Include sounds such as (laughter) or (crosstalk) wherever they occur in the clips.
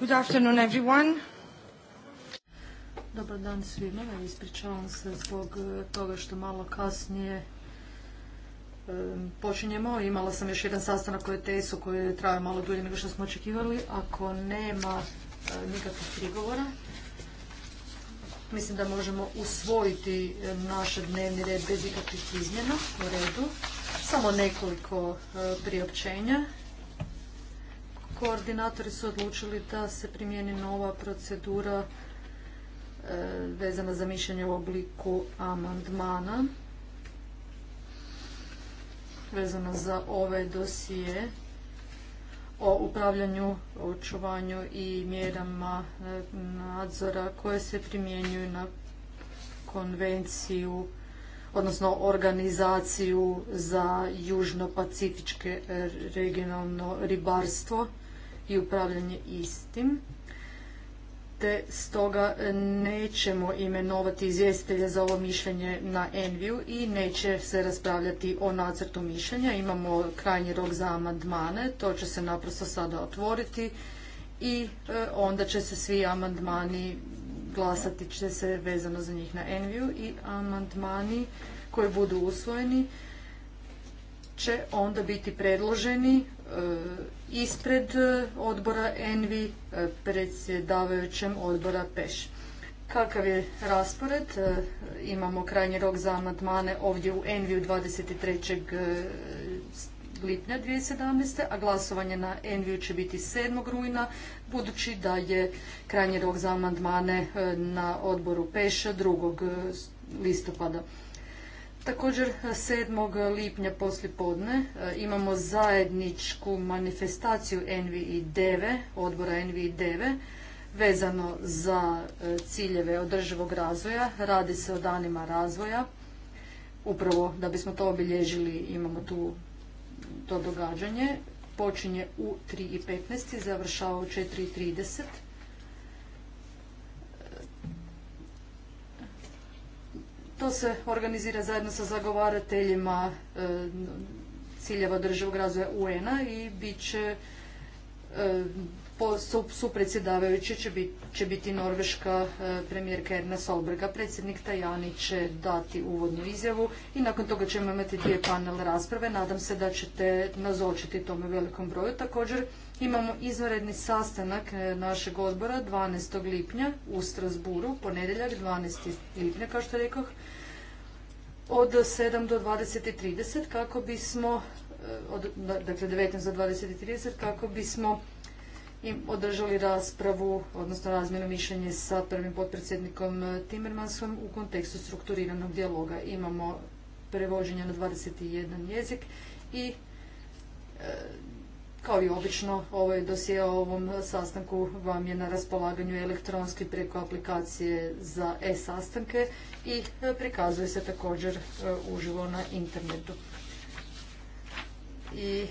Good afternoon everyone. Dobar dan svima, ispričavam se zbog e, toga što malo kasnije e, počinjemo. Imala sam još jedan sastanak koji je teso, koji je trajao malo dulje nego što smo očekivali. Ako nema e, nikakvih prigovora, mislim da možemo usvojiti naš dnevni red bez ikakvih izmjena u redu. Samo nekoliko priopćenja koordinatori su odlučili da se primijeni nova procedura e, vezana za mišljenje u obliku amandmana vezano za ove dosije o upravljanju, očuvanju i mjerama e, nadzora koje se primjenjuju na konvenciju, odnosno organizaciju za južno-pacifičke e, regionalno ribarstvo i upravljanje istim. Te stoga e, nećemo imenovati izvjestitelja za ovo mišljenje na Enviju i neće se raspravljati o nacrtu mišljenja. Imamo krajnji rok za amandmane, to će se naprosto sada otvoriti i e, onda će se svi amandmani glasati će se vezano za njih na Enviju i amandmani koji budu usvojeni će onda biti predloženi E, ispred e, odbora Envi e, predsjedavajućem odbora Peš. Kakav je raspored? Imamo krajnji rok za amandmane ovdje u Enviju 23. lipnja 2017. a glasovanje na Envi će biti 7. rujna budući da je krajnji rok za amandmane na odboru Peša 2. listopada. Također 7. E, lipnja podne e, imamo zajedničku manifestaciju nvi i Deve, odbora nvi i vezano za e, ciljeve održivog razvoja. Radi se o danima razvoja. Upravo da bismo to obilježili imamo tu to događanje. Počinje u 3.15 i završava u 4.30. To se organizira zajedno sa zagovarateljima e, ciljeva održivog razvoja UN-a i bit će e, su, predsjedavajući će, biti norveška e, premijerka Erna Solberga. Predsjednik Tajani će dati uvodnu izjavu i nakon toga ćemo imati dvije panel rasprave. Nadam se da ćete nazočiti tome velikom broju. Također Imamo izvanredni sastanak e, našeg odbora 12. lipnja u Strasburu, ponedjeljak 12. lipnja, kao što rekoh, od 7 do 20.30 kako bismo, e, dakle 19 do 20.30 kako bismo im održali raspravu, odnosno razmjenu mišljenje sa prvim potpredsjednikom e, Timmermansom u kontekstu strukturiranog dijaloga. Imamo prevođenje na 21 jezik i kao i obično, ovaj dosje o ovom sastanku vam je na raspolaganju elektronski preko aplikacije za e-sastanke i e, prikazuje se također e, uživo na internetu. I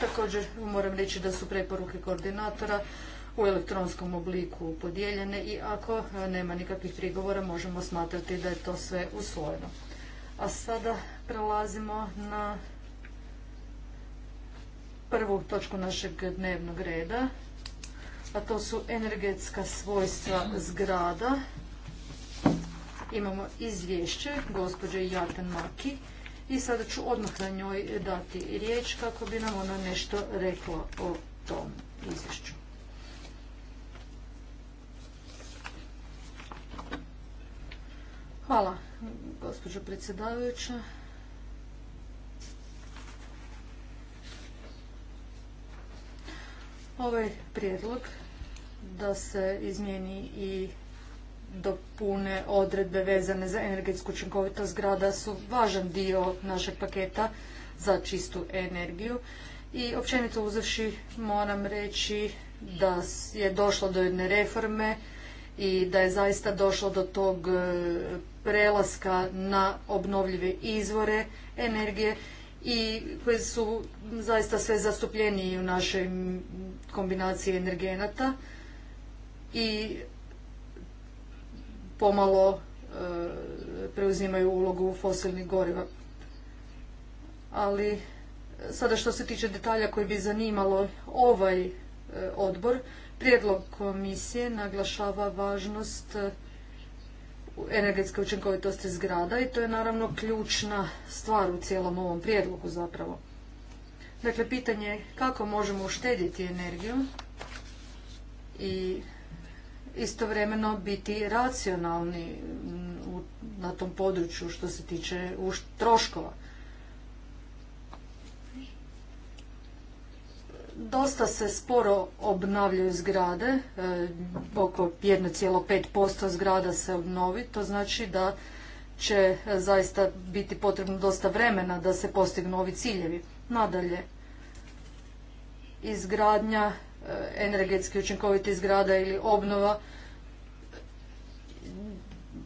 također moram reći da su preporuke koordinatora u elektronskom obliku podijeljene i ako e, nema nikakvih prigovora možemo smatrati da je to sve usvojeno. A sada prelazimo na prvu točku našeg dnevnog reda, a to su energetska svojstva zgrada. Imamo izvješće gospođe Jaten Maki i sada ću odmah na njoj dati riječ kako bi nam ona nešto rekla o tom izvješću. Hvala, gospođo predsjedavajuća. Ovaj prijedlog da se izmijeni i dopune odredbe vezane za energetsku učinkovitost zgrada su važan dio našeg paketa za čistu energiju i općenito uzavši moram reći da je došlo do jedne reforme i da je zaista došlo do tog e, prelaska na obnovljive izvore energije i koji su zaista sve zastupljeniji u našoj kombinaciji energenata i pomalo e, preuzimaju ulogu fosilnih goriva. Ali sada što se tiče detalja koji bi zanimalo ovaj e, odbor, prijedlog komisije naglašava važnost energetske učinkovitosti zgrada i to je naravno ključna stvar u cijelom ovom prijedlogu zapravo. Dakle, pitanje je kako možemo uštedjeti energiju i istovremeno biti racionalni mm, na tom području što se tiče troškova. dosta se sporo obnavljaju zgrade, e, oko 1,5% zgrada se obnovi, to znači da će e, zaista biti potrebno dosta vremena da se postignu ovi ciljevi. Nadalje, izgradnja e, energetski učinkovite zgrada ili obnova,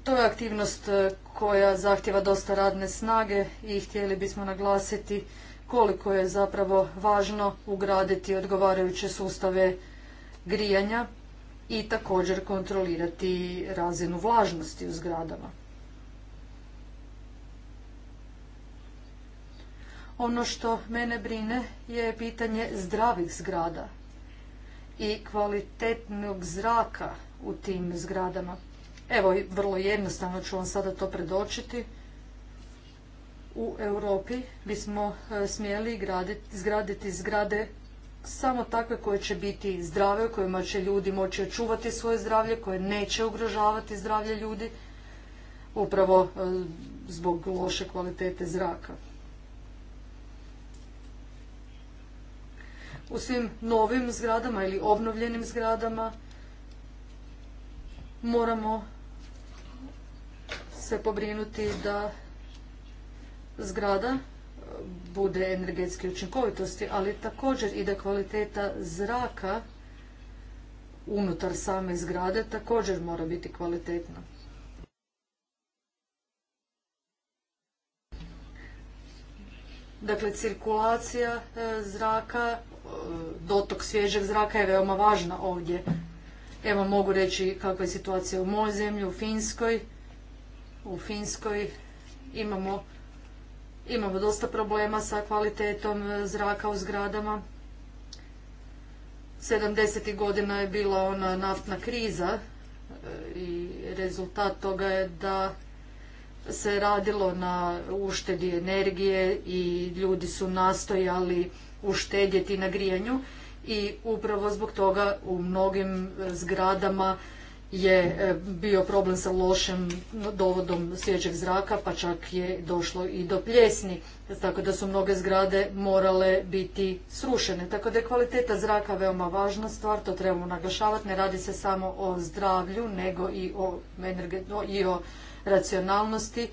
to je aktivnost koja zahtjeva dosta radne snage i htjeli bismo naglasiti koliko je zapravo važno ugraditi odgovarajuće sustave grijanja i također kontrolirati razinu vlažnosti u zgradama. Ono što mene brine je pitanje zdravih zgrada i kvalitetnog zraka u tim zgradama. Evo, vrlo jednostavno ću vam sada to predočiti u Europi bismo e, smjeli izgraditi zgrade samo takve koje će biti zdrave, kojima će ljudi moći očuvati svoje zdravlje, koje neće ugrožavati zdravlje ljudi, upravo e, zbog loše kvalitete zraka. U svim novim zgradama ili obnovljenim zgradama moramo se pobrinuti da zgrada e, bude energetske učinkovitosti, ali također i da kvaliteta zraka unutar same zgrade također mora biti kvalitetna. Dakle, cirkulacija e, zraka, e, dotok svježeg zraka je veoma važna ovdje. Evo mogu reći kakva je situacija u mojoj zemlji, u Finskoj. U Finskoj imamo Imamo dosta problema sa kvalitetom e, zraka u zgradama. 70. godina je bila ona naftna kriza e, i rezultat toga je da se radilo na uštedi energije i ljudi su nastojali uštedjeti na grijanju i upravo zbog toga u mnogim e, zgradama je e, bio problem sa lošim dovodom svježeg zraka, pa čak je došlo i do pljesni, tako da su mnoge zgrade morale biti srušene. Tako da je kvaliteta zraka veoma važna stvar, to trebamo naglašavati, ne radi se samo o zdravlju, nego i o, i o racionalnosti.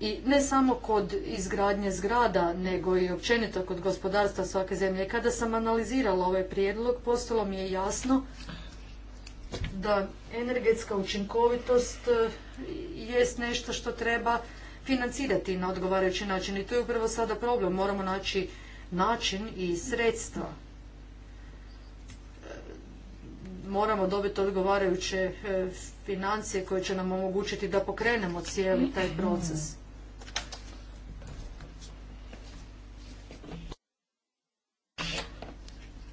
I ne samo kod izgradnje zgrada, nego i općenito kod gospodarstva svake zemlje. Kada sam analizirala ovaj prijedlog, postalo mi je jasno da energetska učinkovitost e, jest nešto što treba financirati na odgovarajući način i to je upravo sada problem. Moramo naći način i sredstva. E, moramo dobiti odgovarajuće e, financije koje će nam omogućiti da pokrenemo cijeli taj proces.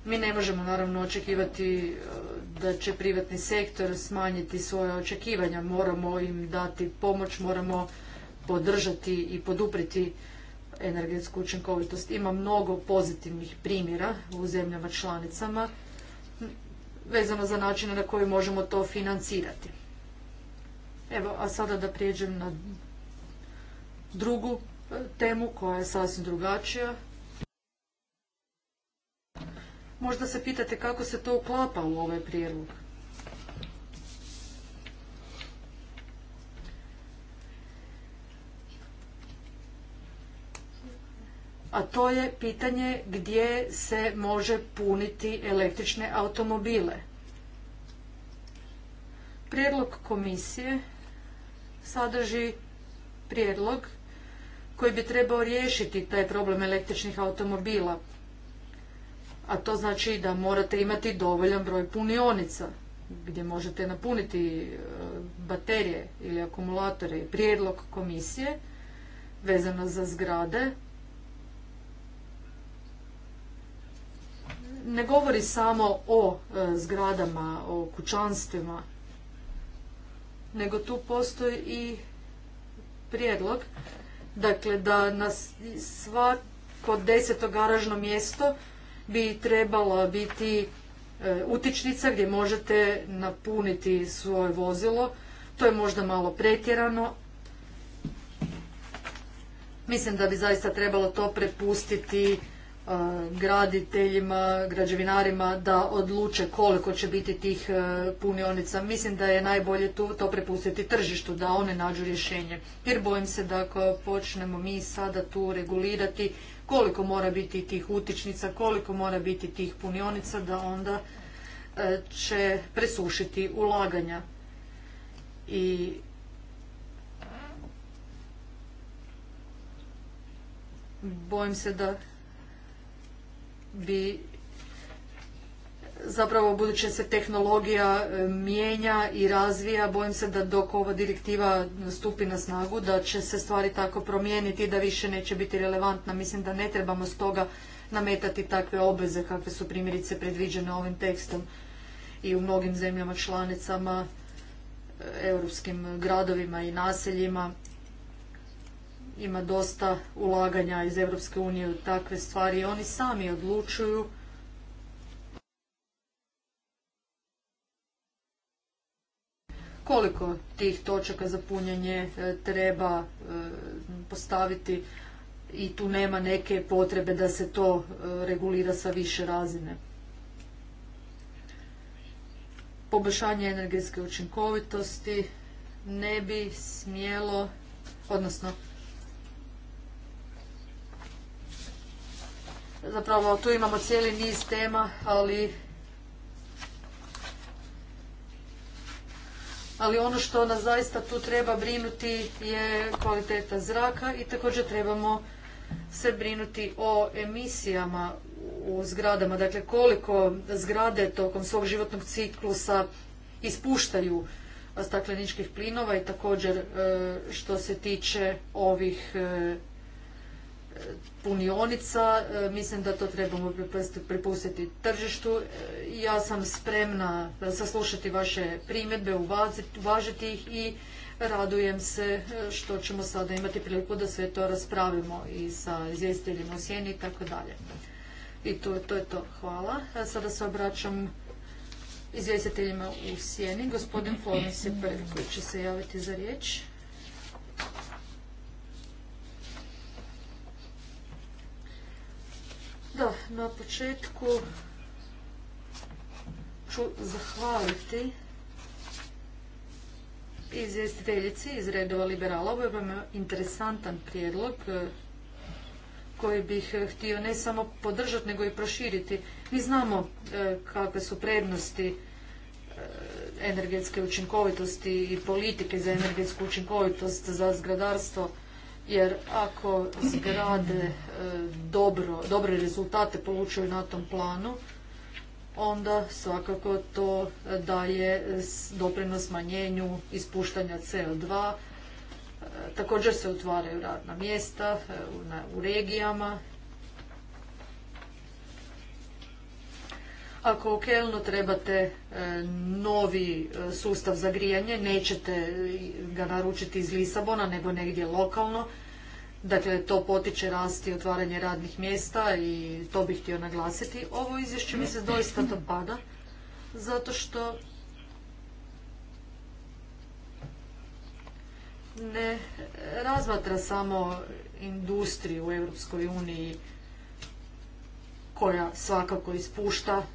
Mi ne možemo naravno očekivati e, da će privatni sektor smanjiti svoje očekivanja. Moramo im dati pomoć, moramo podržati i podupriti energetsku učinkovitost. Ima mnogo pozitivnih primjera u zemljama članicama vezano za načine na koji možemo to financirati. Evo, a sada da prijeđem na drugu e, temu koja je sasvim drugačija Možda se pitate kako se to uklapa u ovaj prijedlog. a to je pitanje gdje se može puniti električne automobile. Prijedlog komisije sadrži prijedlog koji bi trebao riješiti taj problem električnih automobila a to znači da morate imati dovoljan broj punionica gdje možete napuniti e, baterije ili akumulatore. Prijedlog komisije vezano za zgrade ne govori samo o e, zgradama, o kućanstvima, nego tu postoji i prijedlog, dakle da na svako deseto garažno mjesto bi trebala biti e, utičnica gdje možete napuniti svoje vozilo. To je možda malo pretjerano. Mislim da bi zaista trebalo to prepustiti e, graditeljima, građevinarima da odluče koliko će biti tih e, punionica. Mislim da je najbolje to prepustiti tržištu, da one nađu rješenje. Jer bojim se da ako počnemo mi sada tu regulirati koliko mora biti tih utičnica, koliko mora biti tih punionica da onda e, će presušiti ulaganja. I bojim se da bi zapravo budući se tehnologija e, mijenja i razvija, bojim se da dok ova direktiva stupi na snagu, da će se stvari tako promijeniti i da više neće biti relevantna. Mislim da ne trebamo stoga nametati takve obveze kakve su primjerice predviđene ovim tekstom i u mnogim zemljama članicama, e, europskim gradovima i naseljima. Ima dosta ulaganja iz Europske unije u takve stvari i oni sami odlučuju koliko tih točaka za punjenje e, treba e, postaviti i tu nema neke potrebe da se to e, regulira sa više razine. Poboljšanje energetske učinkovitosti ne bi smjelo, odnosno zapravo tu imamo cijeli niz tema, ali ali ono što nas zaista tu treba brinuti je kvaliteta zraka i također trebamo se brinuti o emisijama u zgradama, dakle koliko zgrade tokom svog životnog ciklusa ispuštaju stakleničkih plinova i također e, što se tiče ovih e, punionica, e, mislim da to trebamo prepustiti tržištu. E, ja sam spremna saslušati vaše primjedbe, uvažiti ih i radujem se e, što ćemo sada imati priliku da sve to raspravimo i sa izvjestiteljima u sjeni i tako dalje. I to, je to. Hvala. Sada se obraćam izvjestiteljima u sjeni. Gospodin Florence je prvi koji će se javiti za riječ. na početku ću zahvaliti izvjestiteljici iz redova liberala. Ovo je vam interesantan prijedlog e, koji bih htio ne samo podržati, nego i proširiti. Mi znamo e, kakve su prednosti e, energetske učinkovitosti i politike za energetsku učinkovitost za zgradarstvo jer ako zgrade e, dobro, dobre rezultate polučuju na tom planu, onda svakako to daje doprinos smanjenju ispuštanja CO2. E, također se otvaraju radna mjesta e, u regijama Ako u Kelnu trebate e, novi e, sustav za grijanje, nećete ga naručiti iz Lisabona, nego negdje lokalno. Dakle, to potiče rast i otvaranje radnih mjesta i to bih htio naglasiti. Ovo izvješće mi se doista dopada, zato što ne razmatra samo industriju u Europskoj uniji koja svakako ispušta e,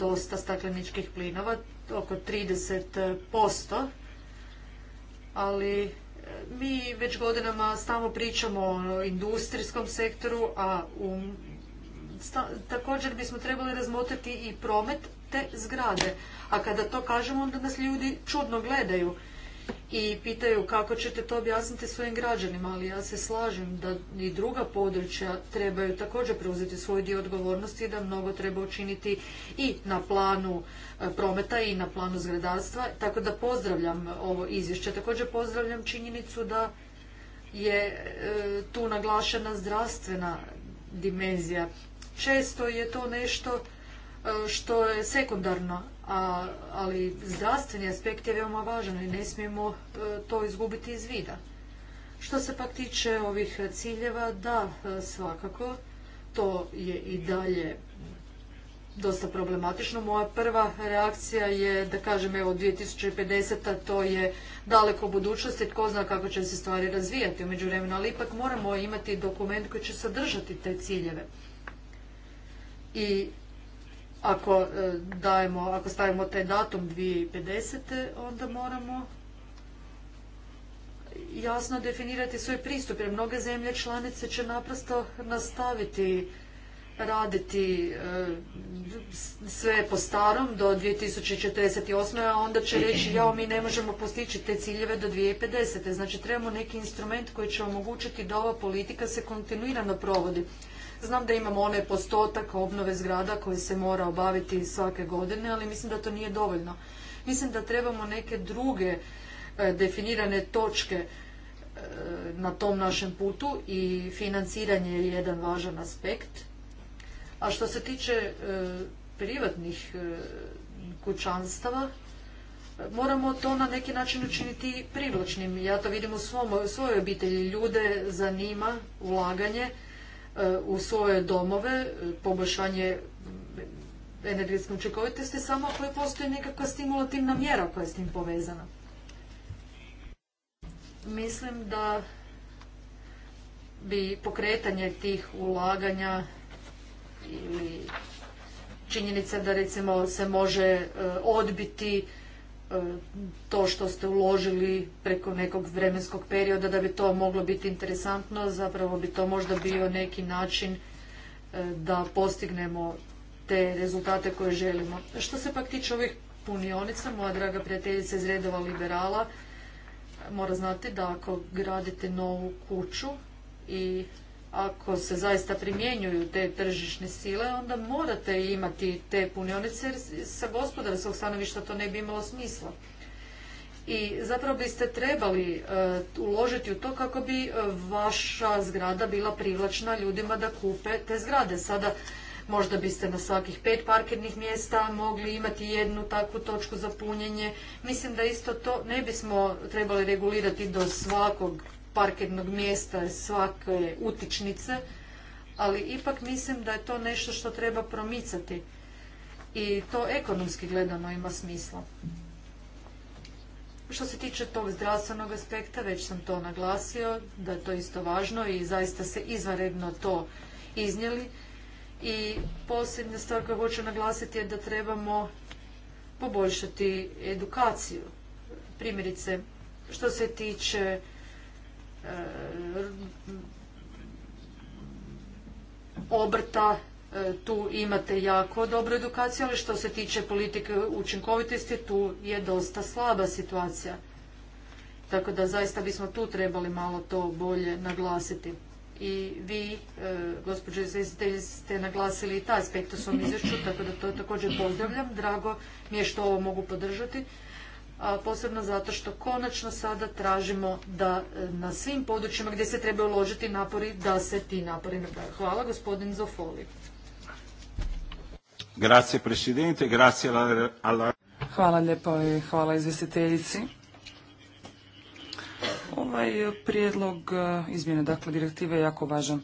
dosta stakleničkih plinova, oko 30%, ali e, mi već godinama stalno pričamo o industrijskom sektoru, a u, također bismo trebali razmotriti i promet te zgrade. A kada to kažemo, onda nas ljudi čudno gledaju i pitaju kako ćete to objasniti svojim građanima, ali ja se slažem da i druga područja trebaju također preuzeti svoj dio odgovornosti i da mnogo treba učiniti i na planu e, prometa i na planu zgradarstva, tako da pozdravljam ovo izvješće. Također pozdravljam činjenicu da je e, tu naglašena zdravstvena dimenzija. Često je to nešto e, što je sekundarno, ali zdravstveni aspekt je veoma važan i ne smijemo e, to izgubiti iz vida. Što se pak tiče ovih ciljeva, da, e, svakako, to je i dalje dosta problematično. Moja prva reakcija je da kažem evo 2050. to je daleko budućnost i tko zna kako će se stvari razvijati u međuvremenu, ali ipak moramo imati dokument koji će sadržati te ciljeve. I ako e, dajemo, ako stavimo taj datum 2050. onda moramo jasno definirati svoj pristup, jer mnoge zemlje članice će naprosto nastaviti raditi e, sve po starom do 2048. a onda će reći jao mi ne možemo postići te ciljeve do 2050. Znači trebamo neki instrument koji će omogućiti da ova politika se kontinuirano provodi. Znam da imamo onaj postotak obnove zgrada koji se mora obaviti svake godine, ali mislim da to nije dovoljno. Mislim da trebamo neke druge e, definirane točke e, na tom našem putu i financiranje je jedan važan aspekt. A što se tiče e, privatnih kućanstava, moramo to na neki način učiniti privlačnim. Ja to vidim u, u svojoj obitelji. Ljude zanima ulaganje u svoje domove, poboljšanje energetske učinkovitosti samo ako je postoji nekakva stimulativna mjera koja je s tim povezana. Mislim da bi pokretanje tih ulaganja ili činjenica da recimo se može e, odbiti E, to što ste uložili preko nekog vremenskog perioda da bi to moglo biti interesantno, zapravo bi to možda bio neki način e, da postignemo te rezultate koje želimo. Što se pak tiče ovih punionica, moja draga prijateljica iz redova liberala mora znati da ako gradite novu kuću i ako se zaista primjenjuju te tržišne sile, onda morate imati te punionice jer sa gospodarskog stanovišta to ne bi imalo smisla. I zapravo biste trebali e, uložiti u to kako bi e, vaša zgrada bila privlačna ljudima da kupe te zgrade. Sada možda biste na svakih pet parkirnih mjesta mogli imati jednu takvu točku za punjenje. Mislim da isto to ne bismo trebali regulirati do svakog parkirnog mjesta svake utičnice, ali ipak mislim da je to nešto što treba promicati i to ekonomski gledano ima smisla. Što se tiče tog zdravstvenog aspekta, već sam to naglasio, da je to isto važno i zaista se izvanredno to iznijeli. I posljednja stvar koju hoću naglasiti je da trebamo poboljšati edukaciju. Primjerice, što se tiče E, obrta e, tu imate jako dobru edukaciju, ali što se tiče politike učinkovitosti tu je dosta slaba situacija. Tako da zaista bismo tu trebali malo to bolje naglasiti. I vi, e, gospođo ste naglasili i taj aspekt u svom izvješću, tako da to također pozdravljam. Drago mi je što ovo mogu podržati posebno zato što konačno sada tražimo da e, na svim područjima gdje se treba uložiti napori, da se ti napori naprave. Hvala, gospodin Zofoli. Hvala lijepo i hvala izvjestiteljici. Ovaj prijedlog e, izmjene dakle, direktive je jako važan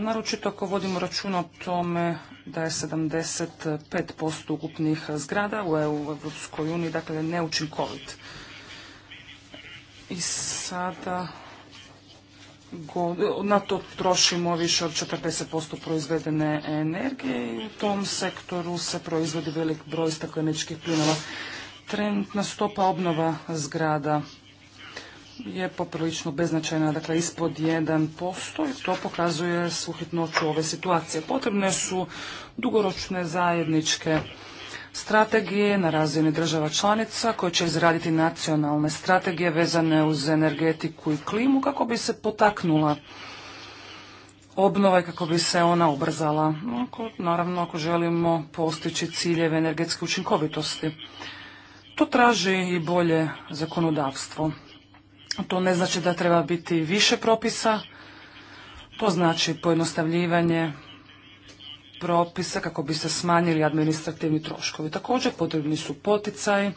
naročito ako vodimo računa o tome da je 75% ukupnih zgrada u Evropskoj uniji, dakle, neučinkovit. I sada na to trošimo više od 40% proizvedene energije i u tom sektoru se proizvodi velik broj stakleničkih plinova. trenutna stopa obnova zgrada je poprilično beznačajna, dakle ispod 1% i to pokazuje suhitnoću ove situacije. Potrebne su dugoročne zajedničke strategije na razini država članica koje će izraditi nacionalne strategije vezane uz energetiku i klimu kako bi se potaknula obnova i kako bi se ona ubrzala. naravno ako želimo postići ciljeve energetske učinkovitosti. To traži i bolje zakonodavstvo. To ne znači da treba biti više propisa, to znači pojednostavljivanje propisa kako bi se smanjili administrativni troškovi. Također potrebni su poticaj,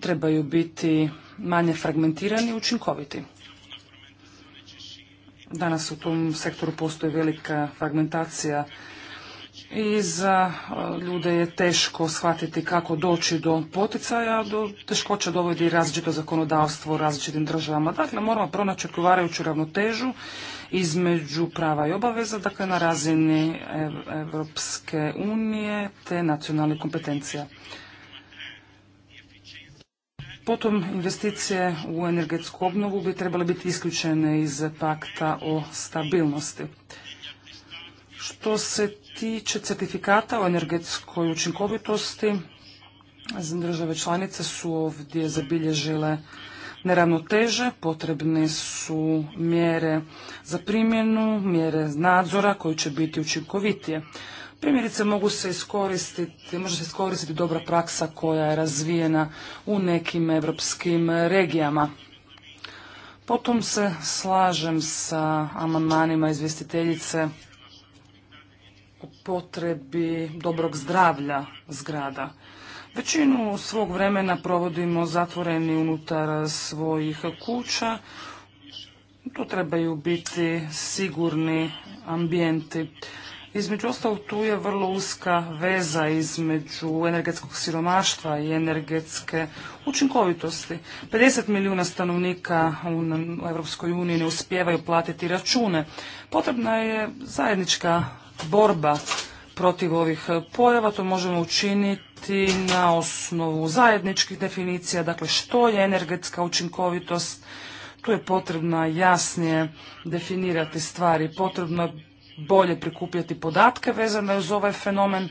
trebaju biti manje fragmentirani i učinkoviti. Danas u tom sektoru postoji velika fragmentacija i za ljude je teško shvatiti kako doći do poticaja, do teškoća dovodi različito zakonodavstvo u različitim državama. Dakle, moramo pronaći odgovarajuću ravnotežu između prava i obaveza, dakle na razini Europske unije te nacionalnih kompetencija. Potom investicije u energetsku obnovu bi trebale biti isključene iz pakta o stabilnosti. Što se tiče certifikata o energetskoj učinkovitosti, države članice su ovdje zabilježile neravnoteže, potrebne su mjere za primjenu, mjere nadzora koji će biti učinkovitije. Primjerice mogu se iskoristiti, može se iskoristiti dobra praksa koja je razvijena u nekim evropskim regijama. Potom se slažem sa amandmanima izvjestiteljice potrebi dobrog zdravlja zgrada. Većinu svog vremena provodimo zatvoreni unutar svojih kuća. Tu trebaju biti sigurni ambijenti. Između ostalog tu je vrlo uska veza između energetskog siromaštva i energetske učinkovitosti. 50 milijuna stanovnika u Europskoj uniji ne uspijevaju platiti račune. Potrebna je zajednička borba protiv ovih pojava. To možemo učiniti na osnovu zajedničkih definicija, dakle što je energetska učinkovitost. Tu je potrebno jasnije definirati stvari, potrebno je bolje prikupljati podatke vezane uz ovaj fenomen,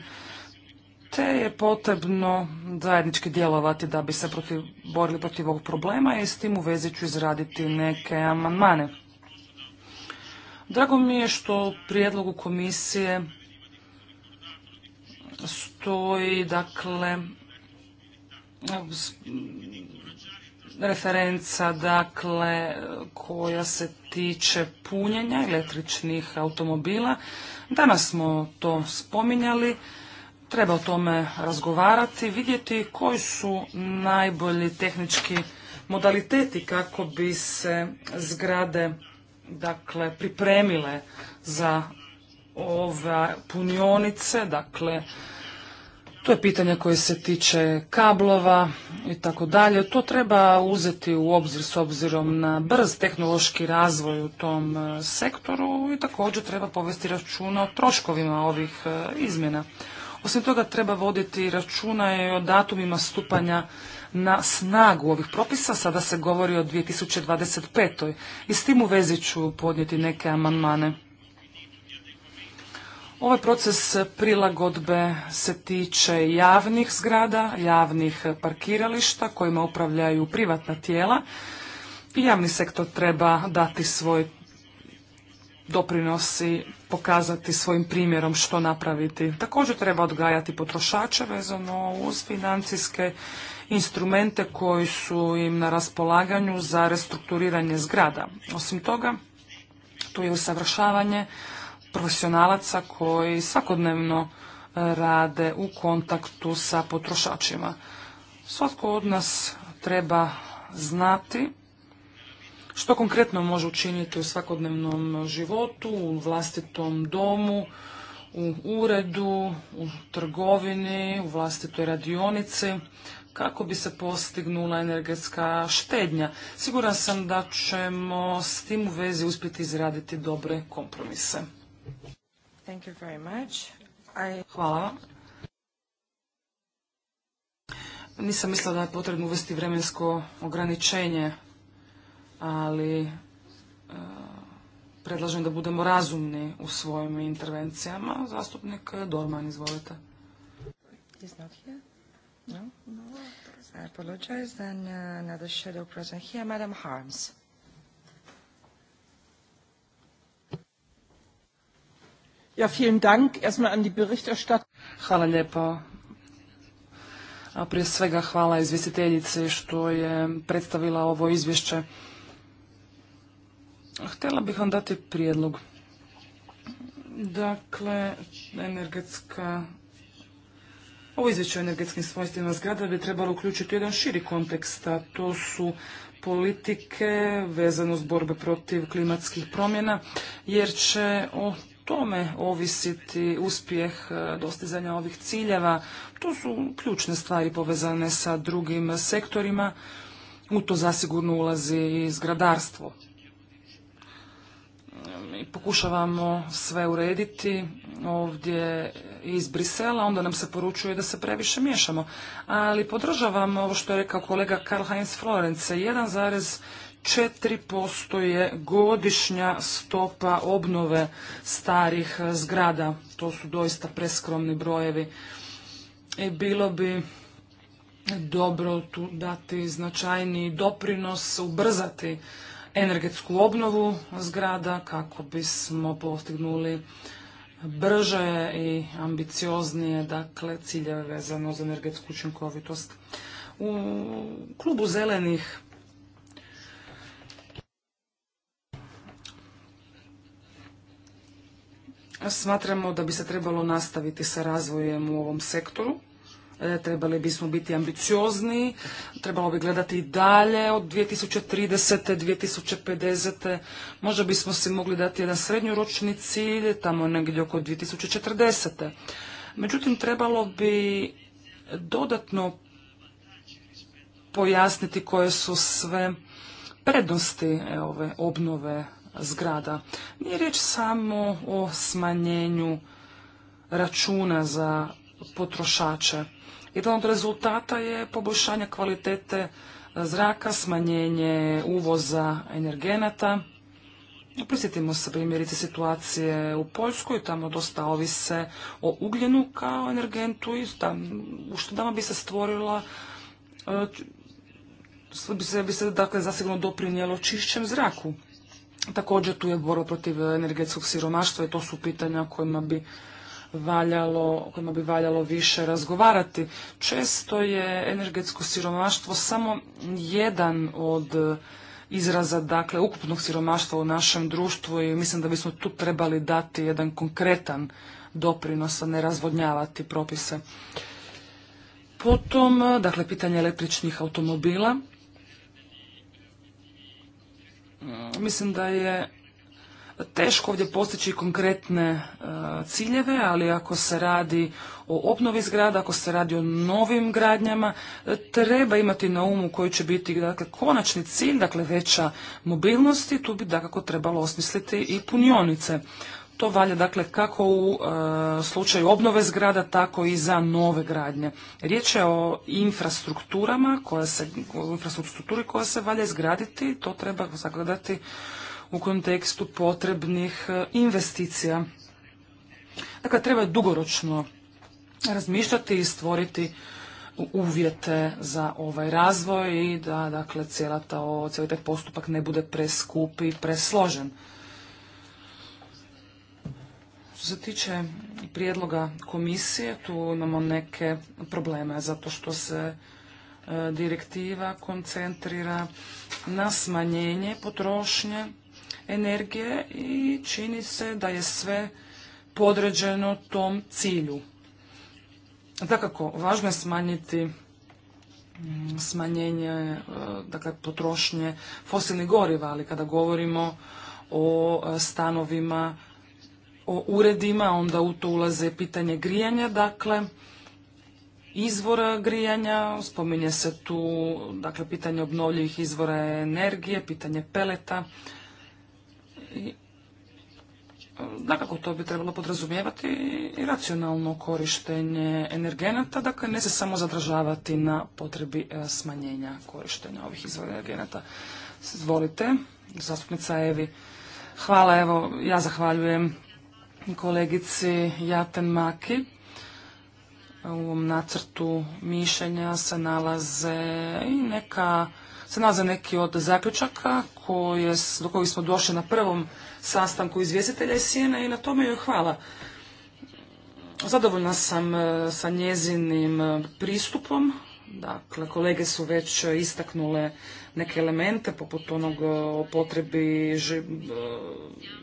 te je potrebno zajednički djelovati da bi se protiv, borili protiv ovog problema i s tim u vezi ću izraditi neke amandmane. Drago mi je što u prijedlogu komisije stoji, dakle, referenca, dakle, koja se tiče punjenja električnih automobila. Danas smo to spominjali. Treba o tome razgovarati, vidjeti koji su najbolji tehnički modaliteti kako bi se zgrade dakle pripremile za ove punionice, dakle to je pitanje koje se tiče kablova i tako dalje. To treba uzeti u obzir s obzirom na brz tehnološki razvoj u tom e, sektoru i također treba povesti računa o troškovima ovih e, izmjena. Osim toga treba voditi računa i o datumima stupanja na snagu ovih propisa, sada se govori o 2025. I s tim u vezi ću podnijeti neke amandmane. Ovaj proces prilagodbe se tiče javnih zgrada, javnih parkirališta kojima upravljaju privatna tijela i javni sektor treba dati svoj doprinos i pokazati svojim primjerom što napraviti. Također treba odgajati potrošače vezano uz financijske instrumente koji su im na raspolaganju za restrukturiranje zgrada. Osim toga, tu je usavršavanje profesionalaca koji svakodnevno e, rade u kontaktu sa potrošačima. Svatko od nas treba znati što konkretno može učiniti u svakodnevnom životu, u vlastitom domu, u uredu, u trgovini, u vlastitoj radionici kako bi se postignula energetska štednja. Siguran sam da ćemo s tim u vezi uspjeti izraditi dobre kompromise. Thank you Hvala. Nisam mislila da je potrebno uvesti vremensko ograničenje, ali e, predlažem da budemo razumni u svojim intervencijama. Zastupnik Dorman, izvolite. No? I apologize. Then uh, another shadow present here, Madam Harms. Ja, vielen Dank erstmal an die Berichterstatter. Hvala lijepo. prije svega hvala izvjestiteljici što je predstavila ovo izvješće. Htjela bih vam dati prijedlog. Dakle, energetska ovo izvješće o energetskim svojstvima zgrada bi trebalo uključiti jedan širi kontekst, a to su politike vezano s borbe protiv klimatskih promjena, jer će o tome ovisiti uspjeh e, dostizanja ovih ciljeva. To su ključne stvari povezane sa drugim sektorima. U to zasigurno ulazi i zgradarstvo i pokušavamo sve urediti ovdje iz Brisela, onda nam se poručuje da se previše miješamo. Ali podržavamo ovo što je rekao kolega Karl Heinz Florence, 1,4% je godišnja stopa obnove starih zgrada. To su doista preskromni brojevi. I bilo bi dobro tu dati značajni doprinos, ubrzati energetsku obnovu zgrada kako bismo postignuli brže i ambicioznije dakle, ciljeve vezano za energetsku učinkovitost. U klubu zelenih smatramo da bi se trebalo nastaviti sa razvojem u ovom sektoru. E, trebali bismo biti ambiciozni, trebalo bi gledati i dalje od 2030. 2050. Možda bismo si mogli dati jedan srednjoročni cilj, tamo negdje oko 2040. Međutim, trebalo bi dodatno pojasniti koje su sve prednosti e, ove obnove zgrada. Nije riječ samo o smanjenju računa za potrošače. Jedan od rezultata je poboljšanje kvalitete e, zraka, smanjenje uvoza energenata. Prisjetimo se primjerice situacije u Poljskoj, tamo dosta ovise o ugljenu kao energentu i uštedama bi se stvorila e, bi se, bi se dakle zasigurno doprinijelo čišćem zraku. Također tu je borba protiv energetskog siromaštva i to su pitanja kojima bi valjalo, kojima bi valjalo više razgovarati. Često je energetsko siromaštvo samo jedan od izraza dakle ukupnog siromaštva u našem društvu i mislim da bismo tu trebali dati jedan konkretan doprinos, a ne razvodnjavati propise. Potom, dakle, pitanje električnih automobila. Mislim da je teško ovdje postići konkretne e, ciljeve, ali ako se radi o obnovi zgrada, ako se radi o novim gradnjama, e, treba imati na umu koji će biti dakle, konačni cilj, dakle veća mobilnost i tu bi dakako trebalo osmisliti i punionice. To valja dakle kako u e, slučaju obnove zgrada, tako i za nove gradnje. Riječ je o infrastrukturama, koja se, o infrastrukturi koja se valja izgraditi, to treba zagledati u kontekstu potrebnih e, investicija. Dakle, treba dugoročno razmišljati i stvoriti uvjete za ovaj razvoj i da dakle cijela ta, cijeli taj postupak ne bude preskup i presložen. Što se tiče prijedloga komisije, tu imamo neke probleme zato što se e, direktiva koncentrira na smanjenje potrošnje energije i čini se da je sve podređeno tom cilju. Dakako, važno je smanjiti mm, smanjenje e, dakle, potrošnje fosilnih goriva, ali kada govorimo o e, stanovima, o uredima, onda u to ulaze pitanje grijanja, dakle, izvora grijanja, spominje se tu dakle, pitanje obnovljivih izvora energije, pitanje peleta, Dakako, to bi trebalo podrazumijevati i racionalno korištenje energenata, dakle ne se samo zadržavati na potrebi e, smanjenja korištenja ovih izvora energenata. Zvolite, zastupnica Evi. Hvala, evo, ja zahvaljujem kolegici Jaten Maki. U ovom nacrtu mišljenja se nalaze i neka se za neki od zaključaka koje, do kojih smo došli na prvom sastanku izvjestitelja iz Sijene i na tome joj hvala. Zadovoljna sam e, sa njezinim e, pristupom, dakle kolege su već istaknule neke elemente poput onog e, o potrebi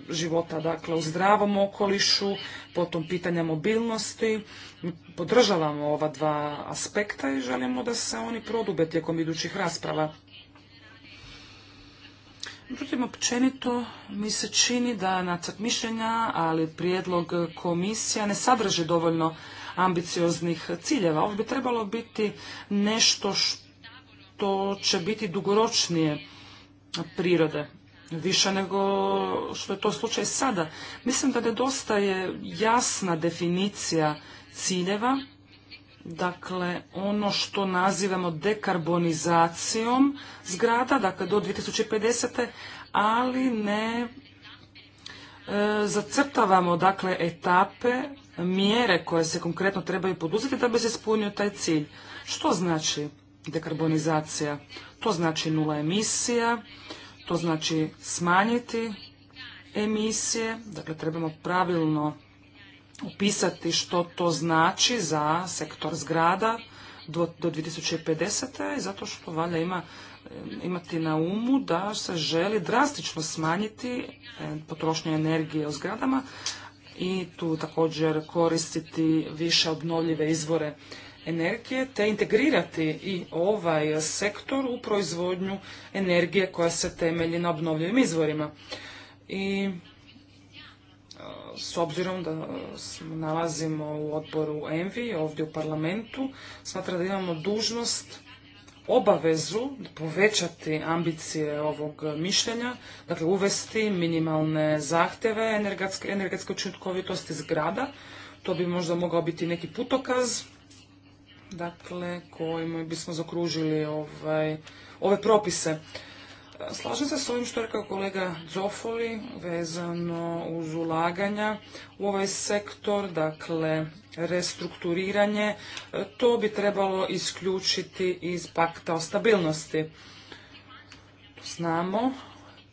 života dakle u zdravom okolišu, potom pitanja mobilnosti. Podržavamo ova dva aspekta i želimo da se oni prodube tijekom idućih rasprava. Međutim, općenito mi se čini da nacrt mišljenja, ali prijedlog komisija ne sadrži dovoljno ambicioznih ciljeva. Ovo bi trebalo biti nešto što će biti dugoročnije prirode. Više nego što je to slučaj sada. Mislim da nedostaje jasna definicija ciljeva Dakle, ono što nazivamo dekarbonizacijom zgrada, dakle do 2050. ali ne e, zacrtavamo dakle etape, mjere koje se konkretno trebaju poduzeti da bi se ispunio taj cilj. Što znači dekarbonizacija? To znači nula emisija, to znači smanjiti emisije, dakle trebamo pravilno upisati što to znači za sektor zgrada do, do 2050. zato što valja ima imati na umu da se želi drastično smanjiti potrošnja energije u zgradama i tu također koristiti više obnovljive izvore energije te integrirati i ovaj sektor u proizvodnju energije koja se temelji na obnovljivim izvorima. I s obzirom da se nalazimo u odboru ENVI ovdje u parlamentu, smatra da imamo dužnost obavezu povećati ambicije ovog mišljenja, dakle uvesti minimalne zahtjeve energetske, učinkovitosti zgrada. To bi možda mogao biti neki putokaz dakle, kojim bismo zakružili ovaj, ove propise. Slažem se s ovim što je rekao kolega Zofoli vezano uz ulaganja u ovaj sektor, dakle restrukturiranje, to bi trebalo isključiti iz pakta o stabilnosti. Znamo,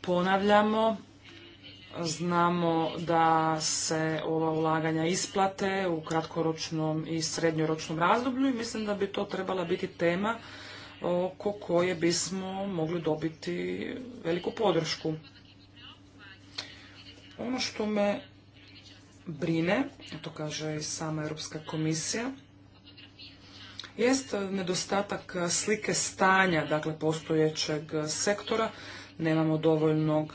ponavljamo, znamo da se ova ulaganja isplate u kratkoročnom i srednjoročnom razdoblju i mislim da bi to trebala biti tema oko koje bismo mogli dobiti veliku podršku. Ono što me brine, to kaže i sama Europska komisija, jest nedostatak slike stanja, dakle postojećeg sektora, nemamo dovoljnog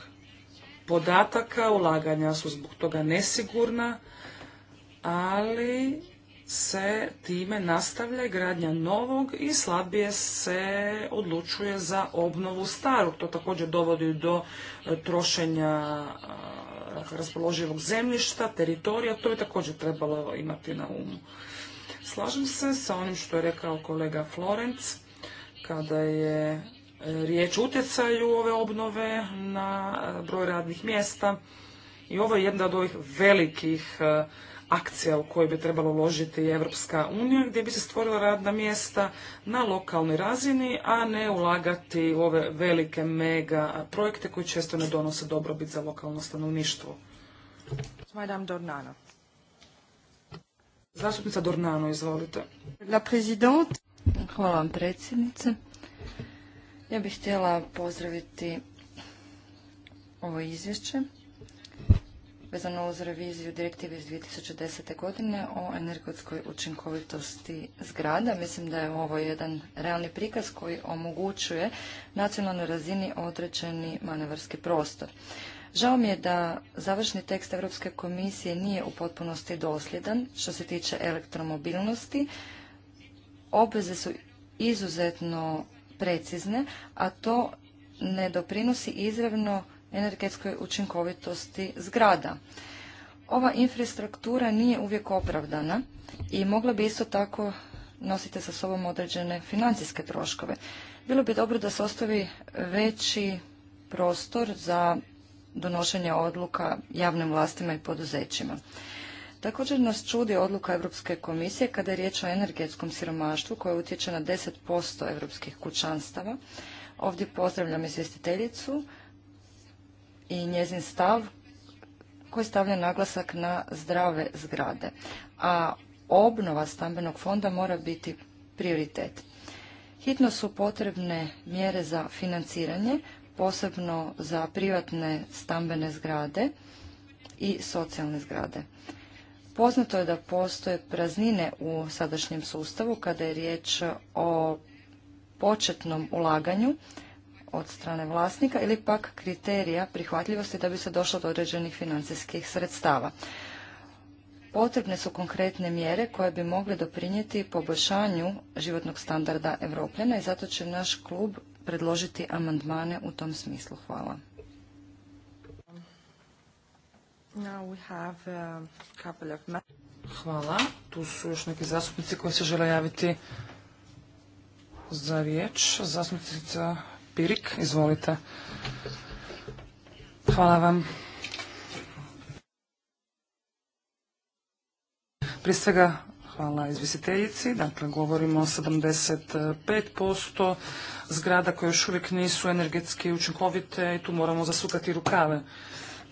podataka, ulaganja su zbog toga nesigurna, ali se time nastavlja gradnja novog i slabije se odlučuje za obnovu starog. To također dovodi do e, trošenja e, raspoloživog zemljišta, teritorija, to je također trebalo imati na umu. Slažem se sa onim što je rekao kolega Florenc kada je e, riječ utjecaju ove obnove na broj radnih mjesta i ovo je jedna od ovih velikih akcija u koju bi trebalo uložiti Evropska unija, gdje bi se stvorila radna mjesta na lokalnoj razini, a ne ulagati u ove velike mega projekte koji često ne donose dobrobit za lokalno stanovništvo. Madame Dornano. Dornano, izvolite. Hvala vam predsjednice. Ja bih htjela pozdraviti ovo izvješće vezano uz reviziju direktive iz 2010. godine o energetskoj učinkovitosti zgrada. Mislim da je ovo jedan realni prikaz koji omogućuje nacionalnoj razini određeni manevarski prostor. Žao mi je da završni tekst Europske komisije nije u potpunosti dosljedan što se tiče elektromobilnosti. Obveze su izuzetno precizne, a to ne doprinosi izravno energetskoj učinkovitosti zgrada. Ova infrastruktura nije uvijek opravdana i mogla bi isto tako nositi sa sobom određene financijske troškove. Bilo bi dobro da se ostavi veći prostor za donošenje odluka javnim vlastima i poduzećima. Također nas čudi odluka Europske komisije kada je riječ o energetskom siromaštvu koje utječe na 10% europskih kućanstava. Ovdje pozdravljam izvjestiteljicu i njezin stav koji stavlja naglasak na zdrave zgrade, a obnova stambenog fonda mora biti prioritet. Hitno su potrebne mjere za financiranje, posebno za privatne stambene zgrade i socijalne zgrade. Poznato je da postoje praznine u sadašnjem sustavu kada je riječ o početnom ulaganju od strane vlasnika ili pak kriterija prihvatljivosti da bi se došlo do određenih financijskih sredstava. Potrebne su konkretne mjere koje bi mogle doprinijeti poboljšanju životnog standarda Evropljana i zato će naš klub predložiti amandmane u tom smislu. Hvala. Uh, Hvala. Tu su još neki zastupnici koji se žele javiti za riječ. Zastupnica Pirik, izvolite. Hvala vam. Prije svega hvala izvisiteljici, dakle govorimo o 75% zgrada koje još uvijek nisu energetski učinkovite i tu moramo zasukati rukave.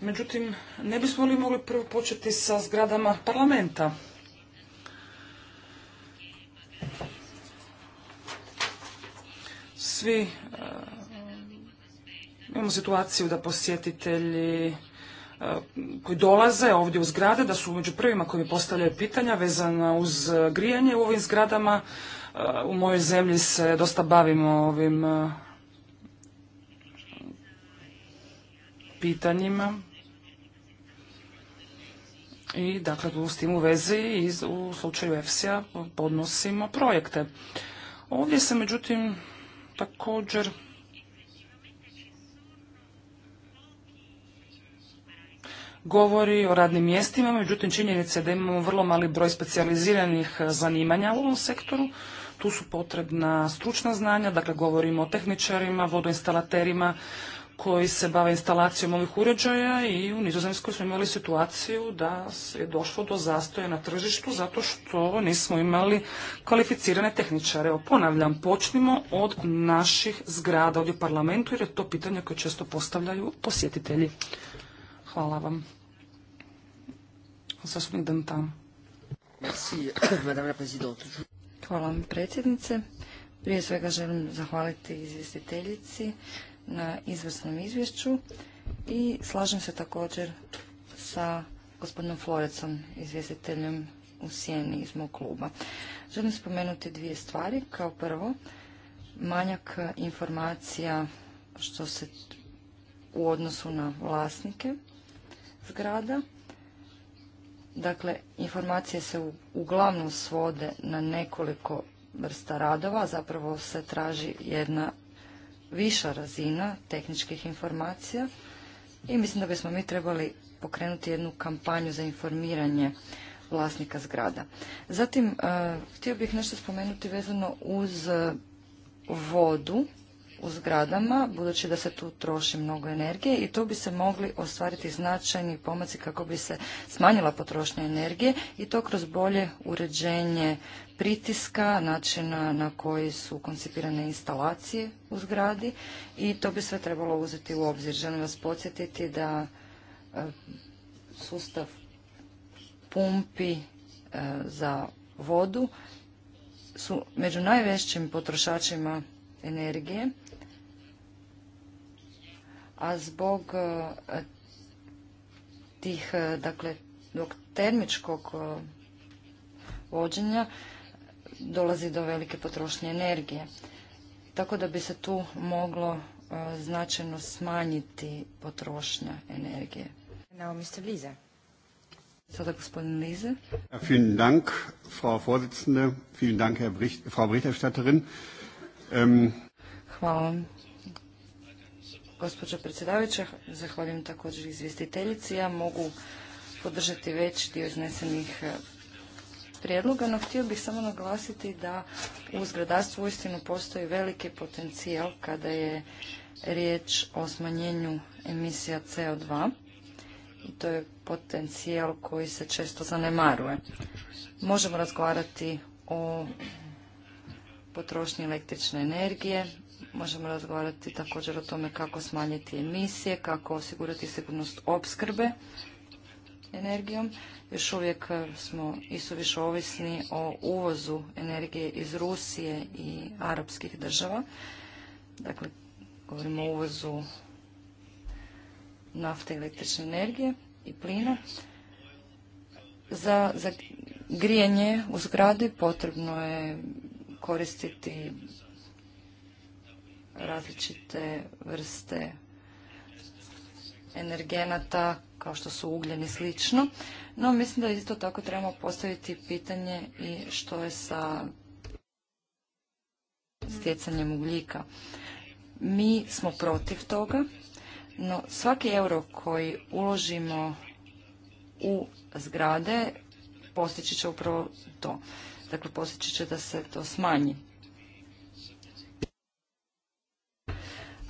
Međutim, ne bismo li mogli prvo početi sa zgradama parlamenta? svi e, imamo situaciju da posjetitelji e, koji dolaze ovdje u zgrade, da su među prvima koji postavljaju pitanja vezana uz grijanje u ovim zgradama. E, u mojoj zemlji se dosta bavimo ovim pitanjima. I dakle, s tim u vezi i u slučaju EFSI-a podnosimo projekte. Ovdje se međutim također govori o radnim mjestima, međutim činjenica je da imamo vrlo mali broj specijaliziranih e, zanimanja u ovom sektoru. Tu su potrebna stručna znanja, dakle govorimo o tehničarima, vodoinstalaterima, koji se bave instalacijom ovih uređaja i u Nizozemskoj smo imali situaciju da je došlo do zastoja na tržištu zato što nismo imali kvalificirane tehničare. Evo, ponavljam, počnimo od naših zgrada ovdje u parlamentu jer je to pitanje koje često postavljaju posjetitelji. Hvala vam. Hvala vam predsjednice. Prije svega želim zahvaliti izvjestiteljici na izvrsnom izvješću i slažem se također sa gospodinom Florecom, izvjestiteljem u sjeni iz mog kluba. Želim spomenuti dvije stvari. Kao prvo, manjak informacija što se u odnosu na vlasnike zgrada. Dakle, informacije se uglavnom svode na nekoliko vrsta radova, zapravo se traži jedna viša razina tehničkih informacija i mislim da bismo mi trebali pokrenuti jednu kampanju za informiranje vlasnika zgrada. Zatim, eh, htio bih nešto spomenuti vezano uz vodu u zgradama, budući da se tu troši mnogo energije i tu bi se mogli ostvariti značajni pomaci kako bi se smanjila potrošnja energije i to kroz bolje uređenje pritiska, načina na koji su koncipirane instalacije u zgradi i to bi sve trebalo uzeti u obzir. Želim vas podsjetiti da e, sustav pumpi e, za vodu su među najvećim potrošačima energije a zbog e, tih, e, dakle, zbog termičkog e, vođenja dolazi do velike potrošnje energije. Tako da bi se tu moglo značajno smanjiti potrošnja energije. Nao, mister Lize. Sada gospodin Lize. vielen Dank, Frau Vorsitzende. Vielen Dank, Frau ähm, Hvala vam, Gospođo predsjedavajuća, zahvaljujem također izvjestiteljici. Ja mogu podržati već dio iznesenih e, prijedloga, no htio bih samo naglasiti da u zgradarstvu uistinu postoji veliki potencijal kada je riječ o smanjenju emisija CO2 i to je potencijal koji se često zanemaruje. Možemo razgovarati o potrošnji električne energije, možemo razgovarati također o tome kako smanjiti emisije, kako osigurati sigurnost opskrbe energijom. Još uvijek smo isuviše ovisni o uvozu energije iz Rusije i arapskih država. Dakle, govorimo o uvozu nafte i električne energije i plina. Za, za grijanje u zgradi potrebno je koristiti različite vrste energenata kao što su ugljeni i slično. No mislim da isto tako trebamo postaviti pitanje i što je sa stjecanjem ugljika. Mi smo protiv toga, no svaki euro koji uložimo u zgrade postići će upravo to. Dakle, postići će da se to smanji.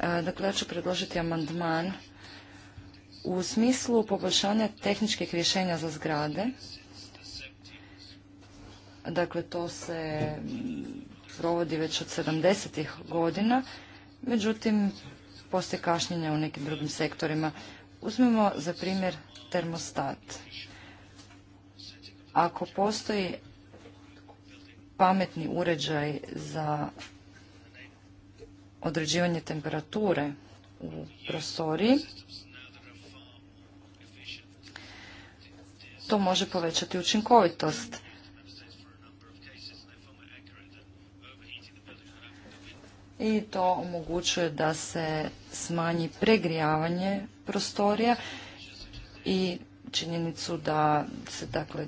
E, dakle, ja ću predložiti amandman u smislu poboljšanja tehničkih rješenja za zgrade. Dakle, to se provodi već od 70. godina, međutim, postoje kašnjenja u nekim drugim sektorima. Uzmimo za primjer termostat. Ako postoji pametni uređaj za određivanje temperature u prostoriji. To može povećati učinkovitost. I to omogućuje da se smanji pregrijavanje prostorija i činjenicu da se dakle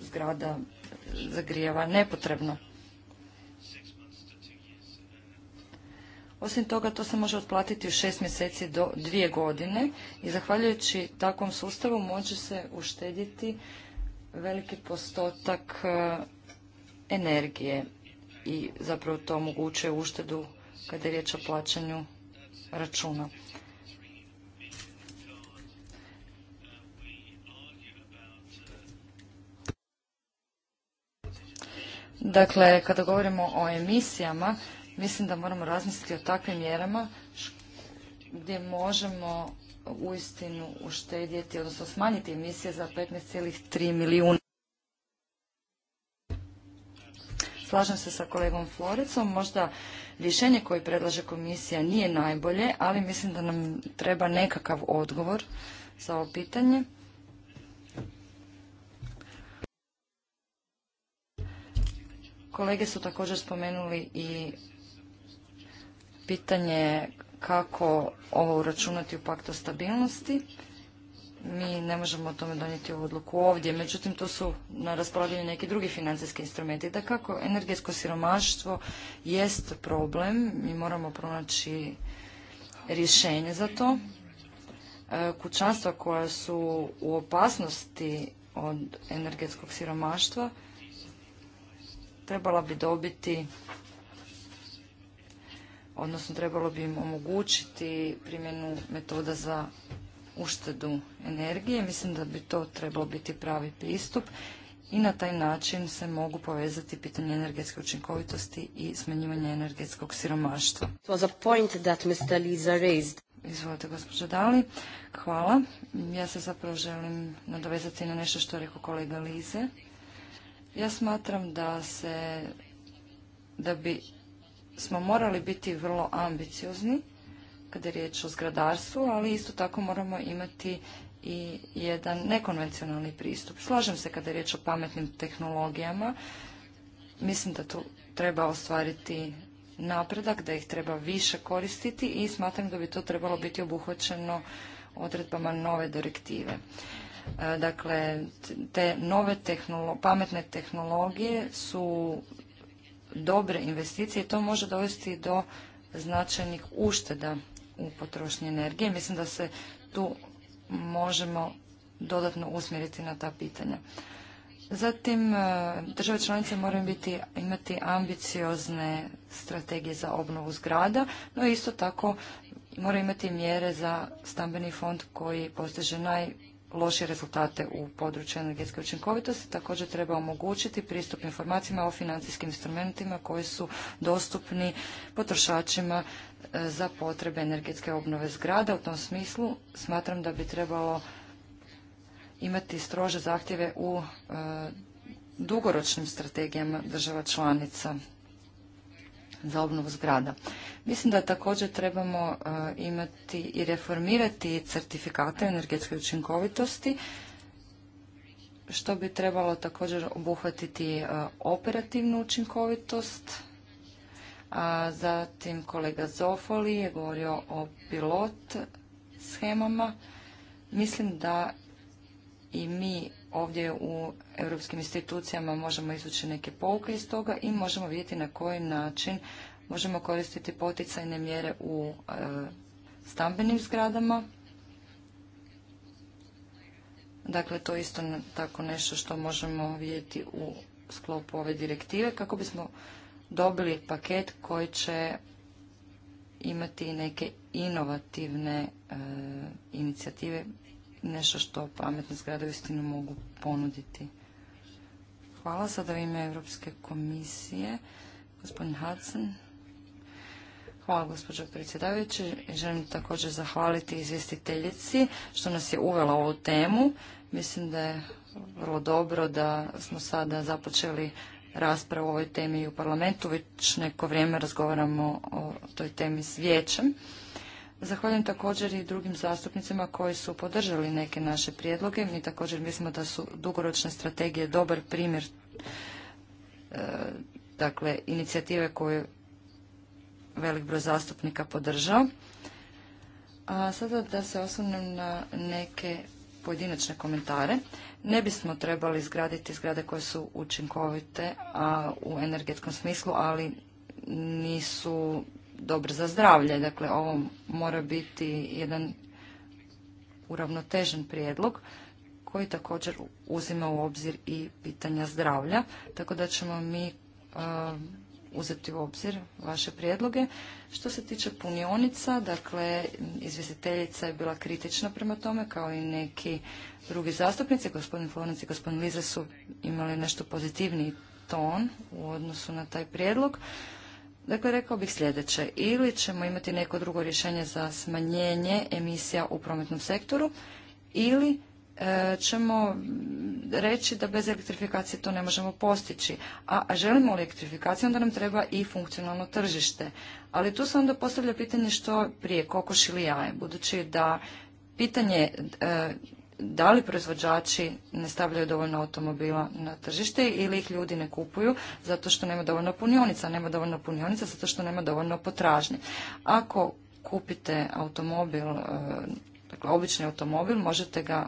zgrada zagrijava nepotrebno. Osim toga, to se može otplatiti u šest mjeseci do dvije godine i zahvaljujući takvom sustavu može se uštedjeti veliki postotak e, energije i zapravo to omogućuje uštedu kada je riječ o plaćanju računa. Dakle, kada govorimo o emisijama, Mislim da moramo razmisliti o takvim mjerama gdje možemo uistinu uštedjeti, odnosno smanjiti emisije za 15,3 milijuna. Slažem se sa kolegom Floricom, možda rješenje koje predlaže komisija nije najbolje, ali mislim da nam treba nekakav odgovor za ovo pitanje. Kolege su također spomenuli i pitanje kako ovo uračunati u pakt o stabilnosti. Mi ne možemo o tome donijeti u odluku ovdje, međutim to su na raspolaganju neki drugi financijski instrumenti. Da kako energetsko siromaštvo jest problem, mi moramo pronaći rješenje za to. E, kućanstva koja su u opasnosti od energetskog siromaštva trebala bi dobiti odnosno trebalo bi im omogućiti primjenu metoda za uštedu energije. Mislim da bi to trebalo biti pravi pristup i na taj način se mogu povezati pitanje energetske učinkovitosti i smanjivanje energetskog siromaštva. Izvolite, gospođo Dali. Hvala. Ja se zapravo želim nadovezati na nešto što je rekao kolega Lize. Ja smatram da se da bi smo morali biti vrlo ambiciozni kada je riječ o zgradarstvu, ali isto tako moramo imati i jedan nekonvencionalni pristup. Slažem se kada je riječ o pametnim tehnologijama. Mislim da tu treba ostvariti napredak, da ih treba više koristiti i smatram da bi to trebalo biti obuhvaćeno odredbama nove direktive. E, dakle, te nove tehnolo pametne tehnologije su dobre investicije i to može dovesti do značajnih ušteda u potrošnji energije. Mislim da se tu možemo dodatno usmjeriti na ta pitanja. Zatim, e, države članice moraju biti, imati ambiciozne strategije za obnovu zgrada, no isto tako moraju imati mjere za stambeni fond koji postiže naj lošije rezultate u području energetske učinkovitosti. Također treba omogućiti pristup informacijama o financijskim instrumentima koji su dostupni potrošačima e, za potrebe energetske obnove zgrada. U tom smislu smatram da bi trebalo imati strože zahtjeve u e, dugoročnim strategijama država članica za obnovu zgrada. Mislim da također trebamo e, imati i reformirati certifikate energetske učinkovitosti, što bi trebalo također obuhvatiti e, operativnu učinkovitost. zatim kolega Zofoli je govorio o pilot schemama. Mislim da i mi ovdje u europskim institucijama možemo izvući neke pouke iz toga i možemo vidjeti na koji način možemo koristiti poticajne mjere u e, stambenim zgradama. Dakle, to je isto tako nešto što možemo vidjeti u sklopu ove direktive kako bismo dobili paket koji će imati neke inovativne e, inicijative nešto što pametne zgrade uistinu mogu ponuditi. Hvala. Sada u ime Europske komisije, gospodin Hudson. Hvala gospođo predsjedavajući. Želim također zahvaliti izvjestiteljici što nas je uvela ovu temu. Mislim da je vrlo dobro da smo sada započeli raspravu o ovoj temi i u parlamentu. Već neko vrijeme razgovaramo o toj temi s vijećem. Zahvaljujem također i drugim zastupnicima koji su podržali neke naše prijedloge. Mi također mislimo da su dugoročne strategije dobar primjer e, dakle, inicijative koju velik broj zastupnika podržao. A sada da se osvrnem na neke pojedinačne komentare. Ne bismo trebali izgraditi zgrade koje su učinkovite a u energetskom smislu, ali nisu dobro za zdravlje. Dakle, ovo mora biti jedan uravnotežen prijedlog koji također uzima u obzir i pitanja zdravlja. Tako da ćemo mi e, uzeti u obzir vaše prijedloge. Što se tiče punionica, dakle, izvjestiteljica je bila kritična prema tome, kao i neki drugi zastupnici. Gospodin Florinac i gospodin Lize su imali nešto pozitivniji ton u odnosu na taj prijedlog. Dakle, rekao bih sljedeće. Ili ćemo imati neko drugo rješenje za smanjenje emisija u prometnom sektoru, ili e, ćemo reći da bez elektrifikacije to ne možemo postići. A, a želimo elektrifikaciju, onda nam treba i funkcionalno tržište. Ali tu se onda postavlja pitanje što prije kokoš ili jaje, budući da pitanje e, da li proizvođači ne stavljaju dovoljno automobila na tržište ili ih ljudi ne kupuju zato što nema dovoljno punionica, nema dovoljno punionica zato što nema dovoljno potražnje. Ako kupite automobil, e, dakle obični automobil, možete ga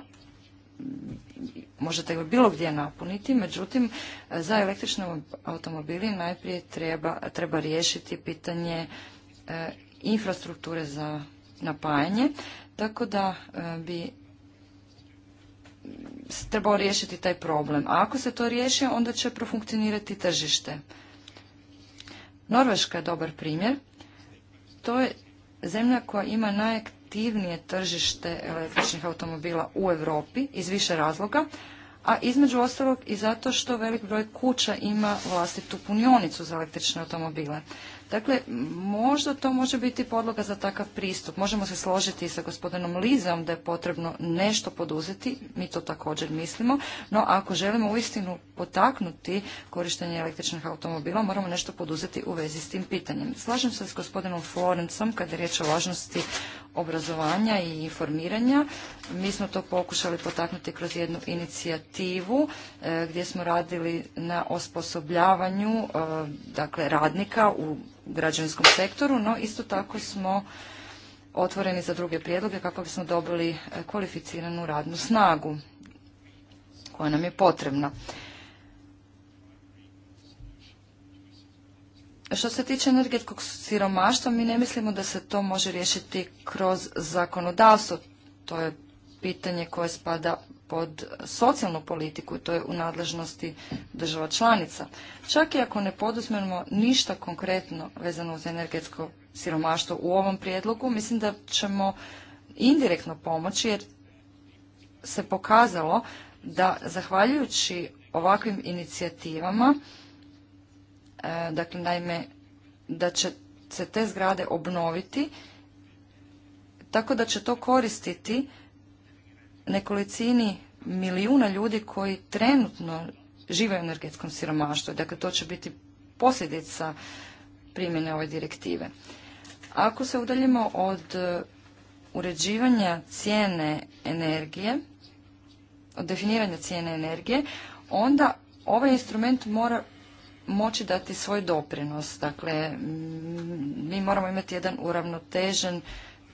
možete ga bilo gdje napuniti, međutim za električne automobili najprije treba, treba riješiti pitanje e, infrastrukture za napajanje, tako da e, bi trebao riješiti taj problem. A ako se to riješi, onda će profunkcionirati tržište. Norveška je dobar primjer. To je zemlja koja ima najaktivnije tržište električnih automobila u Europi iz više razloga, a između ostalog i zato što velik broj kuća ima vlastitu punionicu za električne automobile. Dakle, možda to može biti podloga za takav pristup. Možemo se složiti sa gospodinom Lizom da je potrebno nešto poduzeti, mi to također mislimo, no ako želimo uistinu potaknuti korištenje električnih automobila, moramo nešto poduzeti u vezi s tim pitanjem. Slažem se s gospodinom Florencom kada je riječ o važnosti obrazovanja i informiranja. Mi smo to pokušali potaknuti kroz jednu inicijativu e, gdje smo radili na osposobljavanju e, dakle, radnika u građanskom sektoru, no isto tako smo otvoreni za druge prijedloge kako bismo dobili e, kvalificiranu radnu snagu koja nam je potrebna. Što se tiče energetskog siromaštva, mi ne mislimo da se to može riješiti kroz zakonodavstvo. To je pitanje koje spada pod socijalnu politiku i to je u nadležnosti država članica. Čak i ako ne poduzmemo ništa konkretno vezano uz energetsko siromaštvo u ovom prijedlogu, mislim da ćemo indirektno pomoći jer se pokazalo da zahvaljujući ovakvim inicijativama E, dakle naime da će se te zgrade obnoviti tako da će to koristiti nekolicini milijuna ljudi koji trenutno žive u energetskom siromaštvu. Dakle, to će biti posljedica primjene ove direktive. Ako se udaljimo od e, uređivanja cijene energije, od definiranja cijene energije, onda ovaj instrument mora moći dati svoj doprinos. Dakle, mi moramo imati jedan uravnotežen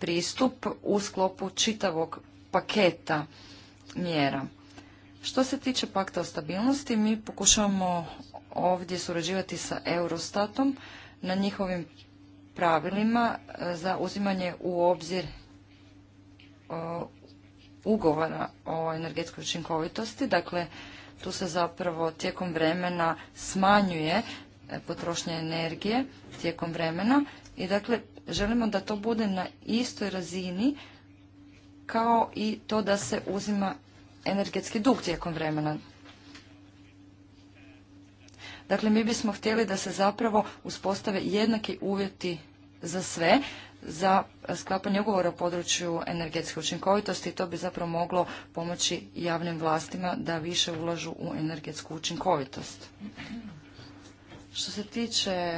pristup u sklopu čitavog paketa mjera. Što se tiče pakta o stabilnosti, mi pokušavamo ovdje surađivati sa Eurostatom na njihovim pravilima e, za uzimanje u obzir e, ugovora o energetskoj učinkovitosti. Dakle, tu se zapravo tijekom vremena smanjuje e, potrošnja energije tijekom vremena i dakle želimo da to bude na istoj razini kao i to da se uzima energetski dug tijekom vremena. Dakle, mi bismo htjeli da se zapravo uspostave jednaki uvjeti za sve za sklapanje ugovora o području energetske učinkovitosti i to bi zapravo moglo pomoći javnim vlastima da više ulažu u energetsku učinkovitost. Što se tiče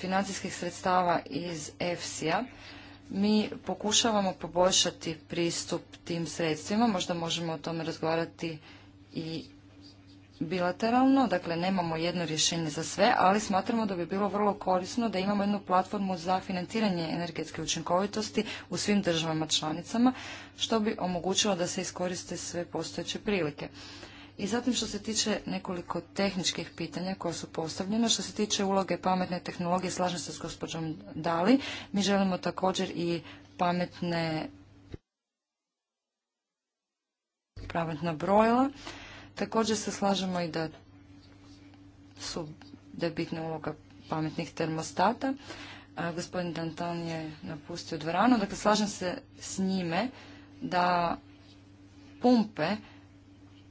financijskih sredstava iz EFSI-a, mi pokušavamo poboljšati pristup tim sredstvima, možda možemo o tome razgovarati i bilateralno, dakle nemamo jedno rješenje za sve, ali smatramo da bi bilo vrlo korisno da imamo jednu platformu za financiranje energetske učinkovitosti u svim državama članicama, što bi omogućilo da se iskoriste sve postojeće prilike. I zatim što se tiče nekoliko tehničkih pitanja koja su postavljena, što se tiče uloge pametne tehnologije, slažem se s gospođom Dali, mi želimo također i pametne pametna brojila. Također se slažemo i da su da je uloga pametnih termostata. gospodin Dantan je napustio dvoranu. Dakle, slažem se s njime da pumpe,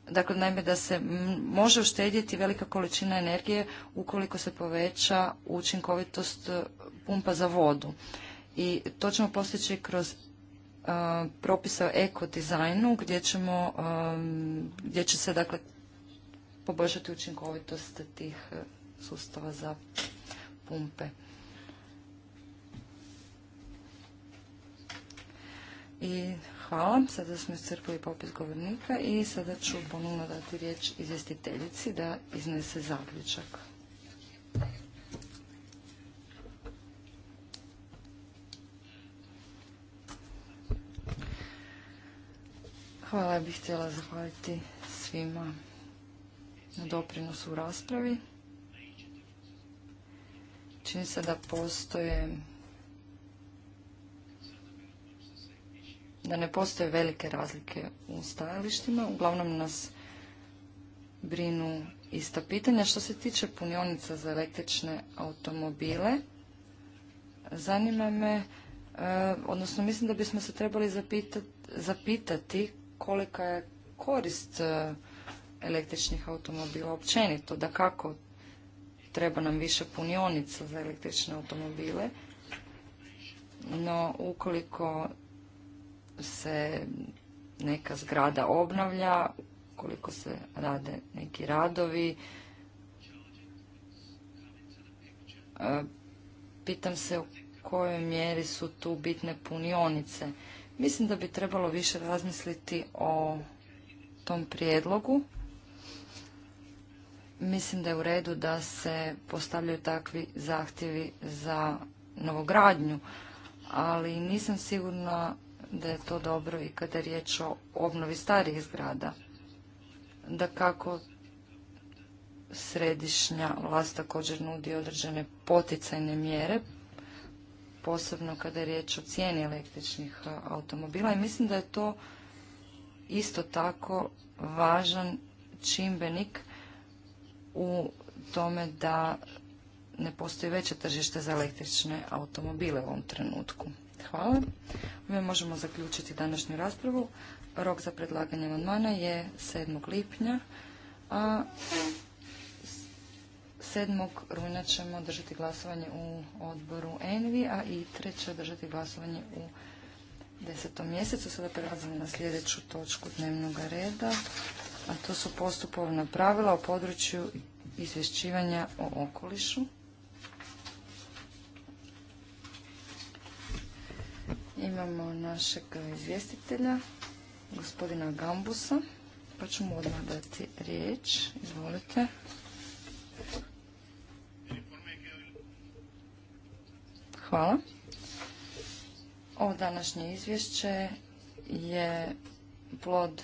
dakle, najme da se može uštedjeti velika količina energije ukoliko se poveća učinkovitost pumpa za vodu. I to ćemo postići kroz propisa o ekodizajnu gdje ćemo, gdje će se dakle poboljšati učinkovitost tih e, sustava za pumpe. I hvala, sada smo iscrpili popis govornika i sada ću ponovno dati riječ izvjestiteljici da iznese zaključak. Hvala, ja bih htjela zahvaliti svima na doprinosu u raspravi. Čini se da postoje da ne postoje velike razlike u stajalištima. Uglavnom nas brinu ista pitanja. Što se tiče punionica za električne automobile, zanima me, eh, odnosno mislim da bismo se trebali zapitati kolika je korist e, električnih automobila općenito, da kako treba nam više punionica za električne automobile, no ukoliko se neka zgrada obnavlja, ukoliko se rade neki radovi, e, pitam se u kojoj mjeri su tu bitne punionice Mislim da bi trebalo više razmisliti o tom prijedlogu. Mislim da je u redu da se postavljaju takvi zahtjevi za novogradnju, ali nisam sigurna da je to dobro i kada je riječ o obnovi starih zgrada. Da kako središnja vlast također nudi određene poticajne mjere posebno kada je riječ o cijeni električnih e, automobila i mislim da je to isto tako važan čimbenik u tome da ne postoji veće tržište za električne automobile u ovom trenutku. Hvala. Mi možemo zaključiti današnju raspravu. Rok za predlaganje amandmana je 7. lipnja, a 7. rujna ćemo držati glasovanje u odboru Envi, a i treće držati glasovanje u 10. mjesecu. Sada prelazimo na sljedeću točku dnevnog reda, a to su postupovna pravila o području izvješćivanja o okolišu. Imamo našeg izvjestitelja, gospodina Gambusa, pa ćemo odmah dati riječ. Izvolite. Hvala. Ovo današnje izvješće je plod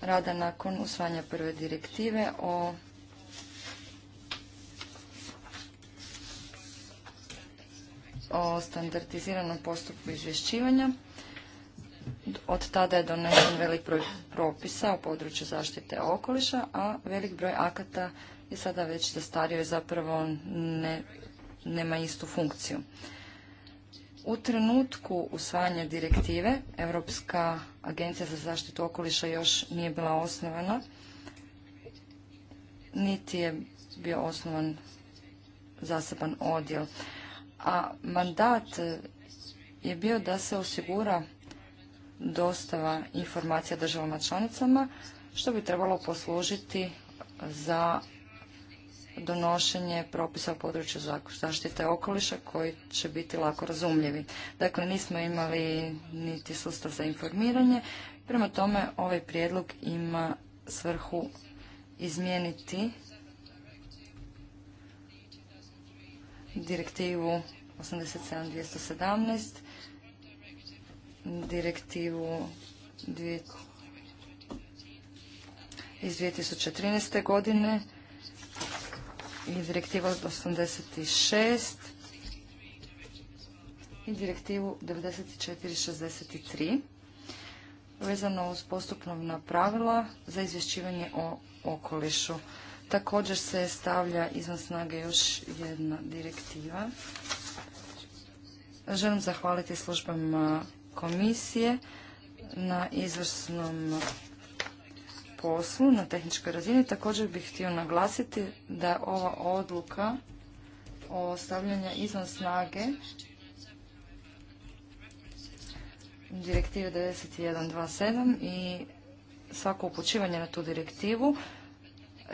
rada nakon usvajanja prve direktive o o standardiziranom postupku izvješćivanja. Od tada je donesen velik broj propisa u području zaštite okoliša, a velik broj akata i sada već zastario zapravo ne, nema istu funkciju. U trenutku usvajanja direktive Europska agencija za zaštitu okoliša još nije bila osnovana, niti je bio osnovan zaseban odjel. A mandat je bio da se osigura dostava informacija državama članicama, što bi trebalo poslužiti za donošenje propisa u području zaštite okoliša koji će biti lako razumljivi. Dakle, nismo imali niti sustav za informiranje, prema tome ovaj prijedlog ima svrhu izmijeniti direktivu 87.217, direktivu iz 2013. godine, i direktiva 86 i direktivu 9463 vezano uz postupnovna pravila za izvješćivanje o okolišu. Također se stavlja izvan snage još jedna direktiva. Želim zahvaliti službama komisije na izvrsnom poslu na tehničkoj razini. Također bih htio naglasiti da je ova odluka o stavljanju izvan snage direktive 9127 i svako upućivanje na tu direktivu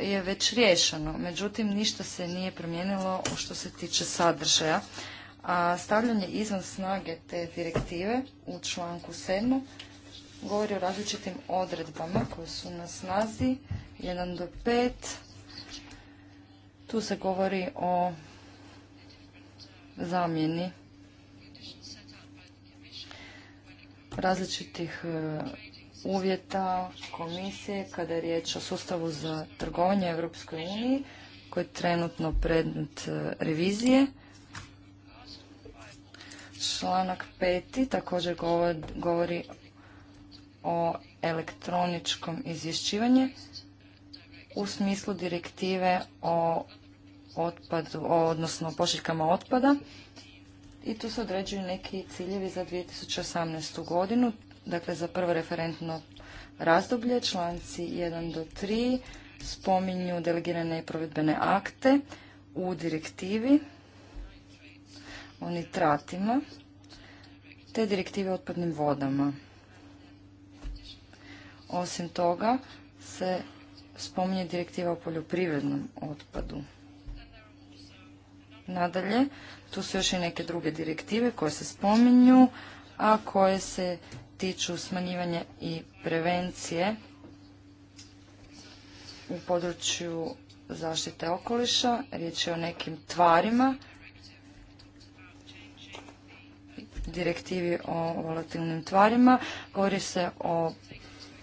je već riješeno. Međutim, ništa se nije promijenilo što se tiče sadržaja. A stavljanje izvan snage te direktive u članku 7 govori o različitim odredbama koje su na snazi 1 do 5. Tu se govori o zamjeni različitih e, uvjeta komisije kada je riječ o sustavu za trgovanje Europskoj uniji koji je trenutno predmet e, revizije. Članak peti također govori o elektroničkom izvješćivanju u smislu direktive o otpadu, odnosno pošiljkama otpada i tu se određuju neki ciljevi za 2018. godinu, dakle za prvo referentno razdoblje, članci 1 do 3 spominju delegirane i provedbene akte u direktivi o nitratima te direktive o otpadnim vodama. Osim toga se spominje direktiva o poljoprivrednom otpadu. Nadalje, tu su još i neke druge direktive koje se spominju, a koje se tiču smanjivanja i prevencije u području zaštite okoliša. Riječ je o nekim tvarima, direktivi o volatilnim tvarima. Govori se o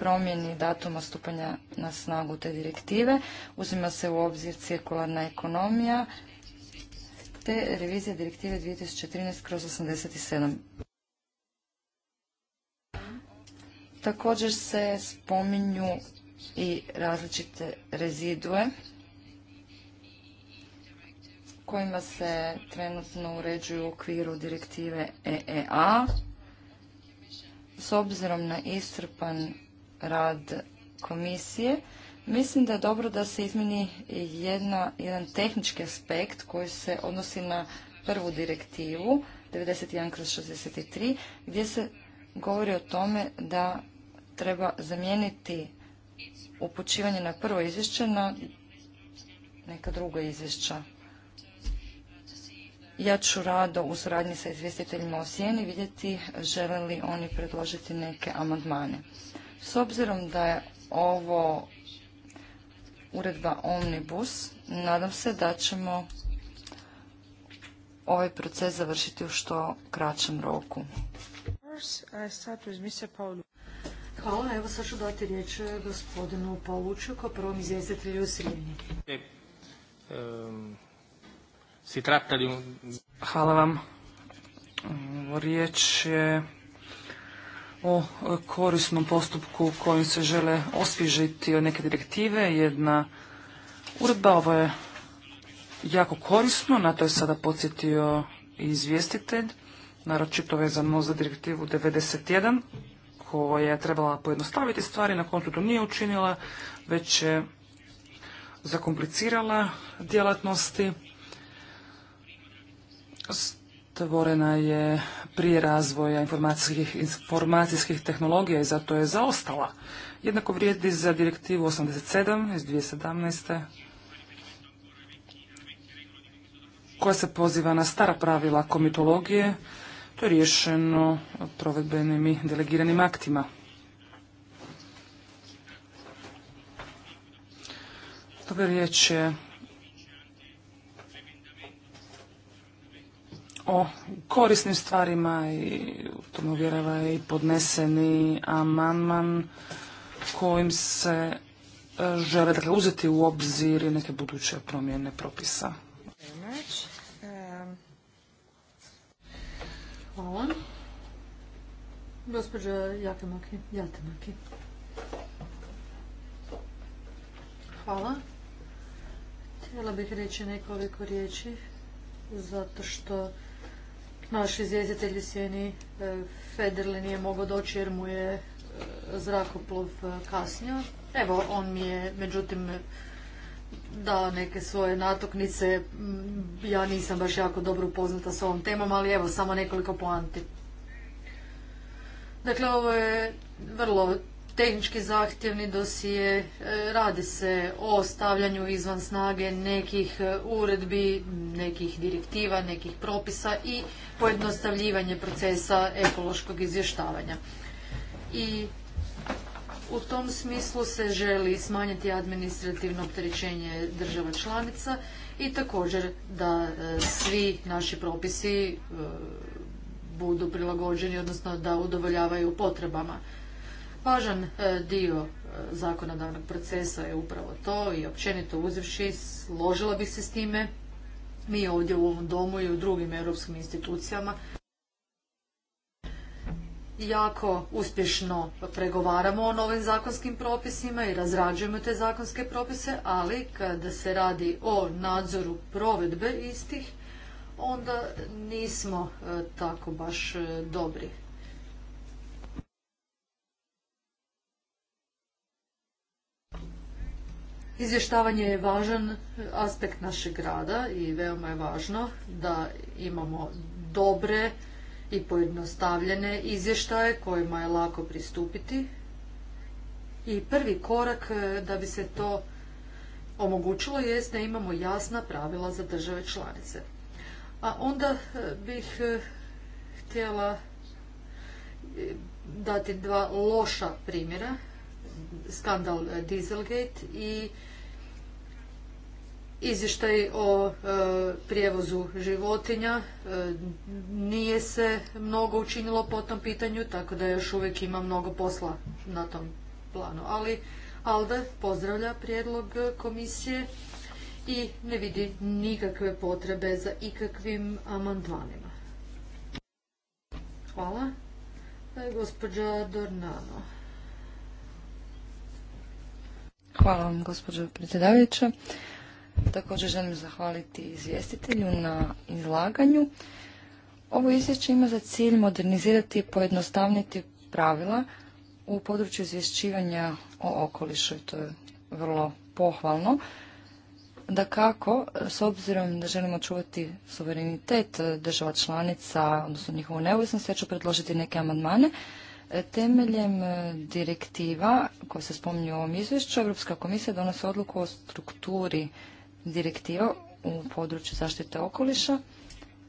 promjeni datuma stupanja na snagu te direktive, uzima se u obzir cirkularna ekonomija te revizija direktive 2013 kroz 87. Također se spominju i različite rezidue kojima se trenutno uređuju u okviru direktive EEA. S obzirom na iscrpan rad komisije. Mislim da je dobro da se izmeni jedna, jedan tehnički aspekt koji se odnosi na prvu direktivu 91 kroz 63 gdje se govori o tome da treba zamijeniti upućivanje na prvo izvješće na neka druga izvješća. Ja ću rado u suradnji sa izvjestiteljima o sjeni vidjeti žele li oni predložiti neke amandmane. S obzirom da je ovo uredba Omnibus, nadam se da ćemo ovaj proces završiti u što kraćem roku. Hvala, evo sad ću dati riječ eh, gospodinu Pauluču kao prvom izvjestitelju u e, Hvala vam. Mm, riječ je o korisnom postupku kojim se žele osvježiti neke direktive. Jedna uredba, ovo je jako korisno, na to je sada podsjetio i izvjestitelj, naročito vezano za direktivu 91, koja je trebala pojednostaviti stvari, na koncu to nije učinila, već je zakomplicirala djelatnosti. Tvorena je prije razvoja informacijskih, informacijskih tehnologija i zato je zaostala. Jednako vrijedi za direktivu 87 iz 2017. koja se poziva na stara pravila komitologije. To je riješeno provedbenim i delegiranim aktima. Dobre riječ je o korisnim stvarima i u tom uvjerava i podneseni amandman kojim se e, žele dakle, uzeti u obzir neke buduće promjene propisa. Hvala. Gospođa Jatamaki. Jatamaki. Hvala. Htjela bih reći nekoliko riječi zato što naš izvjestitelj u sjeni e, Federle nije mogao doći jer mu je e, zrakoplov e, kasnio. Evo, on mi je, međutim, dao neke svoje natuknice. Ja nisam baš jako dobro upoznata s ovom temom, ali evo, samo nekoliko poanti. Dakle, ovo je vrlo tehnički zahtjevni dosije, e, radi se o stavljanju izvan snage nekih e, uredbi, nekih direktiva, nekih propisa i pojednostavljivanje procesa ekološkog izvještavanja. I u tom smislu se želi smanjiti administrativno opterećenje država članica i također da e, svi naši propisi budu prilagođeni, odnosno da udovoljavaju potrebama Važan e, dio e, zakonodavnog procesa je upravo to i općenito uzivši složila bih se s time. Mi ovdje u ovom domu i u drugim europskim institucijama jako uspješno pregovaramo o novim zakonskim propisima i razrađujemo te zakonske propise, ali kada se radi o nadzoru provedbe istih, onda nismo e, tako baš dobri. Izvještavanje je važan aspekt našeg rada i veoma je važno da imamo dobre i pojednostavljene izvještaje kojima je lako pristupiti. I prvi korak e, da bi se to omogućilo jest da imamo jasna pravila za države članice. A onda e, bih e, htjela dati dva loša primjera skandal e, Dieselgate i izvještaj o e, prijevozu životinja. E, nije se mnogo učinilo po tom pitanju, tako da još uvijek ima mnogo posla na tom planu. Ali Alde pozdravlja prijedlog komisije i ne vidi nikakve potrebe za ikakvim amandmanima. Hvala. gospođa Dornano. Hvala vam, gospođo predsjedavajuća. Također želim zahvaliti izvjestitelju na izlaganju. Ovo izvješće ima za cilj modernizirati i pojednostavniti pravila u području izvješćivanja o okolišu i to je vrlo pohvalno. Da kako, s obzirom da želimo čuvati suverenitet država članica, odnosno njihovu neovisnost, ja ću predložiti neke amandmane Temeljem e, direktiva koje se spominju u ovom izvješću, Europska komisija donosi odluku o strukturi direktiva u području zaštite okoliša.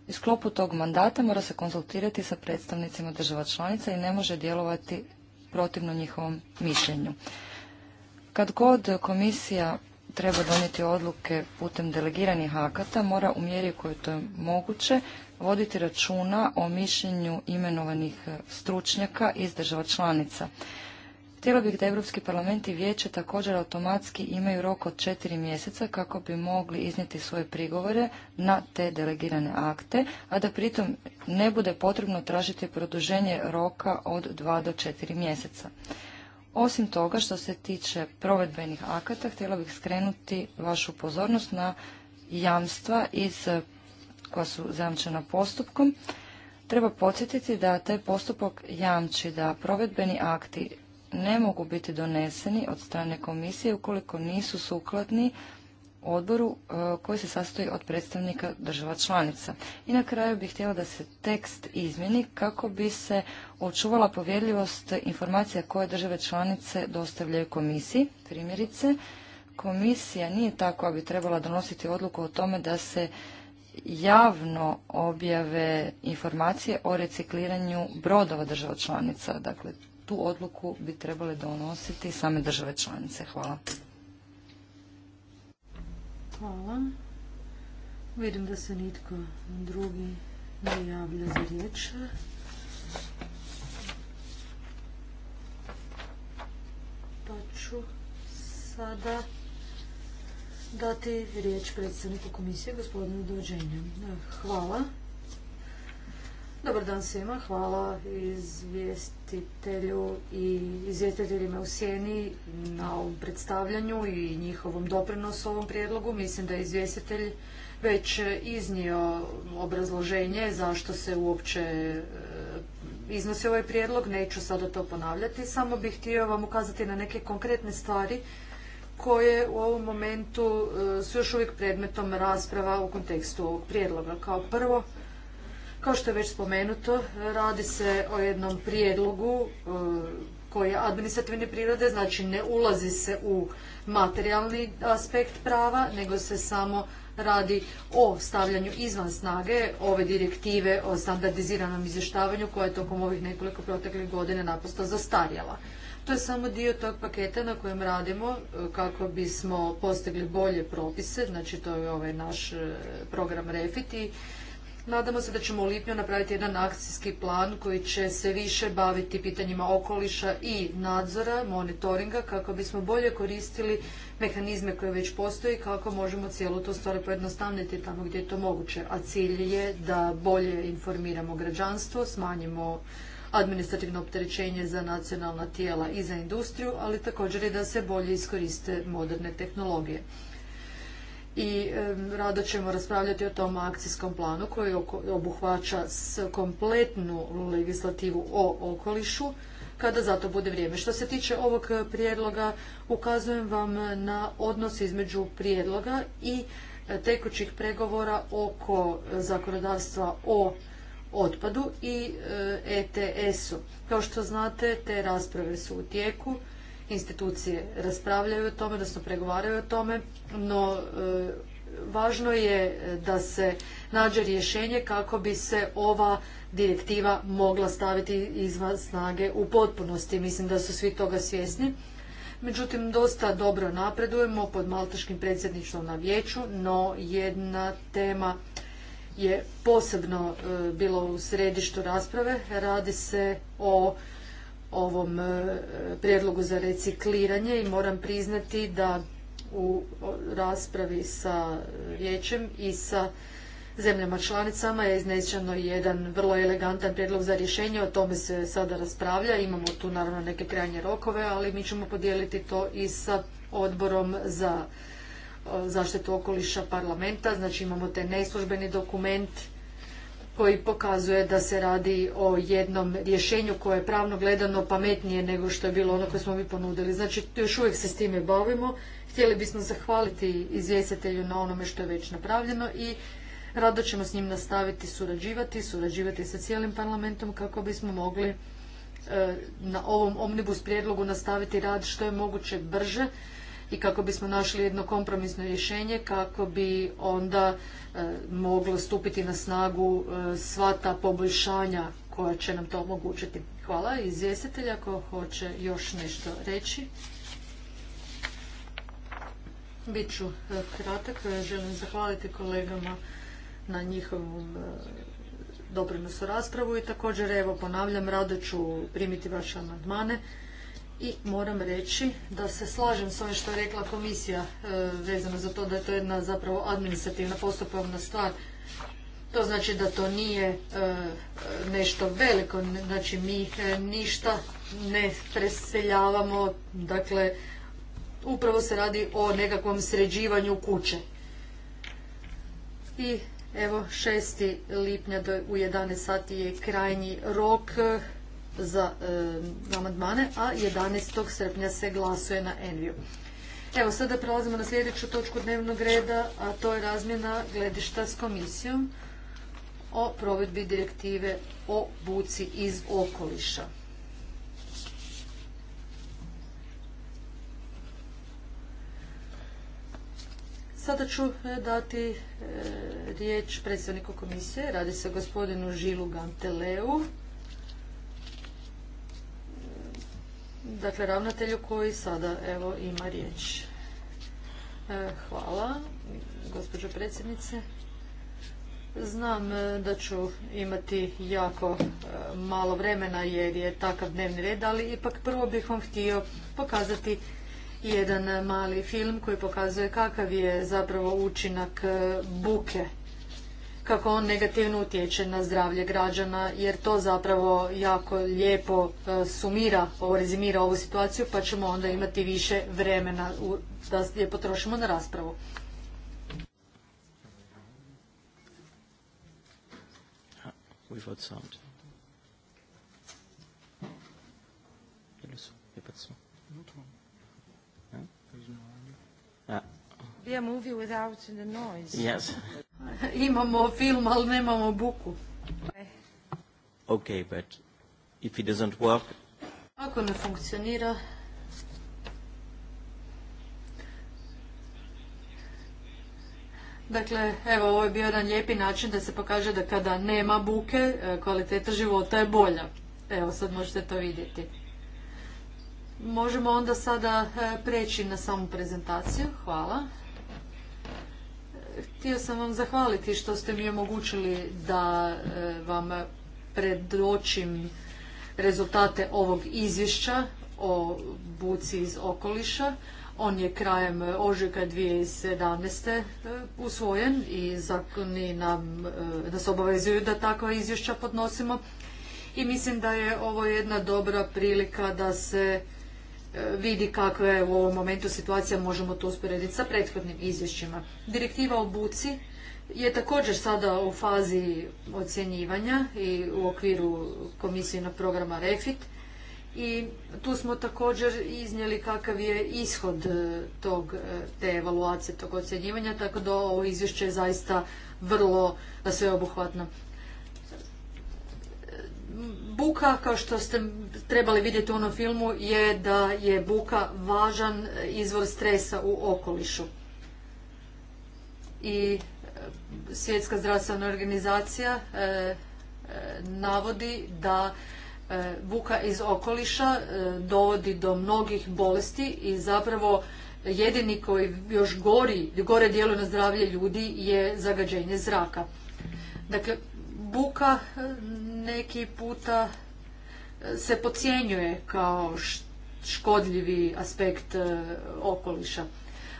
U sklopu tog mandata mora se konzultirati sa predstavnicima država članica i ne može djelovati protivno njihovom mišljenju. Kad god komisija treba donijeti odluke putem delegiranih akata, mora u mjeri u kojoj to je moguće voditi računa o mišljenju imenovanih e, stručnjaka iz država članica. Htjela bih da Europski parlament i vijeće također automatski imaju rok od četiri mjeseca kako bi mogli iznijeti svoje prigovore na te delegirane akte, a da pritom ne bude potrebno tražiti produženje roka od dva do četiri mjeseca. Osim toga, što se tiče provedbenih akata, htjela bih skrenuti vašu pozornost na jamstva iz koja su zamčena postupkom, treba podsjetiti da taj postupak jamči da provedbeni akti ne mogu biti doneseni od strane komisije ukoliko nisu sukladni odboru e, koji se sastoji od predstavnika država članica. I na kraju bih htjela da se tekst izmjeni kako bi se očuvala povjerljivost informacija koje države članice dostavljaju komisiji. Primjerice, komisija nije ta koja bi trebala donositi odluku o tome da se javno objave informacije o recikliranju brodova država članica. Dakle, tu odluku bi trebale donositi same države članice. Hvala. Hvala. Vidim da se nitko drugi ne javlja za riječ. Pa ću sada dati riječ predstavniku komisije, gospodinu Dođenju. Hvala. Dobar dan svima, hvala izvjestitelju i izvjestiteljima u Sjeni na ovom predstavljanju i njihovom doprinosu ovom prijedlogu. Mislim da je izvjestitelj već iznio obrazloženje zašto se uopće e, iznosi ovaj prijedlog. Neću sada to ponavljati, samo bih htio vam ukazati na neke konkretne stvari koje u ovom momentu e, su još uvijek predmetom rasprava u kontekstu ovog prijedloga. Kao prvo, kao što je već spomenuto, radi se o jednom prijedlogu e, koji je administrativne prirode, znači ne ulazi se u materijalni aspekt prava, nego se samo radi o stavljanju izvan snage ove direktive o standardiziranom izvještavanju koja je tokom ovih nekoliko proteklih godina naprosto zastarjela. To je samo dio tog paketa na kojem radimo e, kako bismo postigli bolje propise, znači to je ovaj naš e, program REFIT i Nadamo se da ćemo u lipnju napraviti jedan akcijski plan koji će se više baviti pitanjima okoliša i nadzora, monitoringa, kako bismo bolje koristili mehanizme koje već postoji, kako možemo cijelu to stvar pojednostavniti tamo gdje je to moguće. A cilj je da bolje informiramo građanstvo, smanjimo administrativno opterećenje za nacionalna tijela i za industriju, ali također i da se bolje iskoriste moderne tehnologije. I rado ćemo raspravljati o tom akcijskom planu koji obuhvaća kompletnu legislativu o okolišu kada za to bude vrijeme. Što se tiče ovog prijedloga, ukazujem vam na odnos između prijedloga i e, tekućih pregovora oko e, zakonodavstva o otpadu i ETS-u. E Kao što znate, te rasprave su u tijeku, institucije raspravljaju o tome, odnosno pregovaraju o tome, no e, važno je da se nađe rješenje kako bi se ova direktiva mogla staviti izvan snage u potpunosti. Mislim da su svi toga svjesni. Međutim, dosta dobro napredujemo pod maltaškim predsjedništvom na vijeću, no jedna tema je posebno e, bilo u središtu rasprave. Radi se o ovom e, prijedlogu za recikliranje i moram priznati da u raspravi sa vijećem i sa zemljama članicama je izneseno jedan vrlo elegantan prijedlog za rješenje, o tome se sada raspravlja, imamo tu naravno neke krajnje rokove, ali mi ćemo podijeliti to i sa odborom za zaštitu okoliša parlamenta, znači imamo taj neslužbeni dokument koji pokazuje da se radi o jednom rješenju koje je pravno gledano pametnije nego što je bilo ono koje smo mi ponudili. Znači još uvijek se s time bavimo. Htjeli bismo zahvaliti izvjestitelju na onome što je već napravljeno i rado ćemo s njim nastaviti surađivati, surađivati sa cijelim parlamentom kako bismo mogli e, na ovom omnibus prijedlogu nastaviti rad što je moguće brže i kako bismo našli jedno kompromisno rješenje kako bi onda e, moglo stupiti na snagu e, sva ta poboljšanja koja će nam to omogućiti. Hvala. Izvjestitelj ako hoće još nešto reći. Biću e, kratak. Želim zahvaliti kolegama na njihovom doprinosu raspravu i također evo ponavljam rado ću primiti vaše amandmane i moram reći da se slažem s ovim što je rekla komisija e, vezano za to da je to jedna zapravo administrativna postupovna stvar. To znači da to nije e, nešto veliko, znači mi e, ništa ne preseljavamo, dakle upravo se radi o nekakvom sređivanju kuće. I evo 6. lipnja u 11 sati je krajnji rok E, za amandmane, a 11. srpnja se glasuje na Enviju. Evo, sada prelazimo na sljedeću točku dnevnog reda, a to je razmjena gledišta s komisijom o provedbi direktive o buci iz okoliša. Sada ću e, dati e, riječ predsjedniku komisije. Radi se o gospodinu Žilu Ganteleu. dakle ravnatelju koji sada evo ima riječ. E, hvala, gospođo predsjednice. Znam e, da ću imati jako e, malo vremena jer je takav dnevni red, ali ipak prvo bih vam htio pokazati jedan mali film koji pokazuje kakav je zapravo učinak buke kako on negativno utječe na zdravlje građana jer to zapravo jako lijepo e, sumira, rezimira ovu situaciju pa ćemo onda imati više vremena da je potrošimo na raspravu. We without the Yes. (laughs) Imamo film, ali nemamo buku. Okay, but if it doesn't work... Ako ne funkcionira... Dakle, evo, ovo je bio jedan lijepi način da se pokaže da kada nema buke, e, kvaliteta života je bolja. Evo, sad možete to vidjeti. Možemo onda sada e, preći na samu prezentaciju. Hvala. Htio sam vam zahvaliti što ste mi omogućili da e, vam predočim rezultate ovog izvješća o buci iz okoliša. On je krajem ožujka 2017. E, usvojen i zakoni nam, e, nas obavezuju da takva izvješća podnosimo. I mislim da je ovo jedna dobra prilika da se vidi kakva je u ovom momentu situacija, možemo to usporediti sa prethodnim izvješćima. Direktiva o buci je također sada u fazi ocjenjivanja i u okviru komisijenog programa REFIT i tu smo također iznijeli kakav je ishod e, tog, e, te evaluacije, tog ocjenjivanja, tako da ovo izvješće je zaista vrlo sveobuhvatno buka, kao što ste trebali vidjeti u onom filmu, je da je buka važan izvor stresa u okolišu. I e, Svjetska zdravstvena organizacija e, e, navodi da buka iz okoliša dovodi do mnogih bolesti i zapravo jedini koji još gori, gore djeluje na zdravlje ljudi je zagađenje zraka. Dakle, buka eh, neki puta eh, se podcjenjuje kao škodljivi aspekt eh, okoliša.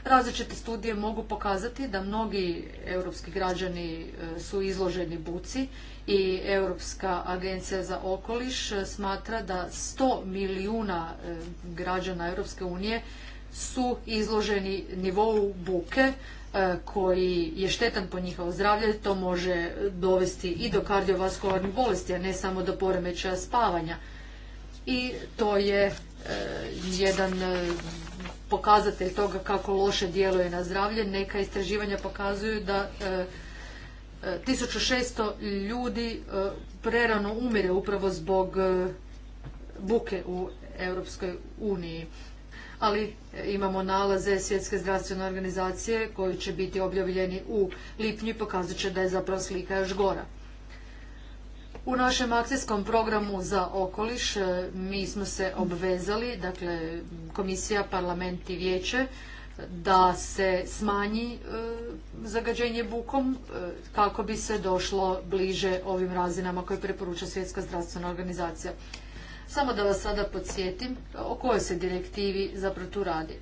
Različite studije mogu pokazati da mnogi europski građani su izloženi buci i Europska agencija za okoliš smatra da 100 milijuna građana Europske unije su izloženi nivou buke E, koji je štetan po njihovo zdravlje, to može dovesti i do kardiovaskularnih bolesti, a ne samo do poremećaja spavanja. I to je e, jedan e, pokazatelj toga kako loše djeluje na zdravlje. Neka istraživanja pokazuju da 1600 ljudi prerano umire upravo zbog buke u Europskoj uniji ali e, imamo nalaze Svjetske zdravstvene organizacije koji će biti objavljeni u lipnju i pokazat će da je zapravo slika još gora. U našem akcijskom programu za okoliš e, mi smo se obvezali, dakle komisija, parlament i vijeće, da se smanji e, zagađenje bukom kako bi se došlo bliže ovim razinama koje preporuča Svjetska zdravstvena organizacija. Samo da vas sada podsjetim o kojoj se direktivi zapravo tu radi.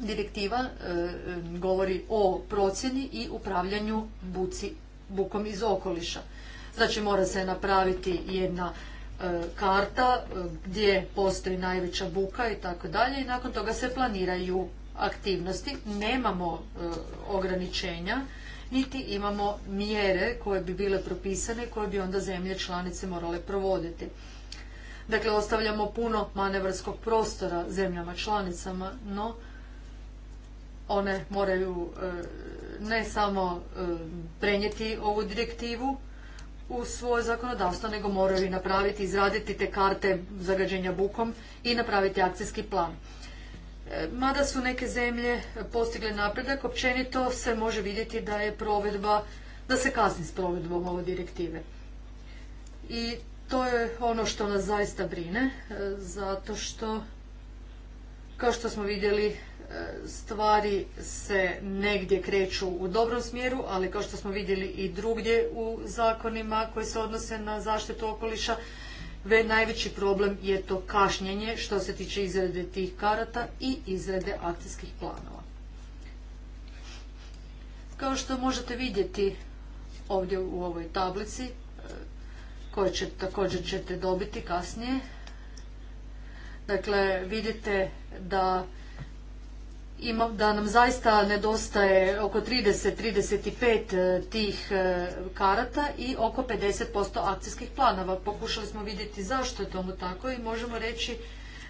Direktiva e, e, govori o procjeni i upravljanju buci, bukom iz okoliša. Znači mora se napraviti jedna e, karta gdje postoji najveća buka i tako dalje i nakon toga se planiraju aktivnosti. Nemamo ograničenja niti imamo mjere koje bi bile propisane koje bi onda zemlje članice morale provoditi. Dakle, ostavljamo puno manevrskog prostora zemljama članicama, no one moraju e, ne samo e, prenijeti ovu direktivu u svoje zakonodavstvo, nego moraju i napraviti, izraditi te karte zagađenja bukom i napraviti akcijski plan. E, mada su neke zemlje postigle napredak, općenito se može vidjeti da je provedba, da se kasni s provedbom ove direktive. I to je ono što nas zaista brine, e, zato što, kao što smo vidjeli, e, stvari se negdje kreću u dobrom smjeru, ali kao što smo vidjeli i drugdje u zakonima koji se odnose na zaštitu okoliša, ve najveći problem je to kašnjenje što se tiče izrade tih karata i izrade akcijskih planova. Kao što možete vidjeti ovdje u ovoj tablici, koje će, također ćete dobiti kasnije. Dakle, vidite da ima, da nam zaista nedostaje oko 30-35 e, tih e, karata i oko 50% akcijskih planova. Pokušali smo vidjeti zašto je tomu tako i možemo reći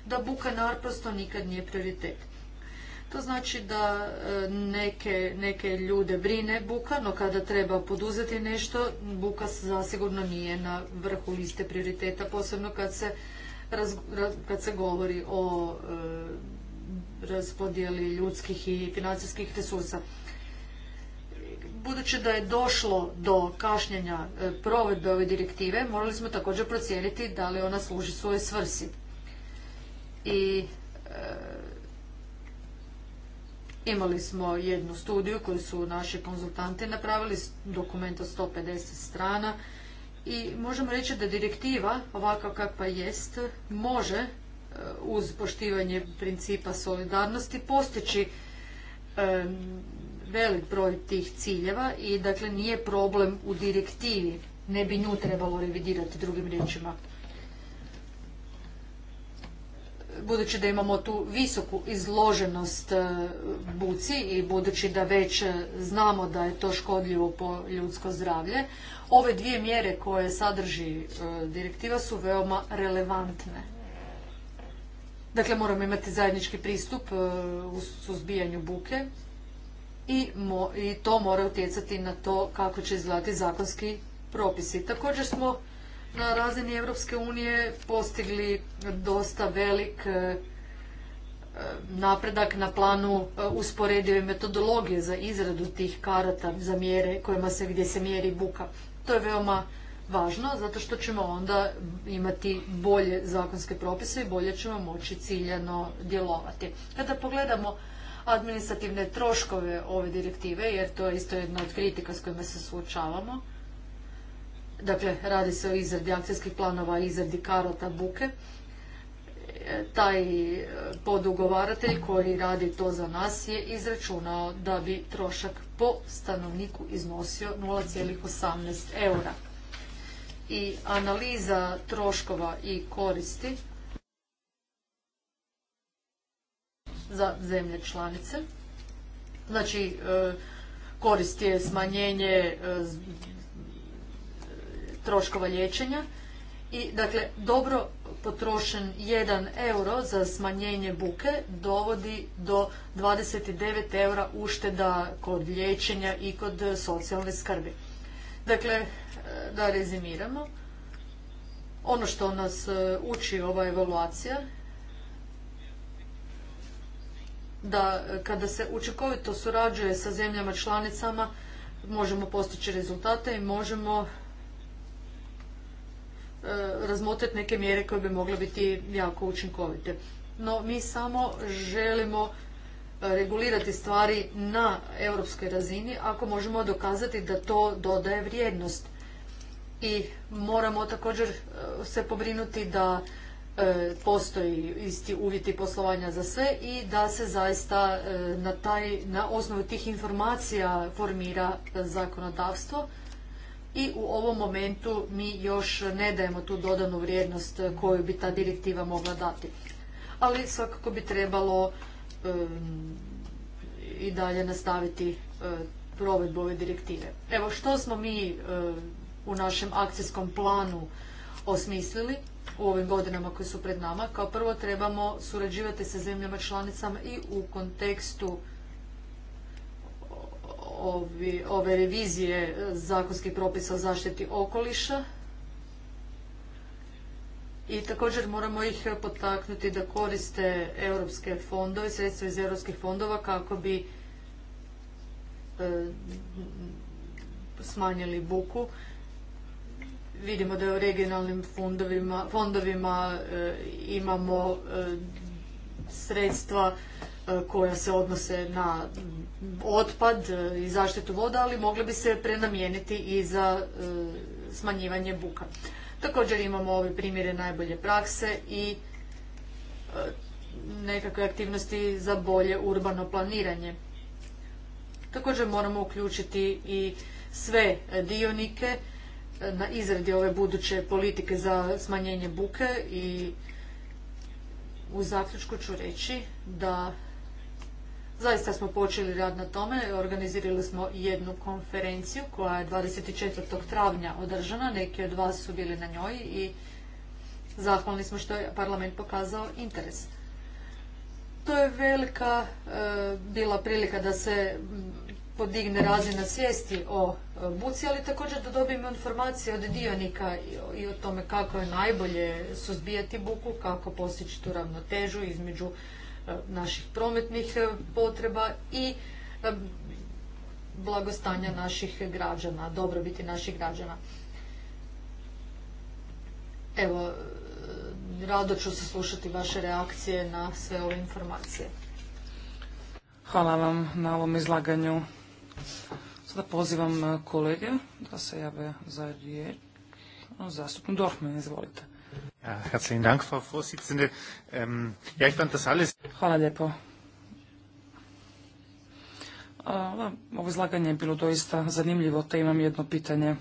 da buka naprosto nikad nije prioritet. To znači da e, neke, ljude brine buka, no kada treba poduzeti nešto, buka zasigurno nije na vrhu liste prioriteta, posebno kad se, govori o e, raspodjeli ljudskih i financijskih resursa. Budući da je došlo do kašnjenja e, provedbe ove direktive, morali smo također procijeniti da li ona služi svojoj svrsi. I Imali smo jednu studiju koju su naši konzultanti napravili, dokument od 150 strana i možemo reći da direktiva, ovakva kakva jest, može e, uz poštivanje principa solidarnosti postići e, velik broj tih ciljeva i dakle nije problem u direktivi, ne bi nju trebalo revidirati drugim riječima budući da imamo tu visoku izloženost e, buci i budući da već e, znamo da je to škodljivo po ljudsko zdravlje, ove dvije mjere koje sadrži e, direktiva su veoma relevantne. Dakle, moramo imati zajednički pristup u suzbijanju buke i, to mora utjecati na to kako će izgledati zakonski propisi. Također smo na razini Europske unije postigli dosta velik e, napredak na planu e, usporedive metodologije za izradu tih karata za mjere kojima se gdje se mjeri buka. To je veoma važno zato što ćemo onda imati bolje zakonske propise i bolje ćemo moći ciljano djelovati. Kada pogledamo administrativne troškove ove direktive, jer to je isto jedna od kritika s kojima se suočavamo, Dakle, radi se o izradi akcijskih planova, izradi karata buke. E, taj e, podugovaratelj koji radi to za nas je izračunao da bi trošak po stanovniku iznosio 0,18 eura. I analiza troškova i koristi za zemlje članice. Znači, e, korist je smanjenje troškova liječenja i dakle dobro potrošen 1 euro za smanjenje buke dovodi do 29 eura ušteda kod liječenja i kod socijalne skrbi. Dakle, e, da rezimiramo, ono što nas e, uči ova evaluacija da e, kada se učinkovito surađuje sa zemljama članicama možemo postići rezultate i možemo E, razmotriti neke mjere koje bi mogle biti jako učinkovite. No, mi samo želimo e, regulirati stvari na europskoj razini ako možemo dokazati da to dodaje vrijednost. I moramo također e, se pobrinuti da postoji isti uvjeti poslovanja za sve i da se zaista na, taj, na osnovu tih informacija formira zakonodavstvo i u ovom momentu mi još ne dajemo tu dodanu vrijednost koju bi ta direktiva mogla dati. Ali svakako bi trebalo i dalje nastaviti e, provedbu ove direktive. Evo što smo mi e, u našem akcijskom planu osmislili u ovim godinama koje su pred nama. Kao prvo trebamo surađivati sa zemljama članicama i u kontekstu ove revizije zakonskih propisa o zaštiti okoliša i također moramo ih potaknuti da koriste europske fondove, sredstva iz europskih fondova kako bi e, smanjili buku. Vidimo da u regionalnim fondovima, e, imamo e, sredstva E, koja se odnose na otpad e, i zaštitu voda, ali mogle bi se prenamijeniti i za e, smanjivanje buka. Također imamo ove primjere najbolje prakse i nekakve aktivnosti za bolje urbano planiranje. Također moramo uključiti i sve dionike na izradi ove buduće politike za smanjenje buke i u zaključku ću reći da Zaista smo počeli rad na tome, organizirali smo jednu konferenciju koja je 24. travnja održana, neki od vas su bili na njoj i zahvalni smo što je parlament pokazao interes. To je velika e, bila prilika da se podigne razina svijesti o buci, e, ali također da dobijemo informacije od dionika i o tome kako je najbolje suzbijati buku, kako postići tu ravnotežu između E, naših prometnih e, potreba i e, blagostanja naših građana, dobrobiti naših građana. Evo, rado ću slušati vaše reakcije na sve ove informacije. Hvala vam na ovom izlaganju. Sada pozivam kolege da se jave za riječ. Zastupnik Dorfman, izvolite. Äh, ähm, Hvala lijepo. Ovo izlaganje je bilo doista zanimljivo, te imam jedno pitanje.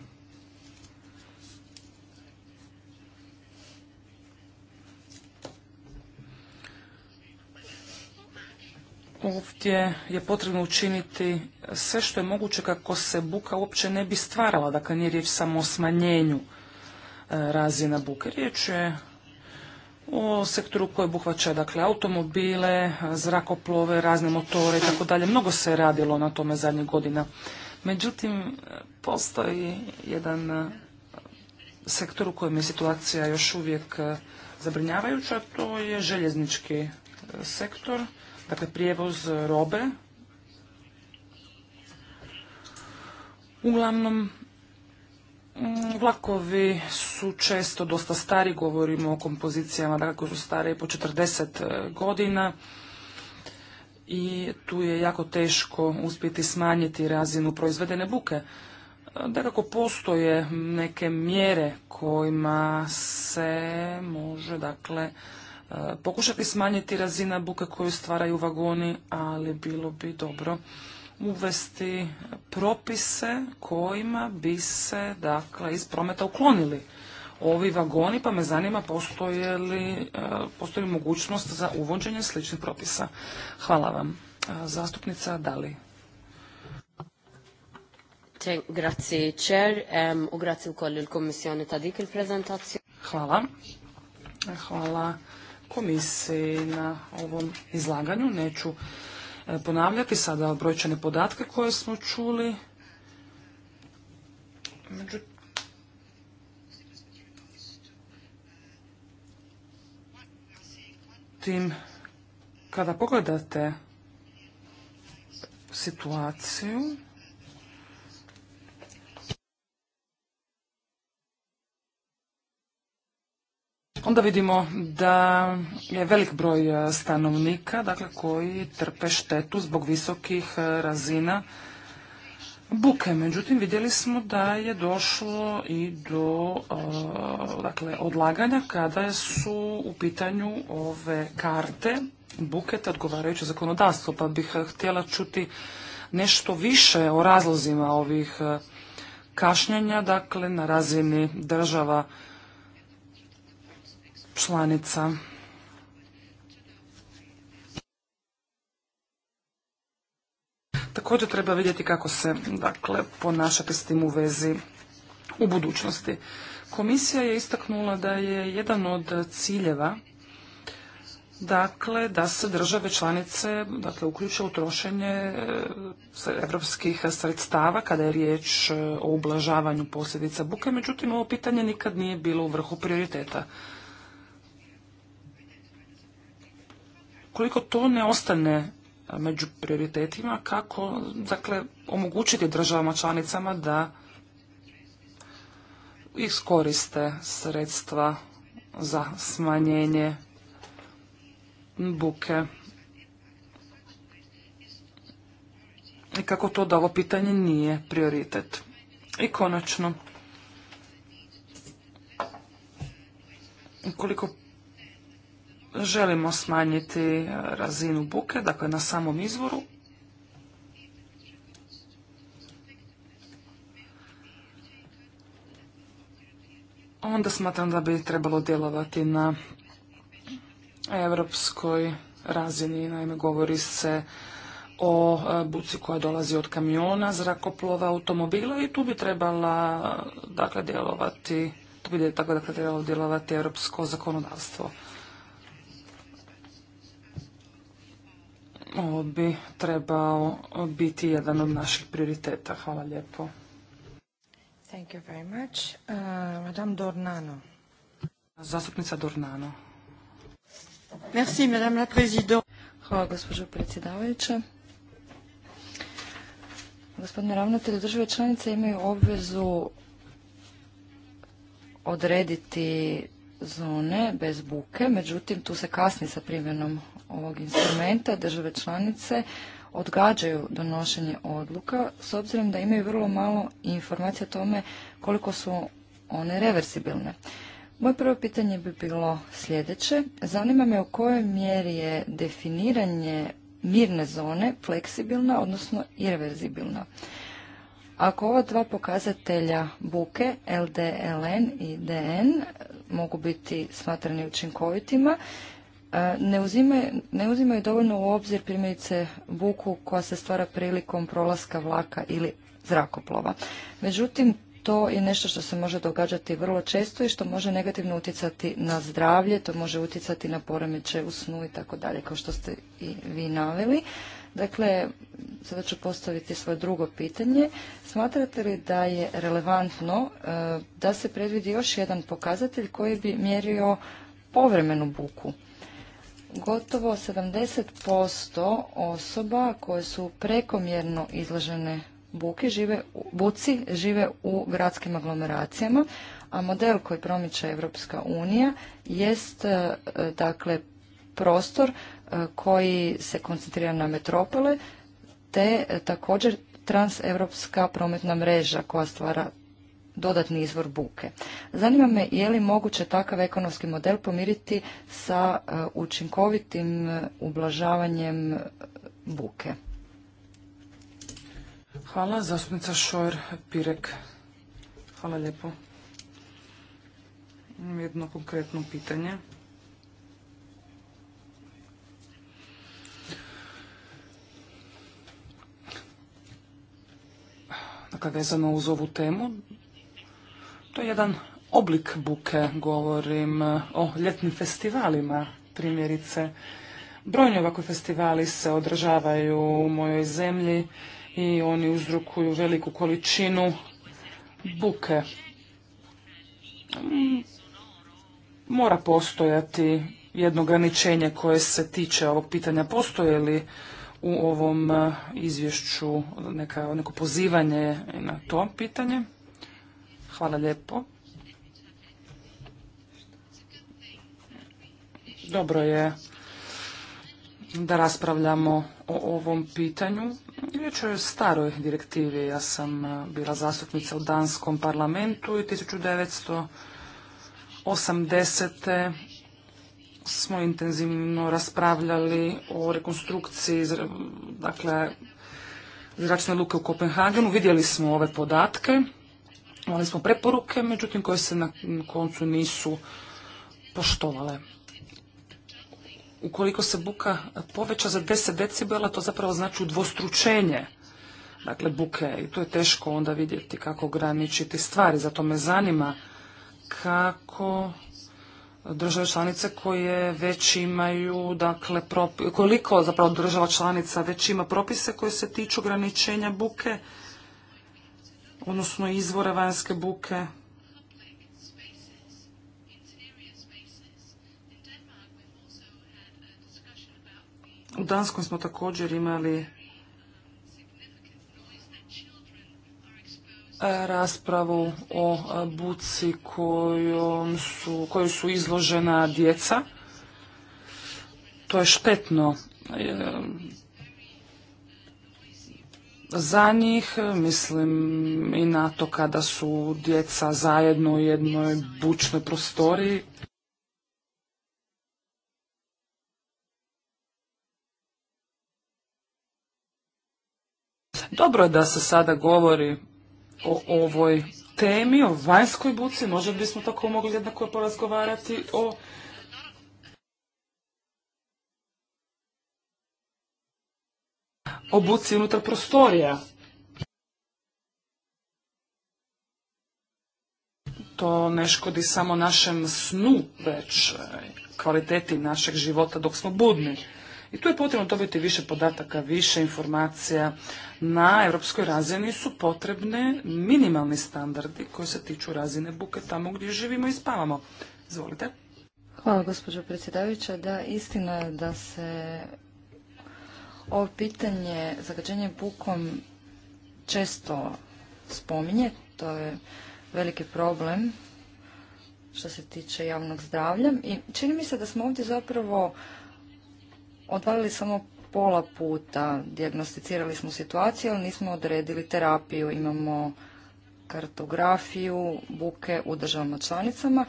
Ovdje je potrebno učiniti sve što je moguće kako se buka uopće ne bi stvarala, dakle nije riječ samo o smanjenju E, razina buke. Riječ je o sektoru koji obuhvaća dakle automobile, zrakoplove, razne motore i tako dalje. Mnogo se je radilo na tome zadnjih godina. Međutim, postoji jedan e, sektor u kojem je situacija još uvijek e, zabrinjavajuća, to je željeznički sektor, dakle prijevoz robe. Uglavnom, Mm, vlakovi su često dosta stari, govorimo o kompozicijama kako dakle, su stare po 40 e, godina i tu je jako teško uspjeti smanjiti razinu proizvedene buke. E, da kako postoje neke mjere kojima se može dakle e, pokušati smanjiti razina buke koju stvaraju vagoni, ali bilo bi dobro uvesti propise kojima bi se dakle iz prometa uklonili ovi vagoni, pa me zanima postoje li, e, postoji li mogućnost za uvođenje sličnih propisa. Hvala vam. E, zastupnica Dali. Grazie, Chair. U grazie u kolju prezentaciju. Hvala. Hvala komisiji na ovom izlaganju. Neću E, ponavljati sada brojčane podatke koje smo čuli. Tim, kada pogledate situaciju, onda vidimo da je velik broj e, stanovnika dakle, koji trpe štetu zbog visokih e, razina buke. Međutim, vidjeli smo da je došlo i do e, dakle, odlaganja kada su u pitanju ove karte buke te odgovarajuće zakonodavstvo, pa bih htjela čuti nešto više o razlozima ovih kašnjenja, dakle na razini država članica. Također treba vidjeti kako se dakle, ponašati s tim u vezi u budućnosti. Komisija je istaknula da je jedan od ciljeva dakle, da se države članice dakle, uključe u trošenje e, evropskih sredstava kada je riječ e, o ublažavanju posljedica buke, međutim ovo pitanje nikad nije bilo u vrhu prioriteta. koliko to ne ostane među prioritetima, kako dakle, omogućiti državama članicama da iskoriste sredstva za smanjenje buke. I kako to da ovo pitanje nije prioritet. I konačno, koliko želimo smanjiti e, razinu buke, dakle na samom izvoru. Onda smatram da bi trebalo djelovati na europskoj razini. Naime, govori se o e, buci koja dolazi od kamiona, zrakoplova, automobila i tu bi trebala dakle djelovati tu bi dakle, dakle trebalo djelovati europsko zakonodavstvo. Ovo bi trebao biti jedan od naših prioriteta. Hvala lijepo. Thank you very much. Uh, madame Dornano. Zastupnica Dornano. Merci, Madame la Présidente. Hvala, gospođo predsjedavajuća. Gospodine ravnatelju, države članice imaju obvezu odrediti zone bez buke, međutim tu se kasni sa primjenom ovog instrumenta države članice odgađaju donošenje odluka s obzirom da imaju vrlo malo informacija o tome koliko su one reversibilne. Moje prvo pitanje bi bilo sljedeće. Zanima me u kojoj mjeri je definiranje mirne zone fleksibilna, odnosno irreverzibilna. Ako ova dva pokazatelja buke, LDLN i DN, mogu biti smatrani učinkovitima, E, ne uzimaju, dovoljno u obzir primjerice buku koja se stvara prilikom prolaska vlaka ili zrakoplova. Međutim, to je nešto što se može događati vrlo često i što može negativno utjecati na zdravlje, to može utjecati na poremeće u snu i tako dalje, kao što ste i vi naveli. Dakle, sada ću postaviti svoje drugo pitanje. Smatrate li da je relevantno e, da se predvidi još jedan pokazatelj koji bi mjerio povremenu buku? Gotovo 70% osoba koje su prekomjerno izložene buki žive, buci žive u gradskim aglomeracijama, a model koji promiče Europska unija jest e, dakle prostor e, koji se koncentrira na metropole te e, također transeuropska prometna mreža koja stvara dodatni izvor buke. Zanima me je li moguće takav ekonomski model pomiriti sa e, učinkovitim ublažavanjem e, buke. Hvala, zastupnica Šor Pirek. Hvala lijepo. Imam jedno konkretno pitanje. Dakle, vezano uz ovu temu, to je jedan oblik buke, govorim eh, o ljetnim festivalima, primjerice. Brojni ovakvi festivali se održavaju u mojoj zemlji i oni uzrokuju veliku količinu buke. Mm, mora postojati jedno ograničenje koje se tiče ovog pitanja. Postoje li u ovom eh, izvješću neka, neko pozivanje na to pitanje? Hvala lijepo. Dobro je da raspravljamo o ovom pitanju. Riječ je o staroj direktivi. Ja sam eh, bila zastupnica u Danskom parlamentu i 1980. smo intenzivno raspravljali o rekonstrukciji dakle, zračne luke u Kopenhagenu. Vidjeli smo ove podatke. Imali smo preporuke, međutim koje se na koncu nisu poštovale. Ukoliko se buka poveća za 10 decibela, to zapravo znači udvostručenje dakle, buke i to je teško onda vidjeti kako ograničiti stvari. Zato me zanima kako države članice koje već imaju, dakle, koliko zapravo država članica već ima propise koje se tiču ograničenja buke, odnosno izvore vanjske buke. U Danskom smo također imali e, raspravu o e, buci koju su, kojoj su izložena djeca. To je štetno e, za njih, mislim i na to kada su djeca zajedno u jednoj bučnoj prostoriji. Dobro je da se sada govori o ovoj temi, o vanjskoj buci, možda bismo tako mogli jednako porazgovarati o obuci unutar prostorija. To ne škodi samo našem snu, već e, kvaliteti našeg života dok smo budni. I tu je potrebno dobiti više podataka, više informacija. Na europskoj razini su potrebne minimalni standardi koji se tiču razine buke tamo gdje živimo i spavamo. Izvolite. Hvala gospođo predsjedavajuća. Da, istina je da se ovo pitanje zagađenje bukom često spominje, to je veliki problem što se tiče javnog zdravlja i čini mi se da smo ovdje zapravo odvalili samo pola puta, dijagnosticirali smo situaciju, ali nismo odredili terapiju, imamo kartografiju buke u državama članicama,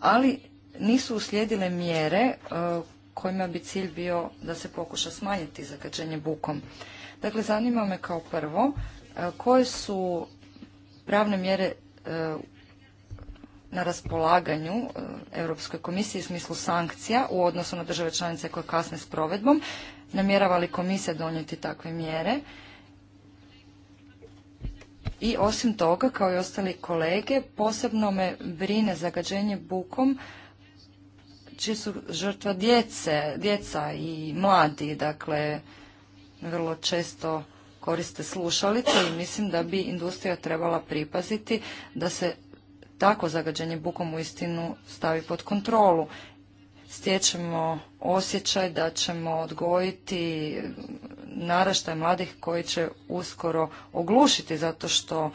ali nisu uslijedile mjere e, kojima bi cilj bio da se pokuša smanjiti zagađenje bukom. Dakle, zanima me kao prvo e, koje su pravne mjere e, na raspolaganju e, Europskoj komisiji u smislu sankcija u odnosu na države članice koje kasne s provedbom. Namjerava li komisija donijeti takve mjere? I osim toga, kao i ostali kolege, posebno me brine zagađenje bukom čije su žrtva djece, djeca i mladi, dakle vrlo često koriste slušalice i mislim da bi industrija trebala pripaziti da se tako zagađenje bukom u istinu stavi pod kontrolu. Stječemo osjećaj da ćemo odgojiti naraštaj mladih koji će uskoro oglušiti zato što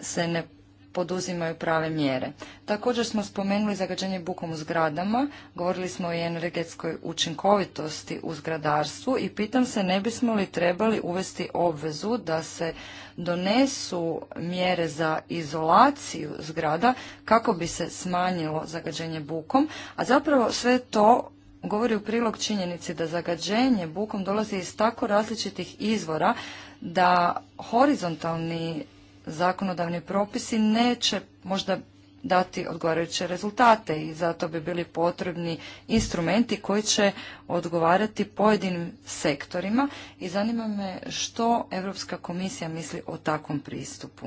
se ne poduzimaju prave mjere. Također smo spomenuli zagađenje bukom u zgradama, govorili smo i o energetskoj učinkovitosti u zgradarstvu i pitam se ne bismo li trebali uvesti obvezu da se donesu mjere za izolaciju zgrada kako bi se smanjilo zagađenje bukom, a zapravo sve to govori u prilog činjenici da zagađenje bukom dolazi iz tako različitih izvora da horizontalni zakonodavni propisi neće možda dati odgovarajuće rezultate i zato bi bili potrebni instrumenti koji će odgovarati pojedinim sektorima i zanima me što Europska komisija misli o takvom pristupu.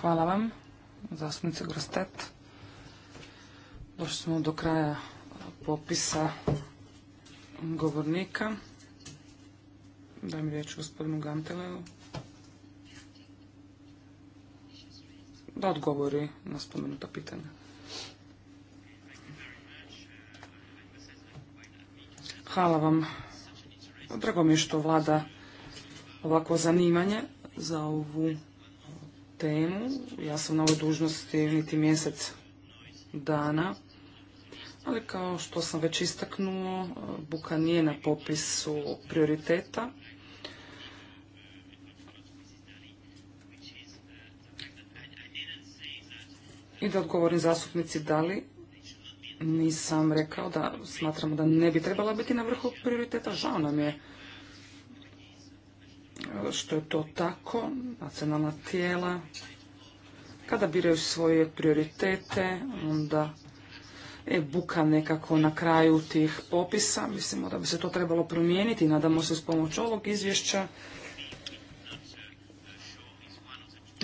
Hvala vam, zastupnice Grostet. Došli smo do kraja popisa govornika. Dajem riječ gospodinu Gantelevu. da odgovori na spomenuta pitanja. Hvala vam. Drago mi je što vlada ovako zanimanje za ovu temu. Ja sam na ovoj dužnosti niti mjesec dana, ali kao što sam već istaknuo, buka nije na popisu prioriteta I da odgovorim zastupnici da li nisam rekao da smatramo da ne bi trebala biti na vrhu prioriteta. Žao nam je što je to tako. Nacionalna tijela kada biraju svoje prioritete, onda e, buka nekako na kraju tih popisa. Mislimo da bi se to trebalo promijeniti. Nadamo se s pomoć ovog izvješća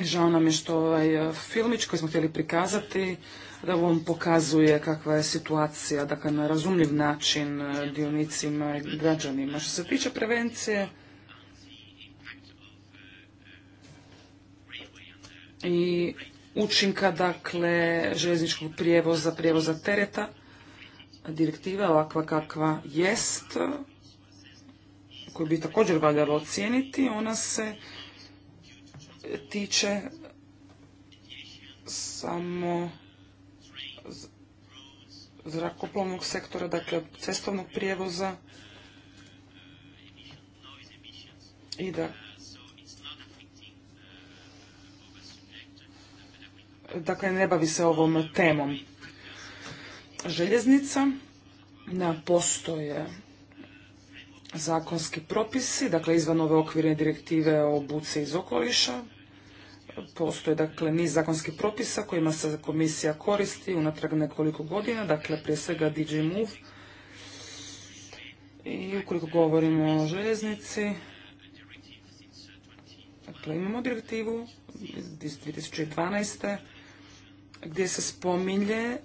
Žao nam je što ovaj e, filmić koji smo htjeli prikazati, da vam pokazuje kakva je situacija, dakle na razumljiv način e, dionicima i građanima. Što se tiče prevencije i učinka, dakle, željezničkog prijevoza, prijevoza tereta, direktiva ovakva kakva jest, koju bi također valjalo ocijeniti, ona se tiče samo zrakoplovnog sektora, dakle cestovnog prijevoza i da dakle ne bavi se ovom temom. Željeznica na postoje zakonski propisi, dakle izvan ove okvirne direktive o buci iz okoliša. Postoje dakle niz zakonskih propisa kojima se komisija koristi unatrag nekoliko godina, dakle prije svega DJ Move. I ukoliko govorimo o željeznici, dakle imamo direktivu iz 2012. gdje se spominje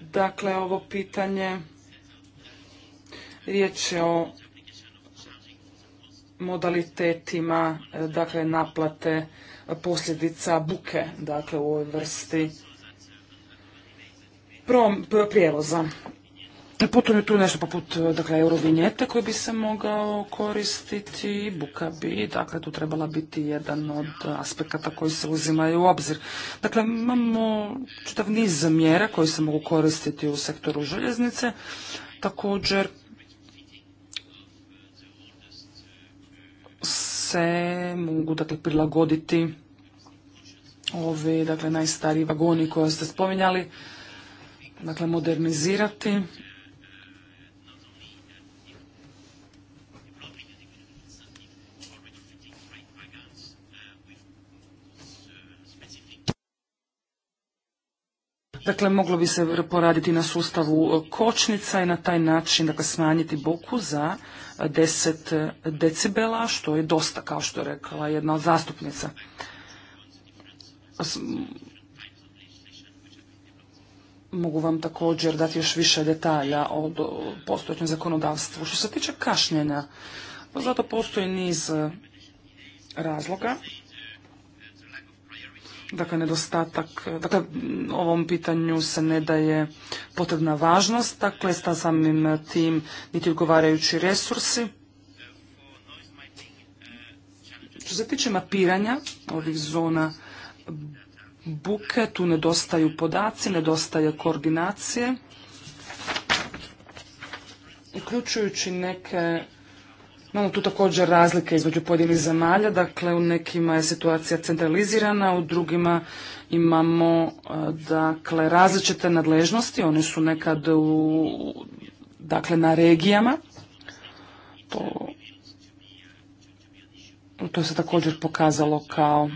dakle ovo pitanje Riječ je o modalitetima e, dakle naplate posljedica buke dakle u ovoj vrsti prijevoza. E, potom je tu nešto poput e, dakle, eurovinjete koji bi se mogao koristiti, buka bi, dakle tu trebala biti jedan od aspekata koji se uzimaju u obzir. Dakle, imamo čitav niz mjera koji se mogu koristiti u sektoru željeznice, također se mogu dakle, prilagoditi ovi dakle, najstariji vagoni koje ste spominjali, dakle modernizirati. Dakle, moglo bi se poraditi na sustavu kočnica i na taj način dakle, smanjiti boku za 10 decibela, što je dosta, kao što je rekla jedna od zastupnica. Mogu vam također dati još više detalja o postojećem zakonodavstvu. Što se tiče kašnjenja, pa zato postoji niz eh, razloga. Dakle, nedostatak, dakle, ovom pitanju se ne daje potrebna važnost, dakle, sta samim tim niti odgovarajući resursi. Što se tiče mapiranja ovih zona buke, tu nedostaju podaci, nedostaje koordinacije, uključujući neke Imamo tu također razlike između pojedinih zemalja, dakle u nekima je situacija centralizirana, u drugima imamo e, dakle različite nadležnosti, one su nekad u, dakle na regijama. To, to se također pokazalo kao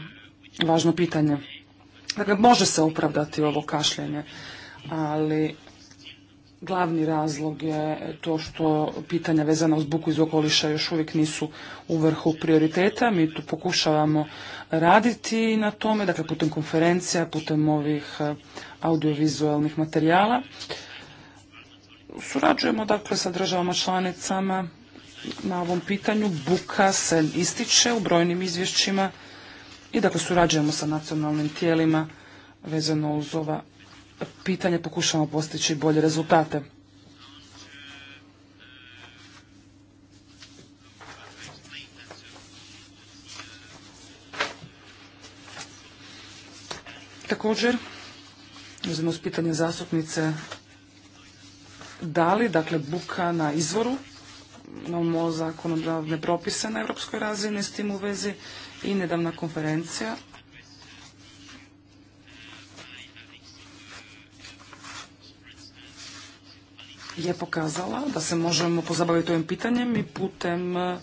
važno pitanje. Dakle, može se opravdati ovo kašljenje, ali Glavni razlog je to što pitanja vezana uz buku iz okoliša još uvijek nisu u vrhu prioriteta. Mi tu pokušavamo raditi na tome, dakle putem konferencija, putem ovih e, audiovizualnih materijala. Surađujemo dakle sa državama članicama na ovom pitanju. Buka se ističe u brojnim izvješćima i dakle surađujemo sa nacionalnim tijelima vezano uz ova pitanje pokušamo postići bolje rezultate. Također, uzmemo s pitanje zastupnice da li, dakle, buka na izvoru, imamo zakonodavne propise na europskoj razini s tim u vezi i nedavna konferencija je pokazala da se možemo pozabaviti ovim pitanjem i putem eh,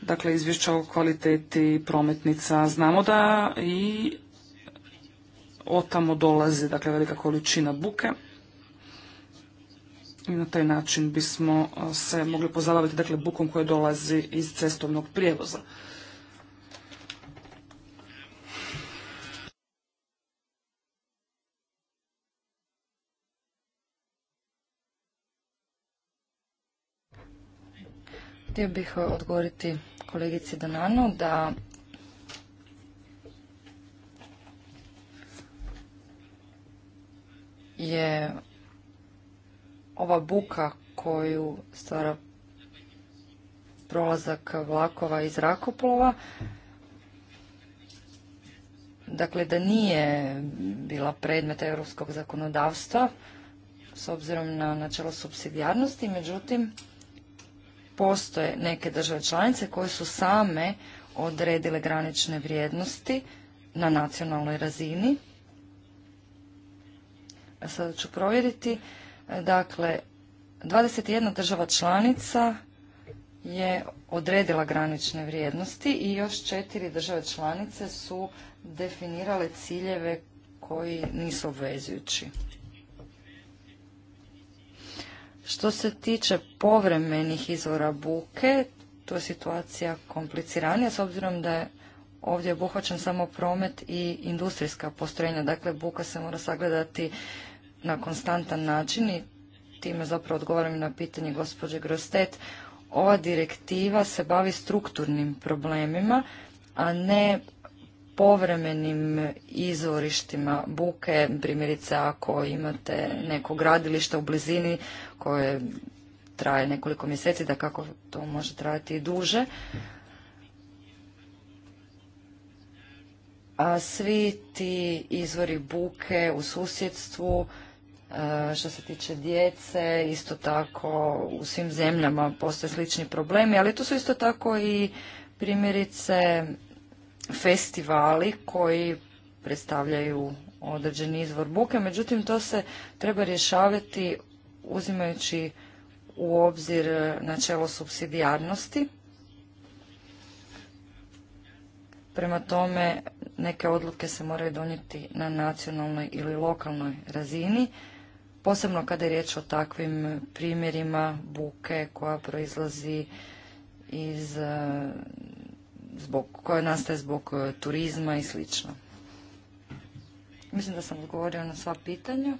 dakle izvješća o kvaliteti prometnica. Znamo da i tamo dolazi dakle velika količina buke i na taj način bismo eh, se mogli pozabaviti dakle bukom koja dolazi iz cestovnog prijevoza. Htio bih e, odgovoriti kolegici Dananu da je ova buka koju stvara prolazak vlakova i zrakoplova, dakle da nije bila predmet europskog zakonodavstva s obzirom na načelo subsidijarnosti, međutim postoje neke države članice koje su same odredile granične vrijednosti na nacionalnoj razini. Sada ću provjeriti. Dakle, 21 država članica je odredila granične vrijednosti i još četiri države članice su definirale ciljeve koji nisu obvezujući. Što se tiče povremenih izvora buke, to je situacija kompliciranija s obzirom da je ovdje obuhvaćen samo promet i industrijska postrojenja. Dakle, buka se mora sagledati na konstantan način i time zapravo odgovaram na pitanje gospođe Grostet. Ova direktiva se bavi strukturnim problemima, a ne povremenim izvorištima buke, primjerice ako imate neko gradilište u blizini koje traje nekoliko mjeseci, da kako to može trajati i duže. A svi ti izvori buke u susjedstvu, e, što se tiče djece, isto tako u svim zemljama postoje slični problemi, ali tu su isto tako i primjerice festivali koji predstavljaju određeni izvor buke, međutim to se treba rješavati uzimajući u obzir e, načelo subsidijarnosti. Prema tome, neke odluke se moraju donijeti na nacionalnoj ili lokalnoj razini, posebno kada je riječ o takvim primjerima buke koja proizlazi iz, e, zbog, koja nastaje zbog e, turizma i slično. Mislim da sam odgovorila na sva pitanja.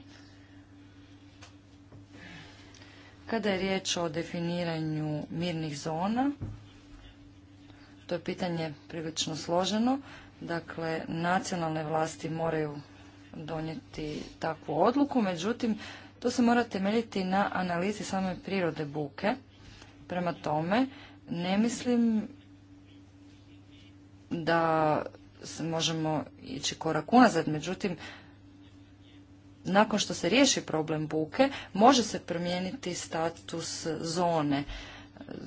Kada je riječ o definiranju mirnih zona, to je pitanje prilično složeno. Dakle, nacionalne vlasti moraju donijeti takvu odluku, međutim, to se mora temeljiti na analizi same prirode buke. Prema tome, ne mislim da možemo ići korak unazad, međutim, nakon što se riješi problem buke, može se promijeniti status zone.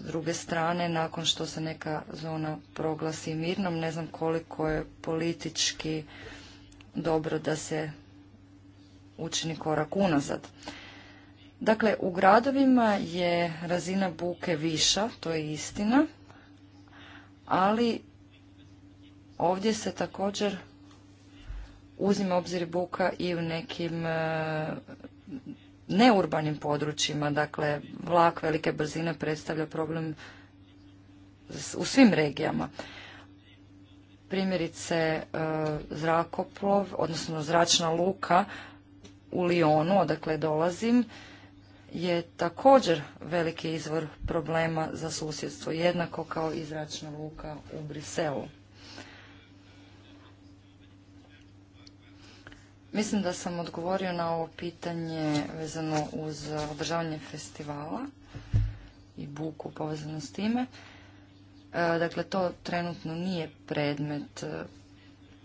S druge strane, nakon što se neka zona proglasi mirnom, ne znam koliko je politički dobro da se učini korak unazad. Dakle, u gradovima je razina buke viša, to je istina, ali ovdje se također uzima obzir buka i u nekim e, neurbanim područjima. Dakle, vlak velike brzine predstavlja problem u svim regijama. Primjerice, e, zrakoplov, odnosno zračna luka u Lijonu, odakle dolazim, je također veliki izvor problema za susjedstvo, jednako kao i zračna luka u Briselu. Mislim da sam odgovorio na ovo pitanje vezano uz održavanje festivala i buku povezano s time. E, dakle, to trenutno nije predmet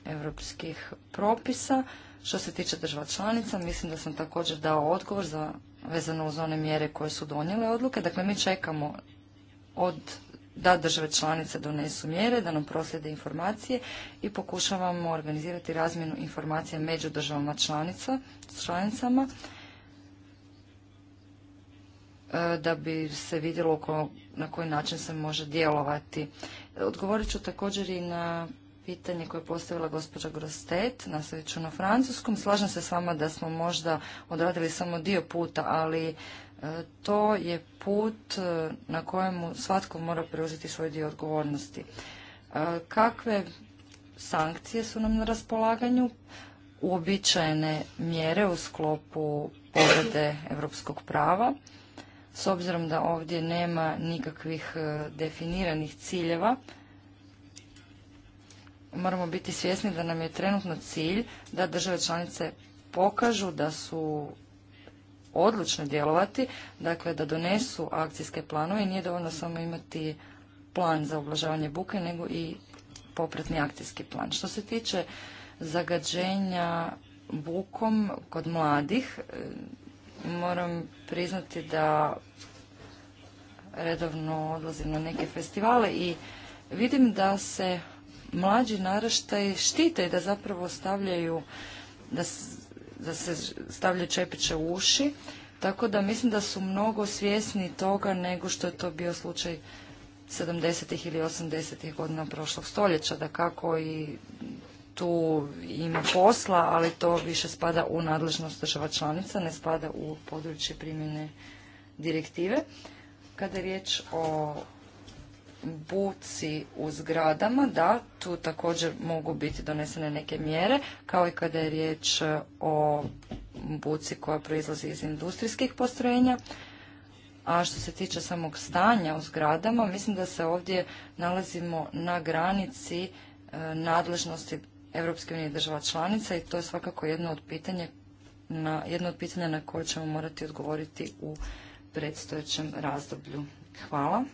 europskih propisa. Što se tiče država članica, mislim da sam također dao odgovor za vezano uz one mjere koje su donijele odluke. Dakle, mi čekamo od da države članice donesu mjere, da nam proslijede informacije i pokušavamo organizirati razmjenu informacija među državama članica, članicama e, da bi se vidjelo na koji način se može djelovati. Odgovorit ću također i na pitanje koje je postavila gospođa Grostet, nastavit ću na francuskom. Slažem se s vama da smo možda odradili samo dio puta, ali E, to je put e, na kojemu svatko mora preuzeti svoj dio odgovornosti. E, kakve sankcije su nam na raspolaganju? Uobičajene mjere u sklopu povrede europskog prava. S obzirom da ovdje nema nikakvih definiranih ciljeva, moramo biti svjesni da nam je trenutno cilj da države članice pokažu da su odlučno djelovati, dakle da donesu akcijske planove i nije dovoljno samo imati plan za ublažavanje buke, nego i popratni akcijski plan. Što se tiče zagađenja bukom kod mladih, e, moram priznati da redovno odlazim na neke festivale i vidim da se mlađi naraštaj štite i da zapravo stavljaju, da da se stavlja čepiće u uši, tako da mislim da su mnogo svjesni toga nego što je to bio slučaj 70. ili 80. godina prošlog stoljeća, da kako i tu ima posla, ali to više spada u nadležnost država članica, ne spada u područje primjene direktive. Kada je riječ o buci u zgradama, da, tu također mogu biti donesene neke mjere, kao i kada je riječ e, o buci koja proizlazi iz industrijskih postrojenja. A što se tiče samog stanja u zgradama, mislim da se ovdje nalazimo na granici e, nadležnosti Europske unije država članica i to je svakako jedno od pitanja na, jedno od pitanja na koje ćemo morati odgovoriti u predstojećem razdoblju. Hvala.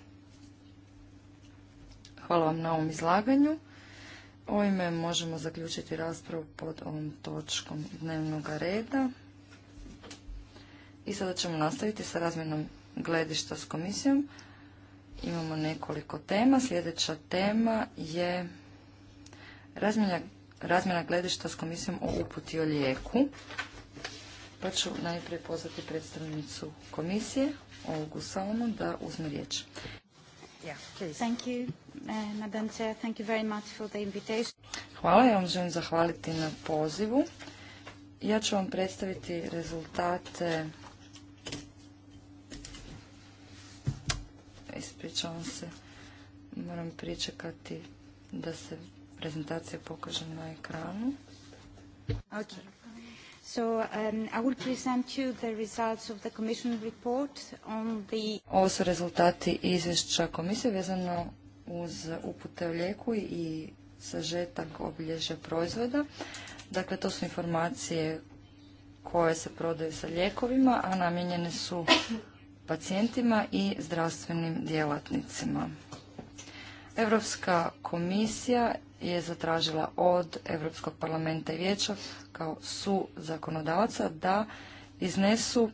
Hvala vam na ovom izlaganju. Ovime možemo zaključiti raspravu pod ovom točkom dnevnog reda. I sada ćemo nastaviti sa razmjenom gledišta s komisijom. Imamo nekoliko tema. Sljedeća tema je razmjena, gledišta s komisijom o uputi o lijeku. Pa ću najprije pozvati predstavnicu komisije, Olgu Salomon, da uzme riječ. Hvala, i vam želim zahvaliti na pozivu. Ja ću vam predstaviti rezultate ispričavam se, moram pričekati da se prezentacija pokaže na ekranu. Okay. Um, Ovo su rezultati izvješća komisije vezano uz upute o lijeku i sažetak obilježja proizvoda. Dakle, to su informacije koje se prodaju sa lijekovima, a namijenjene su pacijentima i zdravstvenim djelatnicima. Europska komisija je zatražila od Europskog parlamenta i vijeća kao su zakonodavaca da iznesu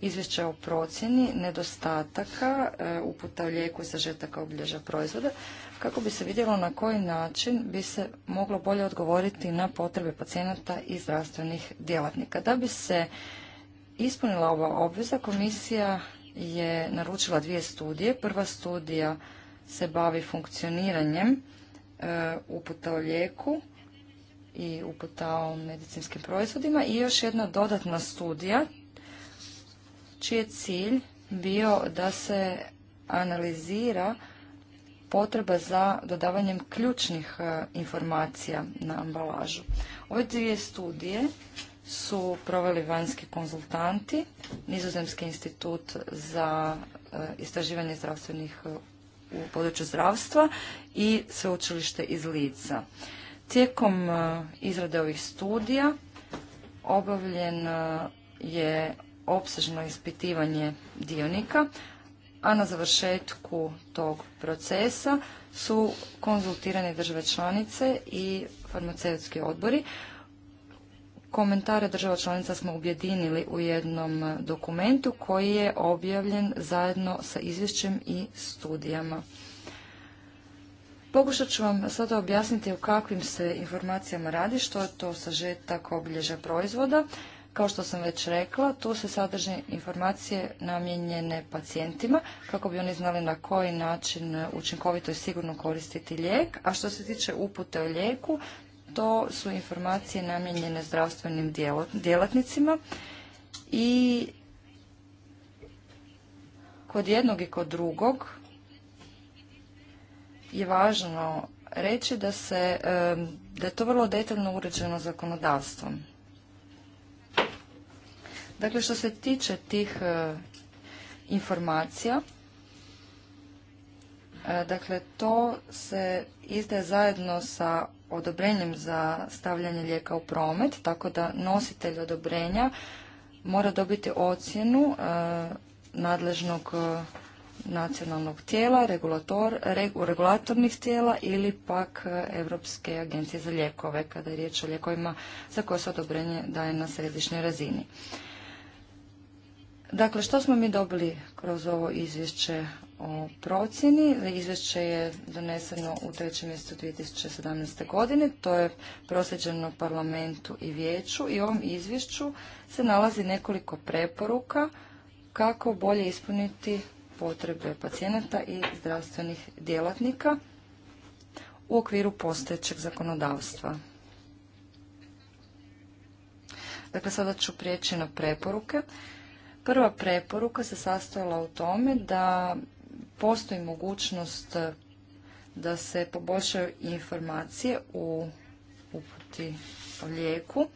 izvješće o procjeni nedostataka e, uputa u lijeku i sažetaka obilježja proizvoda kako bi se vidjelo na koji način bi se moglo bolje odgovoriti na potrebe pacijenata i zdravstvenih djelatnika. Da bi se ispunila ova obveza, komisija je naručila dvije studije. Prva studija se bavi funkcioniranjem e, uputa o lijeku i uputa o medicinskim proizvodima i još jedna dodatna studija čiji je cilj bio da se analizira potreba za dodavanjem ključnih e, informacija na ambalažu. Ove dvije studije su proveli vanjski konzultanti, Nizozemski institut za e, istraživanje zdravstvenih u području zdravstva i sveučilište iz Lica. Tijekom e, izrade ovih studija obavljen e, je opsežno ispitivanje dionika, a na završetku tog procesa su konzultirane države članice i farmaceutski odbori komentare država članica smo objedinili u jednom dokumentu koji je objavljen zajedno sa izvješćem i studijama. Pokušat ću vam sada objasniti u kakvim se informacijama radi, što je to sažetak obilježja proizvoda. Kao što sam već rekla, tu se sadrže informacije namijenjene pacijentima, kako bi oni znali na koji način učinkovito i sigurno koristiti lijek. A što se tiče upute o lijeku, to su informacije namijenjene zdravstvenim djelatnicima i kod jednog i kod drugog je važno reći da se da je to vrlo detaljno uređeno zakonodavstvom. Dakle, što se tiče tih e, informacija, e, dakle, to se izdaje zajedno sa odobrenjem za stavljanje lijeka u promet, tako da nositelj odobrenja mora dobiti ocjenu e, nadležnog e, nacionalnog tijela, regulatornih tijela ili pak e, Europske agencije za lijekove kada je riječ o lijekovima za koje se odobrenje daje na središnjoj razini. Dakle, što smo mi dobili kroz ovo izvješće o procjeni. Izvješće je doneseno u trećem mjestu 2017. godine. To je prosjeđeno parlamentu i vijeću i u ovom izvješću se nalazi nekoliko preporuka kako bolje ispuniti potrebe pacijenata i zdravstvenih djelatnika u okviru postojećeg zakonodavstva. Dakle, sada ću prijeći na preporuke. Prva preporuka se sastojala u tome da postoji mogućnost eh, da se poboljšaju informacije u uputi o lijeku.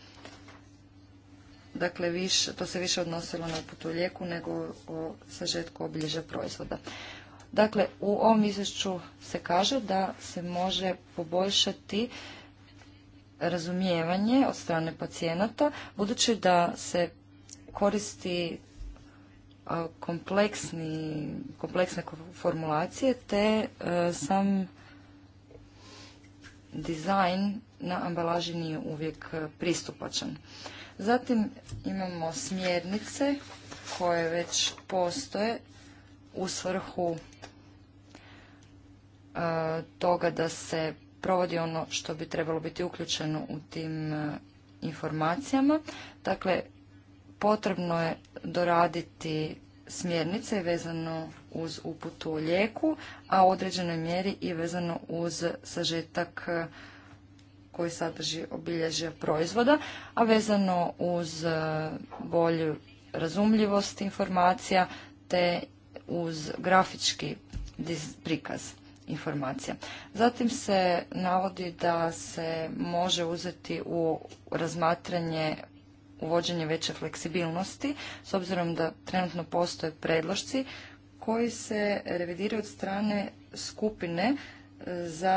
Dakle, više, to se više odnosilo na uputu o lijeku nego o sažetku obilježja proizvoda. Dakle, u ovom izvješću se kaže da se može poboljšati razumijevanje od strane pacijenata, budući da se koristi kompleksni, kompleksne formulacije te e, sam dizajn na ambalaži nije uvijek pristupačan. Zatim imamo smjernice koje već postoje u svrhu e, toga da se provodi ono što bi trebalo biti uključeno u tim e, informacijama. Dakle, potrebno je doraditi smjernice vezano uz uputu o lijeku, a u određenoj mjeri i vezano uz sažetak e, koji sadrži obilježja proizvoda, a vezano uz e, bolju razumljivost informacija te uz grafički prikaz informacija. Zatim se navodi da se može uzeti u razmatranje uvođenje veće fleksibilnosti, s obzirom da trenutno postoje predlošci koji se revidiraju od strane skupine e, za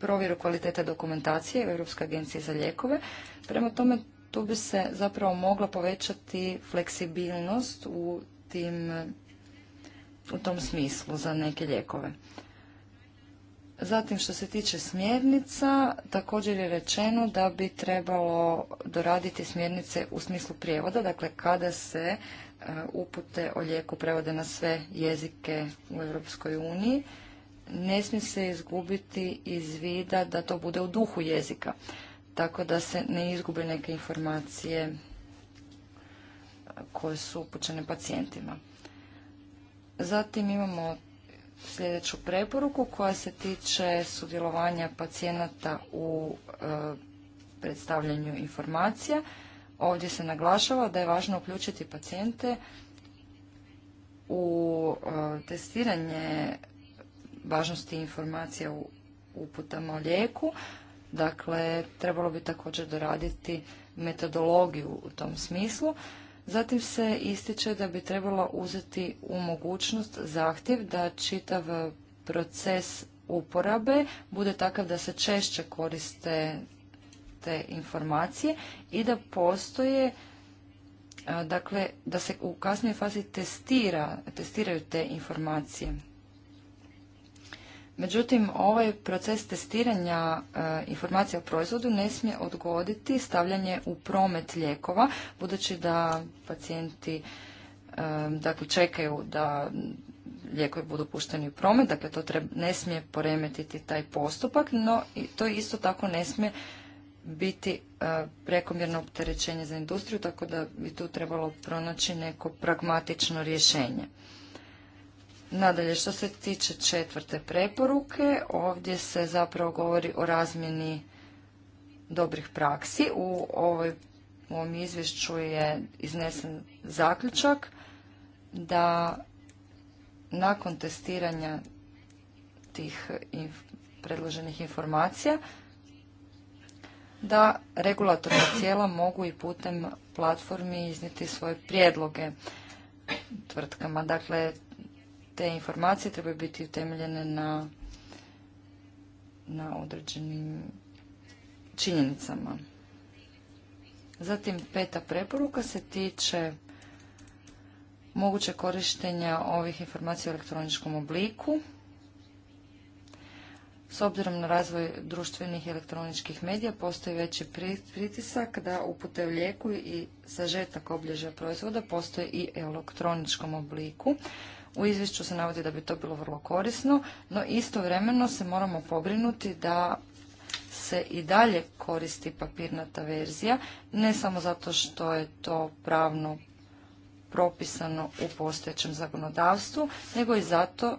provjeru kvalitete dokumentacije Europske agencije za lijekove. Prema tome, tu bi se zapravo mogla povećati fleksibilnost u tim u tom smislu za neke lijekove. Zatim što se tiče smjernica, također je rečeno da bi trebalo doraditi smjernice u smislu prijevoda, dakle kada se e, upute o lijeku prevode na sve jezike u Europskoj uniji, ne smije se izgubiti iz vida da to bude u duhu jezika, tako da se ne izgube neke informacije e, koje su upućene pacijentima. Zatim imamo sljedeću preporuku koja se tiče sudjelovanja pacijenata u e, predstavljanju informacija. Ovdje se naglašava da je važno uključiti pacijente u e, testiranje važnosti informacija u uputama o lijeku. Dakle, trebalo bi također doraditi metodologiju u tom smislu. Zatim se ističe da bi trebalo uzeti u mogućnost zahtjev da čitav proces uporabe bude takav da se češće koriste te informacije i da postoje e, dakle da se u kasnijoj fazi testira, testiraju te informacije. Međutim, ovaj proces testiranja e, informacija o proizvodu ne smije odgoditi stavljanje u promet lijekova, budući da pacijenti e, dakle, čekaju da lijekovi budu pušteni u promet, dakle to ne smije poremetiti taj postupak, no to isto tako ne smije biti e, prekomjerno opterećenje za industriju, tako da bi tu trebalo pronaći neko pragmatično rješenje. Nadalje, što se tiče četvrte preporuke, ovdje se zapravo govori o razmjeni dobrih praksi. U ovom izvješću je iznesen zaključak da nakon testiranja tih predloženih informacija da regulatorna tijela mogu i putem platformi iznijeti svoje prijedloge tvrtkama. Dakle, te informacije trebaju biti utemeljene na, na određenim činjenicama. Zatim peta preporuka se tiče moguće korištenja ovih informacija u elektroničkom obliku. S obzirom na razvoj društvenih elektroničkih medija postoji veći pritisak da upute u lijeku i sažetak oblježja proizvoda postoje i u elektroničkom obliku. U izvješću se navodi da bi to bilo vrlo korisno, no istovremeno se moramo pobrinuti da se i dalje koristi papirnata verzija, ne samo zato što je to pravno propisano u postojećem zakonodavstvu, nego i zato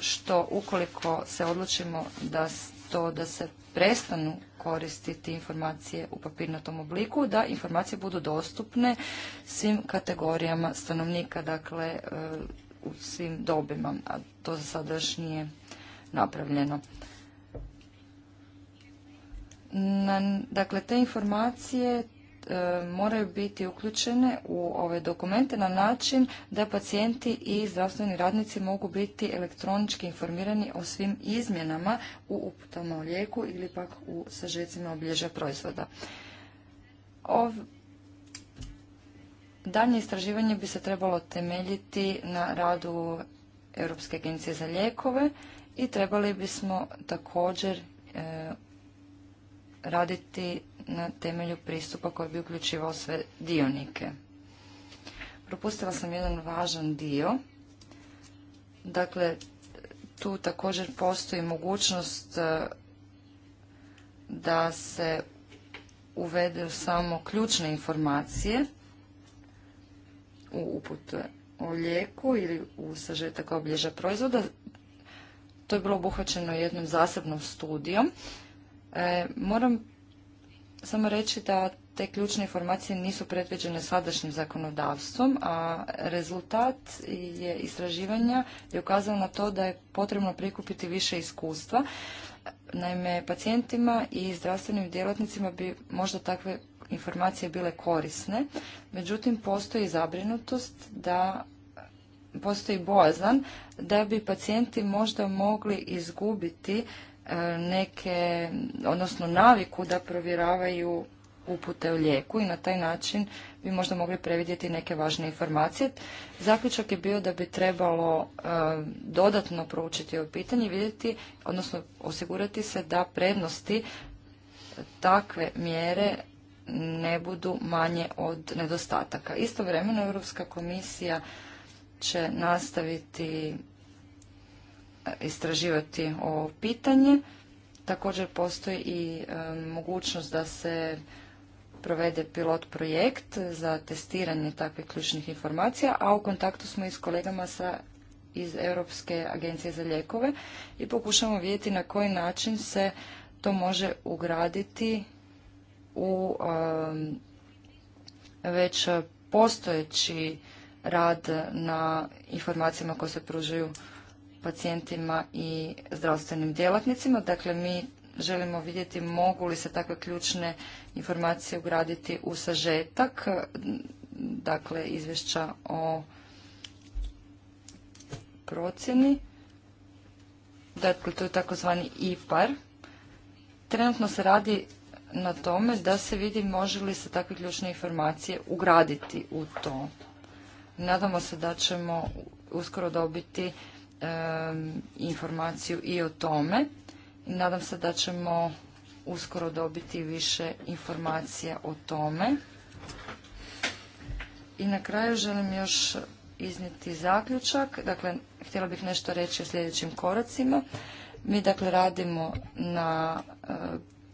što ukoliko se odlučimo da to da se prestanu koristiti informacije u papirnatom obliku, da informacije budu dostupne svim kategorijama stanovnika, dakle e, u svim dobima, a to za sada još nije napravljeno. dakle, te informacije E, moraju biti uključene u ove dokumente na način da pacijenti i zdravstveni radnici mogu biti elektronički informirani o svim izmjenama u uputama o lijeku ili pak u sažecima obilježja proizvoda. Dalje Daljnje istraživanje bi se trebalo temeljiti na radu Europske agencije za lijekove i trebali bismo također e, raditi na temelju pristupa koji bi uključivao sve dionike. Propustila sam jedan važan dio. Dakle, tu također postoji mogućnost e, da se uvede samo ključne informacije u upute o lijeku ili u sažetak oblježa proizvoda. To je bilo obuhvaćeno jednom zasebnom studijom. E, moram samo reći da te ključne informacije nisu predviđene sadašnjim zakonodavstvom, a rezultat je istraživanja je ukazao na to da je potrebno prikupiti više iskustva. Naime, pacijentima i zdravstvenim djelatnicima bi možda takve informacije bile korisne, međutim postoji zabrinutost da postoji bojazan da bi pacijenti možda mogli izgubiti E, neke, odnosno naviku da provjeravaju upute o lijeku i na taj način bi možda mogli previdjeti neke važne informacije. Zaključak je bio da bi trebalo e, dodatno proučiti ovo pitanje i vidjeti, odnosno osigurati se da prednosti takve mjere ne budu manje od nedostataka. Istovremeno Europska komisija će nastaviti istraživati ovo pitanje. Također postoji i e, mogućnost da se provede pilot projekt za testiranje takvih ključnih informacija, a u kontaktu smo i s kolegama sa iz Europske agencije za lijekove i pokušamo vidjeti na koji način se to može ugraditi u već postojeći rad na informacijama koje se pružaju pacijentima i zdravstvenim djelatnicima. Dakle, mi želimo vidjeti mogu li se takve ključne informacije ugraditi u sažetak, dakle izvješća o procjeni. Dakle, to je takozvani IPAR. Trenutno se radi na tome da se vidi može li se takve ključne informacije ugraditi u to. Nadamo se da ćemo uskoro dobiti informaciju i o tome. Nadam se da ćemo uskoro dobiti više informacija o tome. I na kraju želim još iznijeti zaključak. Dakle, htjela bih nešto reći o sljedećim koracima. Mi dakle radimo na e,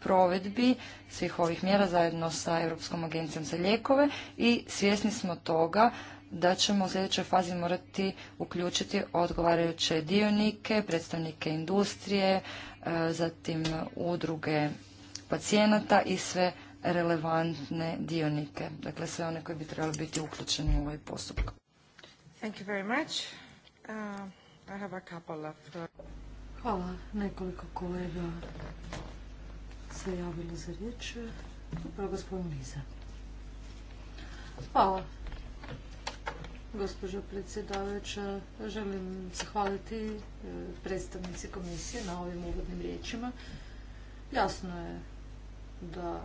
provedbi svih ovih mjera zajedno sa Europskom agencijom za lijekove i svjesni smo toga da ćemo u sljedećoj fazi morati uključiti odgovarajuće dionike, predstavnike industrije, e, zatim udruge pacijenata i sve relevantne dionike. Dakle, sve one koji bi trebali biti uključeni u ovaj postupak. Thank you very much. Uh, I have a couple of... Uh, Hvala. Nekoliko kolega se za riječ. Liza. Hvala. Gospođo predsjedavajuća, želim zahvaliti e, predstavnici komisije na ovim uvodnim riječima. Jasno je da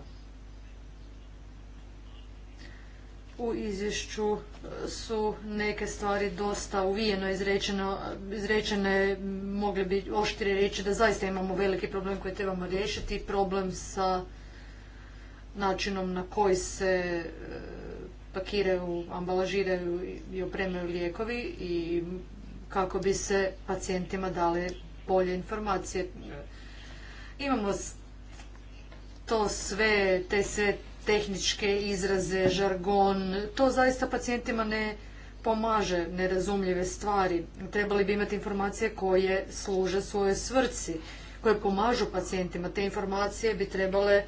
u izvješću e, su neke stvari dosta uvijeno izrečeno, izrečene, mogli bi oštrije reći da zaista imamo veliki problem koji trebamo riješiti, problem sa načinom na koji se e, pakiraju, ambalažiraju i opremaju lijekovi i kako bi se pacijentima dale bolje informacije. Imamo to sve, te sve tehničke izraze, žargon, to zaista pacijentima ne pomaže nerazumljive stvari. Trebali bi imati informacije koje služe svojoj svrci, koje pomažu pacijentima. Te informacije bi trebale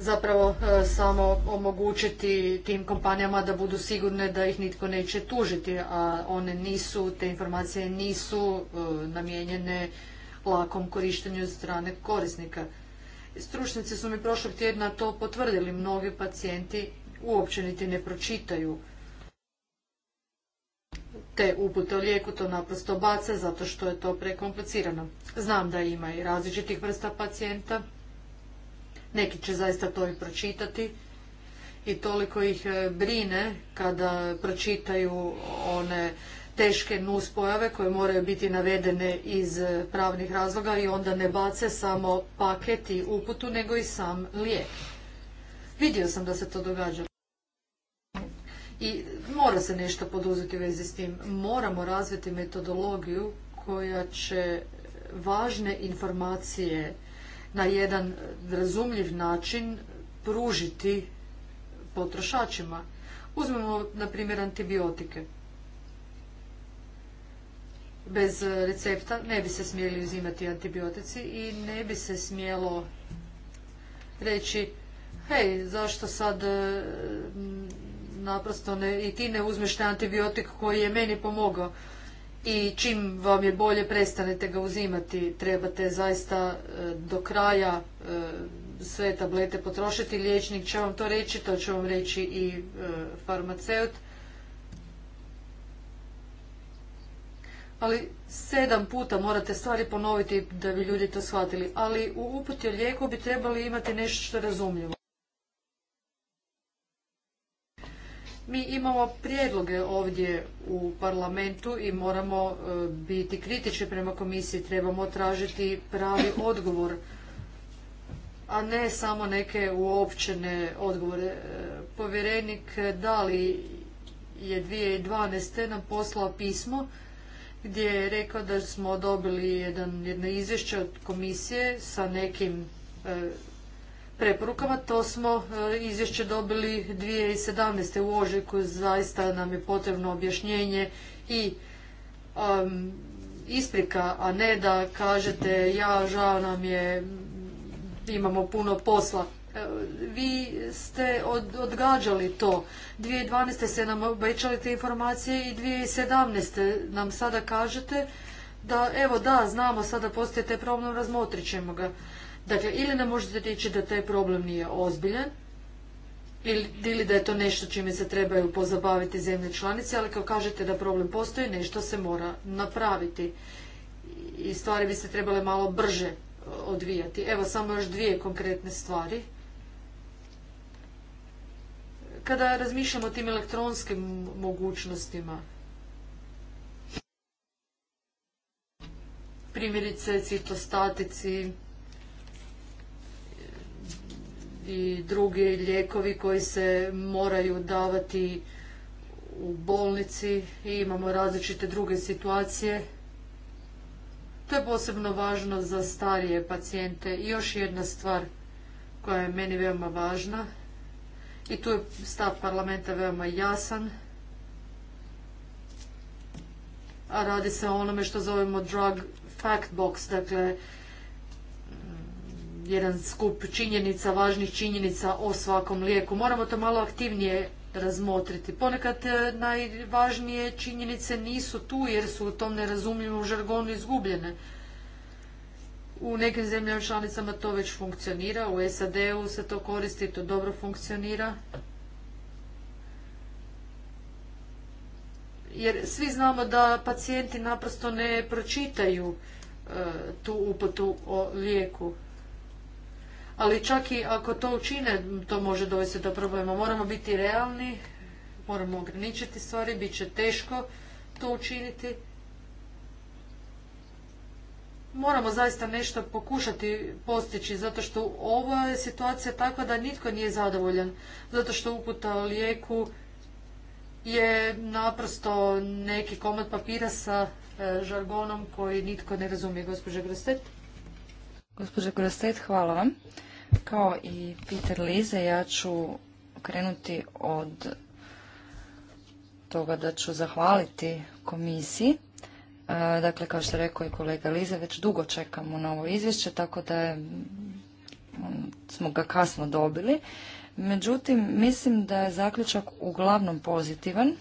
zapravo e, samo omogućiti tim kompanijama da budu sigurne da ih nitko neće tužiti, a one nisu, te informacije nisu e, namijenjene lakom korištenju strane korisnika. Stručnici su mi prošlog tjedna to potvrdili, mnogi pacijenti uopće niti ne pročitaju te upute o lijeku to naprosto bace zato što je to prekomplicirano. Znam da ima i različitih vrsta pacijenta, neki će zaista to i pročitati i toliko ih e, brine kada pročitaju one teške nuspojave koje moraju biti navedene iz e, pravnih razloga i onda ne bace samo paket i uputu, nego i sam lijek. Vidio sam da se to događa. I mora se nešto poduzeti u vezi s tim. Moramo razviti metodologiju koja će važne informacije na jedan razumljiv način pružiti potrošačima. Uzmemo, na primjer, antibiotike. Bez recepta ne bi se smjeli uzimati antibiotici i ne bi se smjelo reći hej, zašto sad e, naprosto i ti ne uzmeš taj antibiotik koji je meni pomogao i čim vam je bolje prestanete ga uzimati. Trebate zaista e, do kraja e, sve tablete potrošiti. Liječnik će vam to reći, to će vam reći i e, farmaceut. ali sedam puta morate stvari ponoviti da bi ljudi to shvatili. Ali u uputi o lijeku bi trebali imati nešto što je razumljivo. Mi imamo prijedloge ovdje u parlamentu i moramo e, biti kritični prema komisiji, trebamo tražiti pravi odgovor, a ne samo neke uopćene odgovore. E, povjerenik Dali je 2012. nam poslao pismo gdje je rekao da smo dobili jedan, jedno izvješće od komisije sa nekim e, preporukama. To smo e, izvješće dobili 2017. u ožujku. Zaista nam je potrebno objašnjenje i isprika, a ne da kažete ja, žao nam je, imamo puno posla. E, vi ste odgađali to. 2012. ste nam obećali te informacije i 2017. nam sada kažete da evo da, znamo sada postoje te problem, razmotrit ćemo ga. Dakle, ili nam možete reći da taj problem nije ozbiljan, ili, ili da je to nešto čime se trebaju pozabaviti zemlje članice, ali kao kažete da problem postoji, nešto se mora napraviti. I stvari bi se trebale malo brže e, odvijati. Evo samo još dvije konkretne stvari. Kada razmišljamo o tim elektronskim mogućnostima, primjerice citostatici, i drugi lijekovi koji se moraju davati u bolnici i imamo različite druge situacije. To je posebno važno za starije pacijente. I još jedna stvar koja je meni veoma važna i tu je stav parlamenta veoma jasan. A radi se o onome što zovemo drug fact box, dakle jedan skup činjenica, važnih činjenica o svakom lijeku. Moramo to malo aktivnije razmotriti. Ponekad e, najvažnije činjenice nisu tu jer su u tom nerazumljivom žargonu izgubljene. U nekim zemljama članicama to već funkcionira, u SAD-u se to koristi, to dobro funkcionira. Jer svi znamo da pacijenti naprosto ne pročitaju e, tu uputu o lijeku ali čak i ako to učine, to može dovesti do problema. Moramo biti realni, moramo ograničiti stvari, bit će teško to učiniti. Moramo zaista nešto pokušati postići, zato što ova je situacija takva da nitko nije zadovoljan, zato što uputa o lijeku je naprosto neki komad papira sa e, žargonom koji nitko ne razumije. Gospođa Grostet. Gospođa Grostet, hvala vam. Kao i Peter Lize, ja ću krenuti od toga da ću zahvaliti komisiji. E, dakle, kao što je rekao i kolega Lize, već dugo čekamo na ovo izvješće, tako da smo ga kasno dobili. Međutim, mislim da je zaključak uglavnom pozitivan.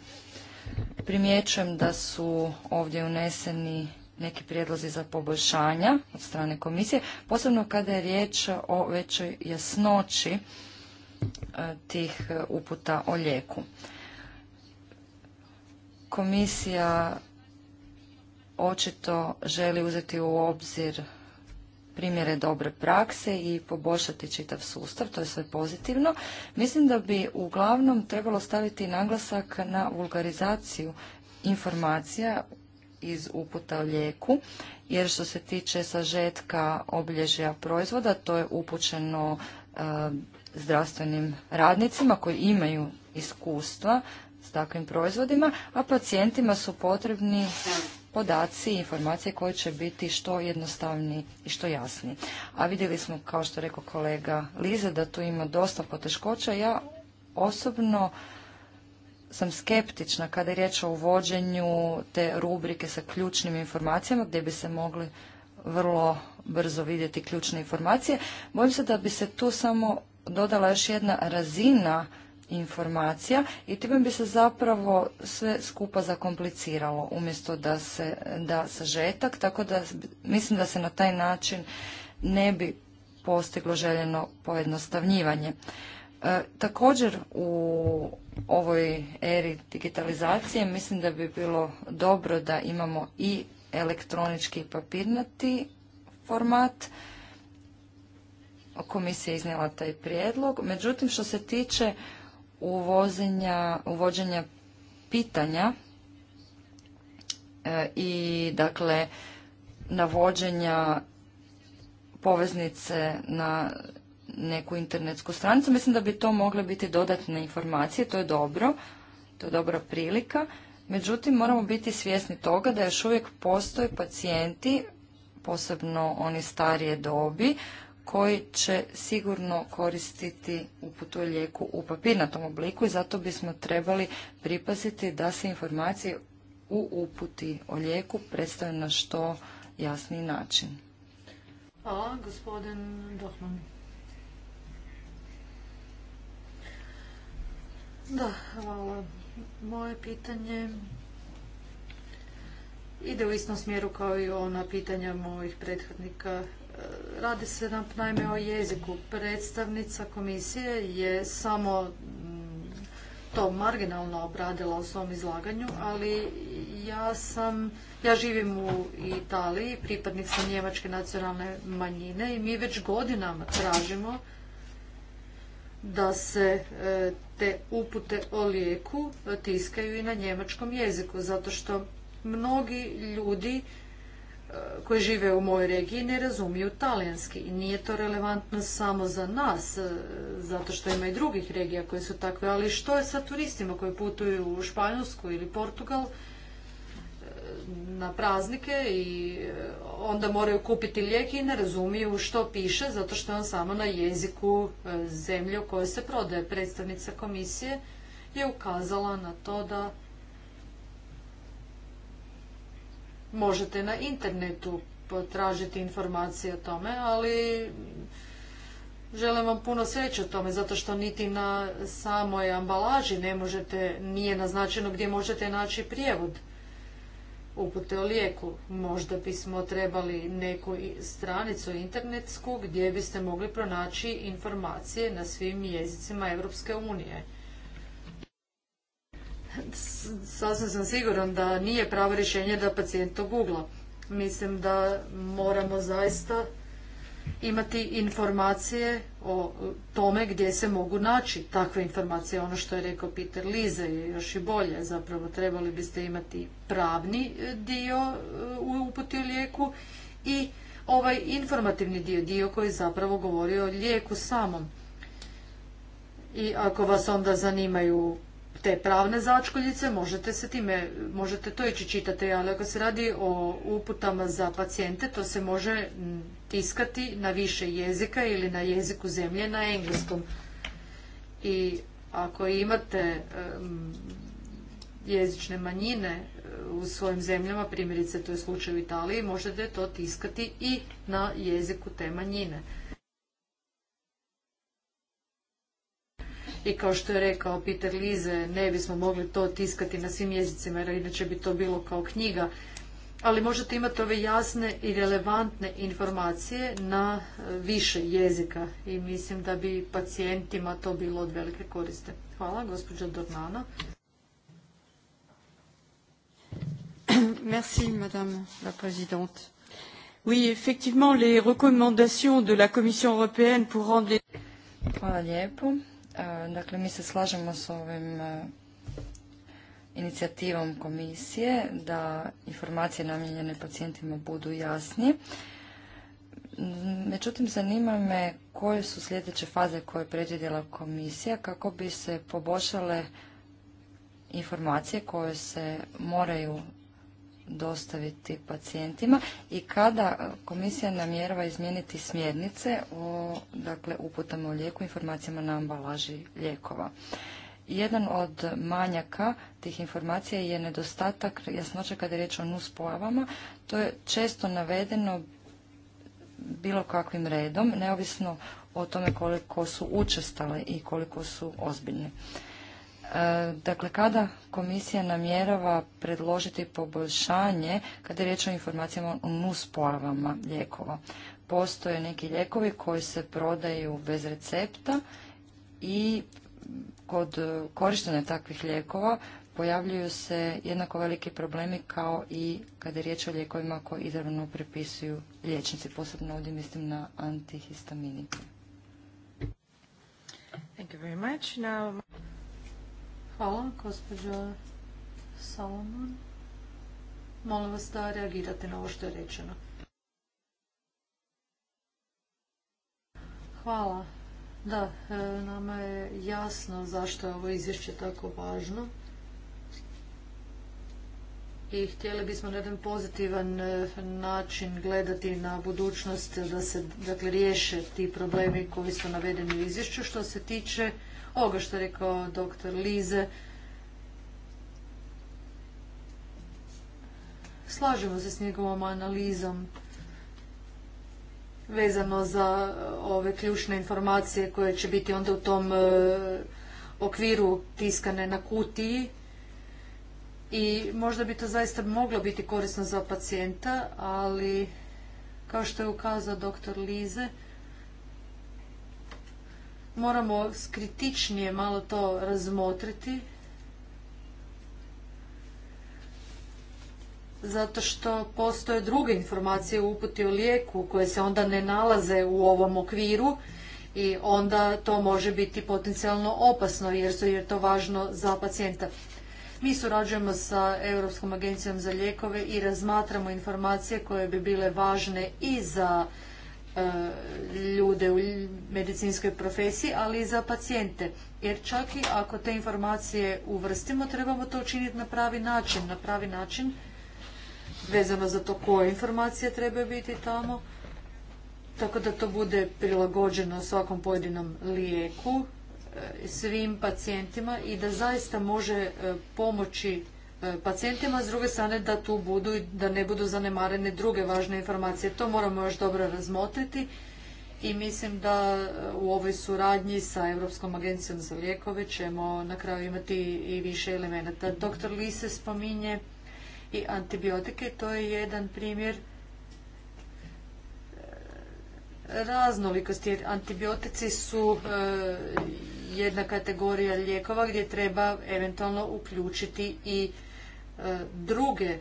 Primjećujem da su ovdje uneseni neki prijedlozi za poboljšanja od strane komisije, posebno kada je riječ o većoj jasnoći e, tih e, uputa o lijeku. Komisija očito želi uzeti u obzir primjere dobre prakse i poboljšati čitav sustav, to je sve pozitivno. Mislim da bi uglavnom trebalo staviti naglasak na vulgarizaciju informacija iz uputa o lijeku, jer što se tiče sažetka obilježja proizvoda, to je upućeno e, zdravstvenim radnicima koji imaju iskustva s takvim proizvodima, a pacijentima su potrebni podaci i informacije koje će biti što jednostavniji i što jasniji. A vidjeli smo, kao što je rekao kolega Lize, da tu ima dosta poteškoća. Ja osobno sam skeptična kada je riječ o uvođenju te rubrike sa ključnim informacijama gdje bi se mogli vrlo brzo vidjeti ključne informacije. Bojim se da bi se tu samo dodala još jedna razina informacija i time bi se zapravo sve skupa zakompliciralo umjesto da se da sažetak, tako da mislim da se na taj način ne bi postiglo željeno pojednostavnjivanje. E, također u ovoj eri digitalizacije mislim da bi bilo dobro da imamo i elektronički papirnati format. Komisija je iznijela taj prijedlog. Međutim, što se tiče uvođenja pitanja e, i dakle navođenja poveznice na neku internetsku stranicu. Mislim da bi to mogle biti dodatne informacije, to je dobro, to je dobra prilika. Međutim, moramo biti svjesni toga da još uvijek postoje pacijenti, posebno oni starije dobi, koji će sigurno koristiti uputu o lijeku u papirnatom obliku i zato bismo trebali pripaziti da se informacije u uputi o lijeku predstavljaju na što jasniji način. Hvala, gospodin Dohman. Da, hvala. Moje pitanje ide u istom smjeru kao i ona pitanja mojih prethodnika. E, radi se nam najme o jeziku. Predstavnica komisije je samo mm, to marginalno obradila u svom izlaganju, ali ja sam, ja živim u Italiji, pripadnik sam njemačke nacionalne manjine i mi već godinama tražimo da se e, te upute o lijeku e, tiskaju i na njemačkom jeziku, zato što mnogi ljudi e, koji žive u mojoj regiji ne razumiju talijanski i nije to relevantno samo za nas, zato što ima i drugih regija koje su takve, ali što je sa turistima koji putuju u Španjolsku ili Portugal na praznike i e, onda moraju kupiti lijek i ne razumiju što piše zato što je on samo na jeziku e, zemlje u kojoj se prodaje. Predstavnica komisije je ukazala na to da možete na internetu potražiti informacije o tome, ali želim vam puno sreće o tome, zato što niti na samoj ambalaži ne možete, nije naznačeno gdje možete naći prijevod upute o lijeku. Možda bismo trebali neku stranicu internetsku gdje biste mogli pronaći informacije na svim jezicima Europske unije. Sasvim sam siguran da nije pravo rješenje da pacijent to googla. Mislim da moramo zaista imati informacije o e, tome gdje se mogu naći takve informacije. Ono što je rekao Peter Lize je još i bolje. Zapravo trebali biste imati pravni e, dio e, u uputi o lijeku i ovaj informativni dio, dio koji zapravo govori o lijeku samom. I ako vas onda zanimaju te pravne začkoljice, možete se time, možete to ići čitati, ali ako se radi o uputama za pacijente, to se može tiskati na više jezika ili na jeziku zemlje na engleskom. I ako imate jezične manjine eh, u svojim zemljama, primjerice to je slučaj u Italiji, možete to tiskati i na jeziku te manjine. I kao što je rekao Peter Lize, ne bismo mogli to tiskati na svim jezicima, jer inače bi to bilo kao knjiga ali možete imati ove jasne i relevantne informacije na e, više jezika i mislim da bi pacijentima to bilo od velike koriste. Hvala, gospođa Dornana. (clears throat) Merci, madame la présidente. Oui, effectivement, les recommandations de la Commission européenne pour rendre les... Hvala lijepo. E, dakle, mi se slažemo s ovim e, inicijativom komisije da informacije namijenjene pacijentima budu jasnije. Međutim, zanima me koje su sljedeće faze koje je predvidjela komisija kako bi se poboljšale informacije koje se moraju dostaviti pacijentima i kada komisija namjerava izmijeniti smjernice o dakle, uputama o lijeku, informacijama na ambalaži lijekova. Jedan od manjaka tih informacija je nedostatak jasnoće kada je riječ o nuspojavama. To je često navedeno bilo kakvim redom, neovisno o tome koliko su učestale i koliko su ozbiljne. E, dakle, kada komisija namjerava predložiti poboljšanje kada je riječ o informacijama o nuspojavama lijekova? Postoje neki lijekovi koji se prodaju bez recepta i kod e, korištenja takvih lijekova pojavljuju se jednako veliki problemi kao i kada je riječ o lijekovima koje izravno prepisuju liječnici, posebno ovdje mislim na antihistaminike. Thank you very much. Hvala, gospođo Salomon. Molim vas da reagirate na ovo što je rečeno. Hvala da, e, nama je jasno zašto je ovo izvješće tako važno. I htjeli bismo na jedan pozitivan e, način gledati na budućnost da se dakle, riješe ti problemi koji su navedeni u izvješću. Što se tiče ovoga što je rekao dr. Lize, slažemo se s njegovom analizom vezano za e, ove ključne informacije koje će biti onda u tom e, okviru tiskane na kutiji i možda bi to zaista moglo biti korisno za pacijenta, ali kao što je ukazao doktor Lize, moramo kritičnije malo to razmotriti zato što postoje druge informacije u uputi o lijeku koje se onda ne nalaze u ovom okviru i onda to može biti potencijalno opasno jer je to važno za pacijenta. Mi surađujemo sa Europskom agencijom za lijekove i razmatramo informacije koje bi bile važne i za e, ljude u medicinskoj profesiji, ali i za pacijente. Jer čak i ako te informacije uvrstimo, trebamo to učiniti na pravi način. Na pravi način vezano za to koje informacije trebaju biti tamo, tako da to bude prilagođeno svakom pojedinom lijeku, e, svim pacijentima i da zaista može e, pomoći e, pacijentima, s druge strane da tu budu i da ne budu zanemarene druge važne informacije. To moramo još dobro razmotriti i mislim da u ovoj suradnji sa Europskom agencijom za lijekove ćemo na kraju imati i više elemenata. Doktor Lise spominje i antibiotike. To je jedan primjer e, raznolikosti jer antibiotici su e, jedna kategorija lijekova gdje treba eventualno uključiti i e, druge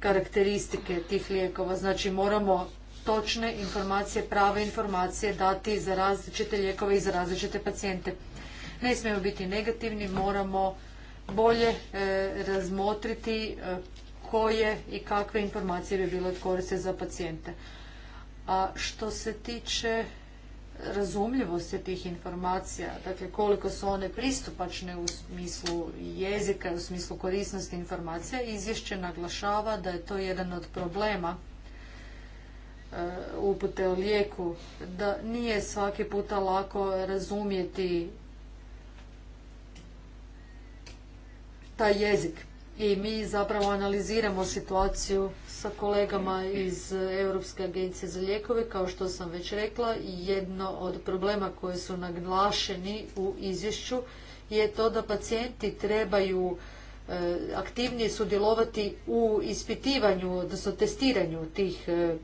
karakteristike tih lijekova. Znači moramo točne informacije, prave informacije dati za različite lijekove i za različite pacijente. Ne smijemo biti negativni, moramo bolje e, razmotriti e, koje i kakve informacije bi bile od koriste za pacijente. A što se tiče razumljivosti tih informacija, dakle koliko su one pristupačne u smislu jezika, u smislu korisnosti informacija, izvješće naglašava da je to jedan od problema e, upute o lijeku, da nije svaki puta lako razumjeti taj jezik. I mi zapravo analiziramo situaciju sa kolegama iz Europske agencije za lijekove. Kao što sam već rekla, jedno od problema koji su naglašeni u izvješću je to da pacijenti trebaju e, aktivnije sudjelovati u ispitivanju, odnosno testiranju tih e,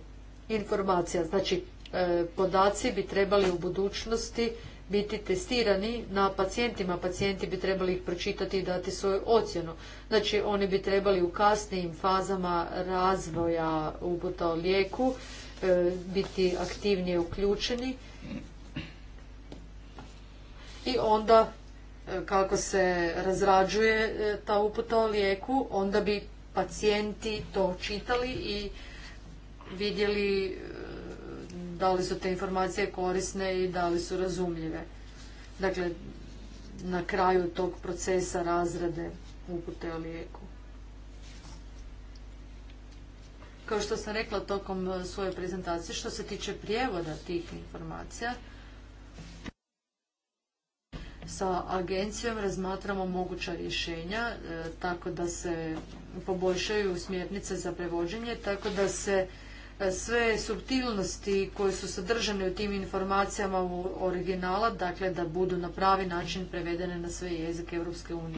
informacija. Znači, e, podaci bi trebali u budućnosti biti testirani na pacijentima. Pacijenti bi trebali ih pročitati i dati svoju ocjenu. Znači, oni bi trebali u kasnijim fazama razvoja uputa o lijeku e, biti aktivnije uključeni. I onda, e, kako se razrađuje e, ta uputa o lijeku, onda bi pacijenti to čitali i vidjeli da li su te informacije korisne i da li su razumljive. Dakle, na kraju tog procesa razrade upute o lijeku. Kao što sam rekla tokom eh, svoje prezentacije, što se tiče prijevoda tih informacija, sa agencijom razmatramo moguća rješenja eh, tako da se poboljšaju smjernice za prevođenje, tako da se sve subtilnosti koje su sadržane u tim informacijama u originala, dakle da budu na pravi način prevedene na sve jezike Europske unije.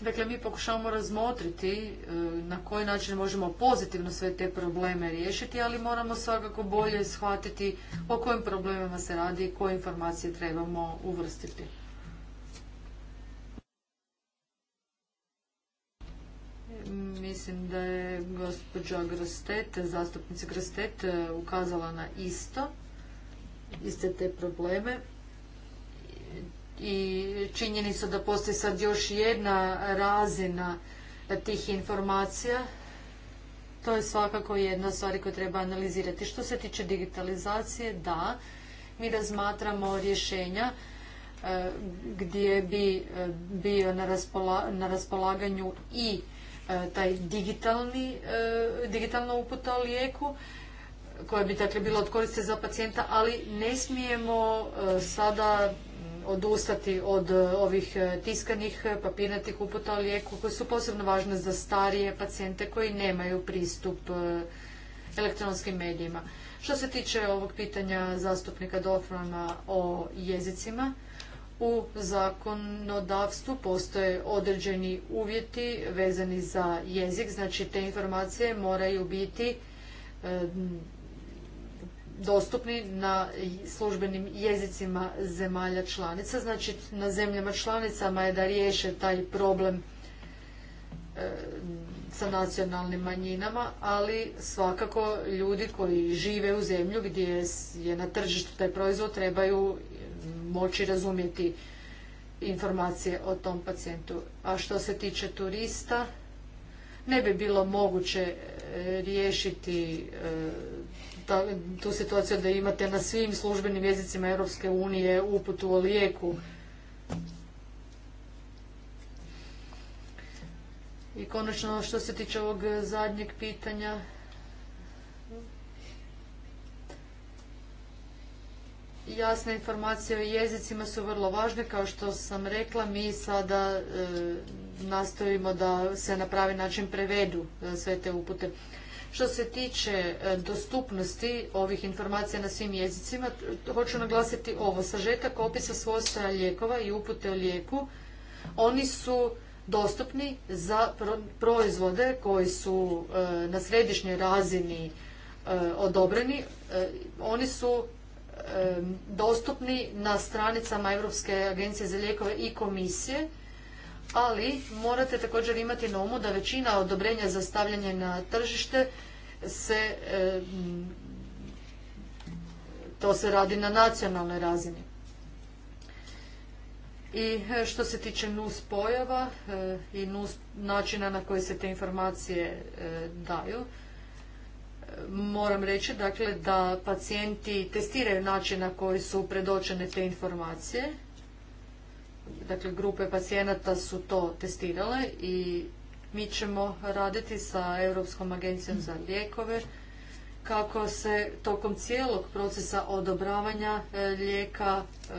Dakle, mi pokušavamo razmotriti e, na koji način možemo pozitivno sve te probleme riješiti, ali moramo svakako bolje shvatiti o kojim problemima se radi i koje informacije trebamo uvrstiti. Mislim da je gospođa Grostet, zastupnica Grostet, e, ukazala na isto, iste te probleme. I su da postoji sad još jedna razina tih informacija, to je svakako jedna stvar koju treba analizirati. Što se tiče digitalizacije, da, mi razmatramo rješenja e, gdje bi e, bio na raspolaganju i E, taj digitalni, e, digitalna uputa o lijeku koja bi dakle bila od koriste za pacijenta, ali ne smijemo e, sada odustati od ovih tiskanih papirnatih uputa o lijeku koje su posebno važne za starije pacijente koji nemaju pristup elektronskim medijima. Što se tiče ovog pitanja zastupnika Dofrana o jezicima, u zakonodavstvu postoje određeni uvjeti vezani za jezik, znači te informacije moraju biti e, dostupni na službenim jezicima zemalja članica. Znači na zemljama članicama je da riješe taj problem e, sa nacionalnim manjinama, ali svakako ljudi koji žive u zemlju gdje je na tržištu taj proizvod trebaju moći razumjeti informacije o tom pacijentu. A što se tiče turista, ne bi bilo moguće e, riješiti e, tu situaciju da imate na svim službenim jezicima Europske unije uputu o lijeku. I konačno što se tiče ovog zadnjeg pitanja, Jasne informacije o jezicima su vrlo važne, kao što sam rekla, mi sada e, nastojimo da se na pravi način prevedu e, sve te upute. Što se tiče e, dostupnosti ovih informacija na svim jezicima, hoću naglasiti ovo. Sažetak opisa svojstva lijekova i upute o lijeku, oni su dostupni za proizvode koji su na središnjoj razini odobreni. Oni su dostupni na stranicama Europske agencije za lijekove i komisije, ali morate također imati na umu da većina odobrenja za stavljanje na tržište se to se radi na nacionalnoj razini. I e, što se tiče NUS pojava e, i NUS načina na koji se te informacije e, daju, moram reći dakle da pacijenti testiraju način na koji su predočene te informacije. Dakle, grupe pacijenata su to testirale i mi ćemo raditi sa Europskom agencijom za lijekove kako se tokom cijelog procesa odobravanja e, lijeka e,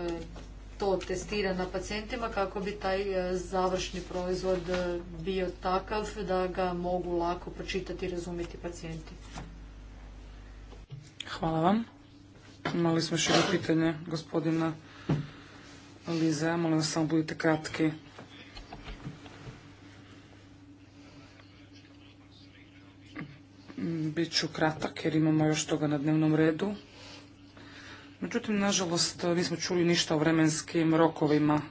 to testira na pacijentima kako bi taj e, završni proizvod bio takav da ga mogu lako pročitati i razumjeti pacijenti. Hvala vam. Imali smo još jedno pitanje gospodina Lize. Molim vas samo budite kratki. Biću kratak jer imamo još toga na dnevnom redu. Međutim, nažalost, nismo čuli ništa o vremenskim rokovima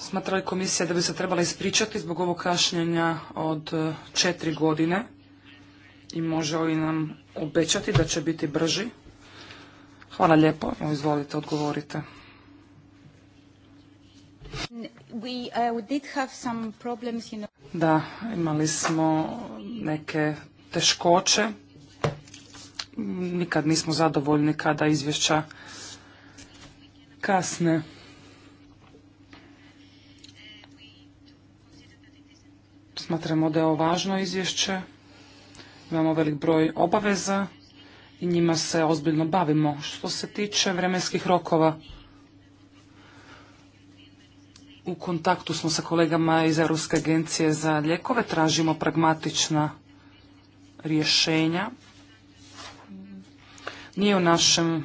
Smatra li komisija da bi se trebala ispričati zbog ovog kašnjenja od e, četiri godine? I može li nam obećati da će biti brži? Hvala lijepo. Izvolite, odgovorite. Uh, da, imali smo neke teškoće. Nikad nismo zadovoljni kada izvješća kasne. Smatramo da je ovo važno izvješće. Imamo velik broj obaveza i njima se ozbiljno bavimo. Što se tiče vremenskih rokova, u kontaktu smo sa kolegama iz Europske agencije za ljekove, tražimo pragmatična rješenja. Nije u našem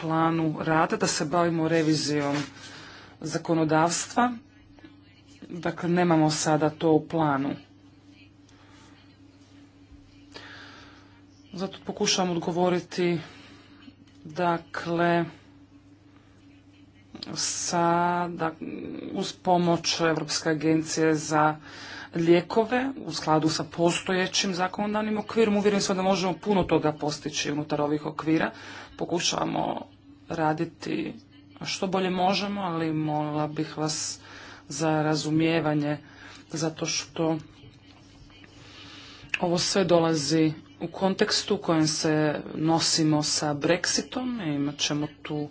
planu rada da se bavimo revizijom zakonodavstva. Dakle, nemamo sada to u planu. Zato pokušavam odgovoriti dakle sa, da, uz pomoć Europske agencije za lijekove u skladu sa postojećim zakonodavnim okvirom. Uvjeren se da možemo puno toga postići unutar ovih okvira. Pokušavamo raditi što bolje možemo, ali molila bih vas za razumijevanje, zato što ovo sve dolazi u kontekstu u kojem se nosimo sa Brexitom. Imat ćemo tu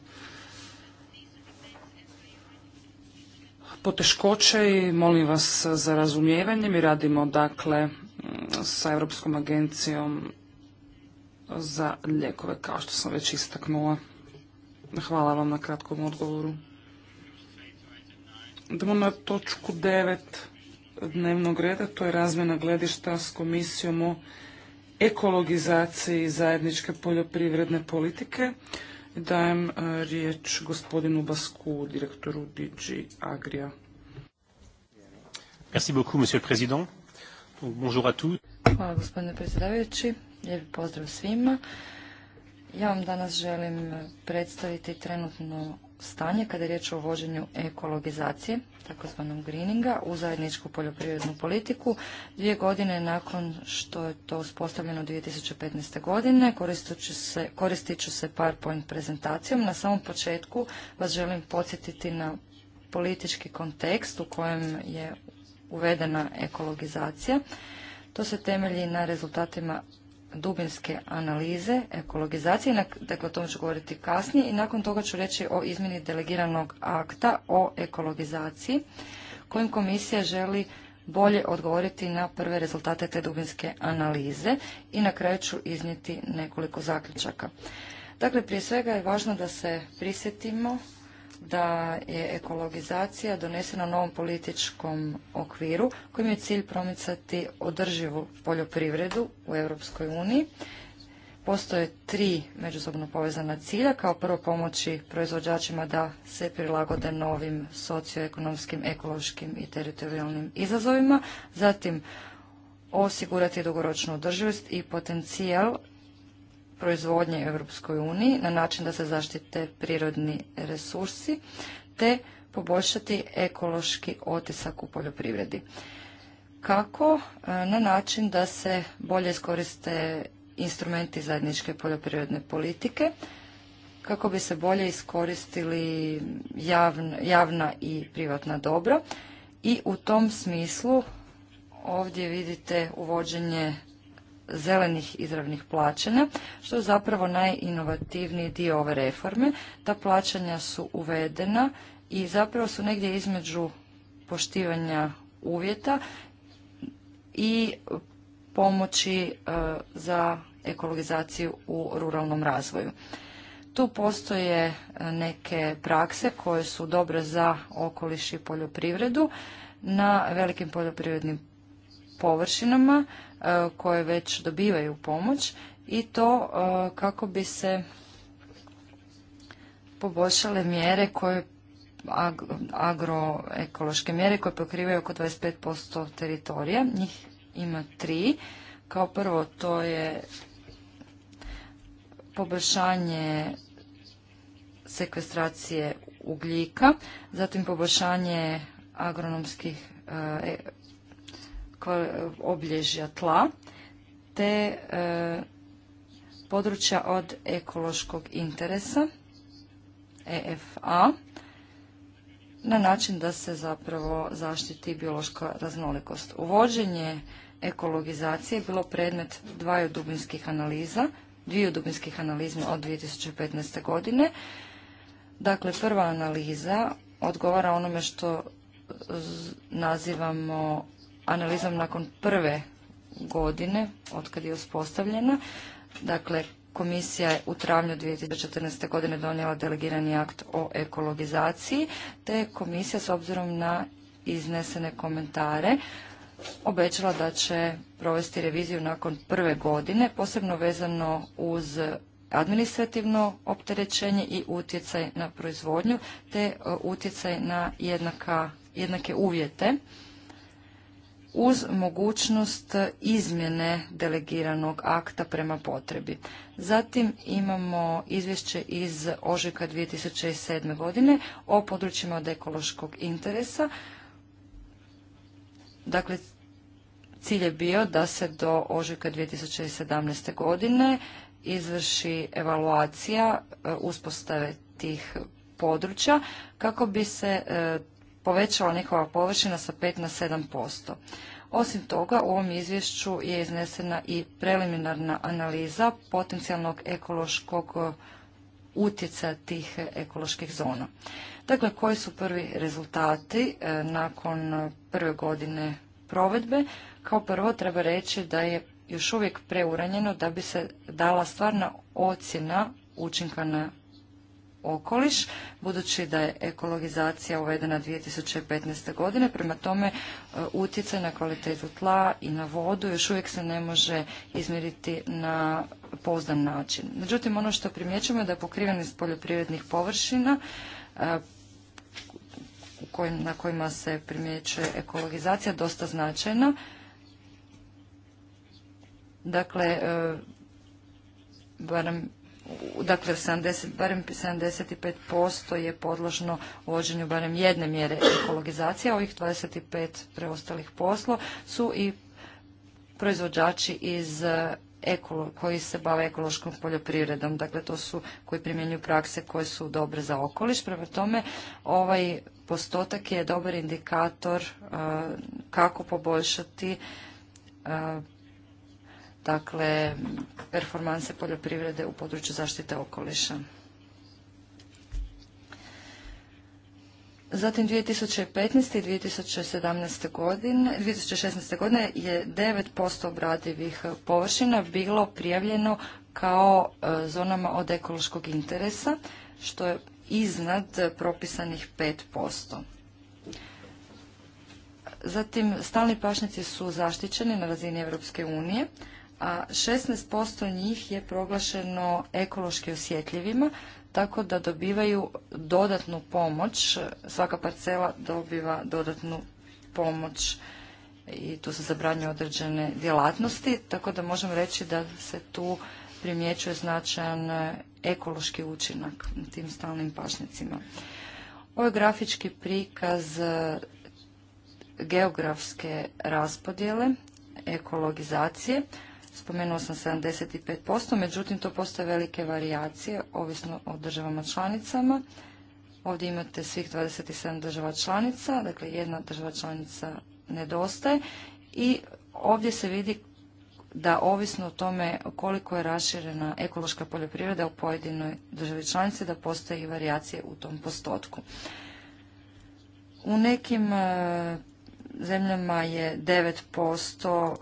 poteškoće i molim vas za razumijevanje. Mi radimo dakle sa Europskom agencijom za lijekove, kao što sam već istaknula. Hvala vam na kratkom odgovoru. Idemo na točku 9 dnevnog reda, to je razmjena gledišta s komisijom o ekologizaciji zajedničke poljoprivredne politike. Dajem e, riječ gospodinu Basku, direktoru DG Agria. Merci beaucoup, monsieur le président. Bonjour à tous. Hvala gospodine predsjedavajući, lijep pozdrav svima. Ja vam danas želim predstaviti trenutno stanje kada je riječ o vođenju ekologizacije, takozvanom greeninga, u zajedničku poljoprivrednu politiku. Dvije godine nakon što je to uspostavljeno 2015. godine, koristit ću se, koristit ću se PowerPoint prezentacijom. Na samom početku vas želim podsjetiti na politički kontekst u kojem je uvedena ekologizacija. To se temelji na rezultatima dubinske analize ekologizacije, dakle o tom ću govoriti kasnije i nakon toga ću reći o izmjeni delegiranog akta o ekologizaciji kojim komisija želi bolje odgovoriti na prve rezultate te dubinske analize i na kraju ću iznijeti nekoliko zaključaka. Dakle, prije svega je važno da se prisjetimo da je ekologizacija donesena u novom političkom okviru kojim je cilj promicati održivu poljoprivredu u Europskoj uniji. Postoje tri međusobno povezana cilja, kao prvo pomoći proizvođačima da se prilagode novim socioekonomskim, ekološkim i teritorijalnim izazovima, zatim osigurati dugoročnu održivost i potencijal proizvodnje Europskoj uniji na način da se zaštite prirodni resursi te poboljšati ekološki otisak u poljoprivredi. Kako? E, na način da se bolje iskoriste instrumenti zajedničke poljoprivredne politike, kako bi se bolje iskoristili javna i privatna dobra i u tom smislu ovdje vidite uvođenje zelenih izravnih plaćanja, što je zapravo najinovativniji dio ove reforme. Ta plaćanja su uvedena i zapravo su negdje između poštivanja uvjeta i pomoći e, za ekologizaciju u ruralnom razvoju. Tu postoje e, neke prakse koje su dobre za okoliš i poljoprivredu na velikim poljoprivrednim površinama E, koje već dobivaju pomoć i to e, kako bi se poboljšale mjere koje agroekološke mjere koje pokrivaju oko 25% teritorija. Njih ima tri. Kao prvo to je poboljšanje sekvestracije ugljika, zatim poboljšanje agronomskih e, oblježja tla te e, područja od ekološkog interesa, EFA, na način da se zapravo zaštiti biološka raznolikost. Uvođenje ekologizacije je bilo predmet dvaju dubinskih analiza, dviju dubinskih analiza od 2015. godine. Dakle, prva analiza odgovara onome što nazivamo analizom nakon prve godine od kad je uspostavljena. Dakle, komisija je u travnju 2014. godine donijela delegirani akt o ekologizaciji, te komisija s obzirom na iznesene komentare obećala da će provesti reviziju nakon prve godine, posebno vezano uz administrativno opterećenje i utjecaj na proizvodnju, te e, utjecaj na jednaka, jednake uvjete uz mogućnost izmjene delegiranog akta prema potrebi. Zatim imamo izvješće iz ožujka 2007. godine o područjima od ekološkog interesa. Dakle, cilj je bio da se do ožujka 2017. godine izvrši evaluacija e, uspostave tih područja kako bi se e, povećala njihova površina sa 5 na 7%. Osim toga, u ovom izvješću je iznesena i preliminarna analiza potencijalnog ekološkog e, utjecaja tih ekoloških zona. Dakle, koji su prvi rezultati e, nakon prve godine provedbe? Kao prvo treba reći da je još uvijek preuranjeno da bi se dala stvarna ocjena učinka na okoliš, budući da je ekologizacija uvedena 2015. godine, prema tome e, utjecaj na kvalitetu tla i na vodu još uvijek se ne može izmjeriti na pouzdan način. Međutim, ono što primjećujemo je da je pokrivenost poljoprivrednih površina e, na kojima se primjećuje ekologizacija dosta značajna. Dakle, e, barem dakle 70, barem 75% je podložno uvođenju barem jedne mjere ekologizacije, a ovih 25 preostalih poslo su i proizvođači iz eh, ekolo, koji se bave ekološkom poljoprivredom. Dakle, to su koji primjenjuju prakse koje su dobre za okoliš. Prema tome, ovaj postotak je dobar indikator eh, kako poboljšati eh, dakle performanse poljoprivrede u području zaštite okoliša. Zatim 2015. i 2017. godine, 2016. godine je 9% obradivih površina bilo prijavljeno kao e, zonama od ekološkog interesa, što je iznad propisanih 5%. Zatim, stalni pašnjaci su zaštićeni na razini Europske unije, a 16% njih je proglašeno ekološki osjetljivima, tako da dobivaju dodatnu pomoć, svaka parcela dobiva dodatnu pomoć i tu se zabranjuju određene djelatnosti, tako da možemo reći da se tu primjećuje značajan ekološki učinak na tim stalnim pašnicima. Ovo je grafički prikaz geografske raspodjele ekologizacije spomenuo sam 75%, međutim to postoje velike varijacije, ovisno o državama članicama. Ovdje imate svih 27 država članica, dakle jedna država članica nedostaje i ovdje se vidi da ovisno o tome koliko je raširena ekološka poljoprivreda u pojedinoj državi članici, da postoje i varijacije u tom postotku. U nekim eh, zemljama je 9%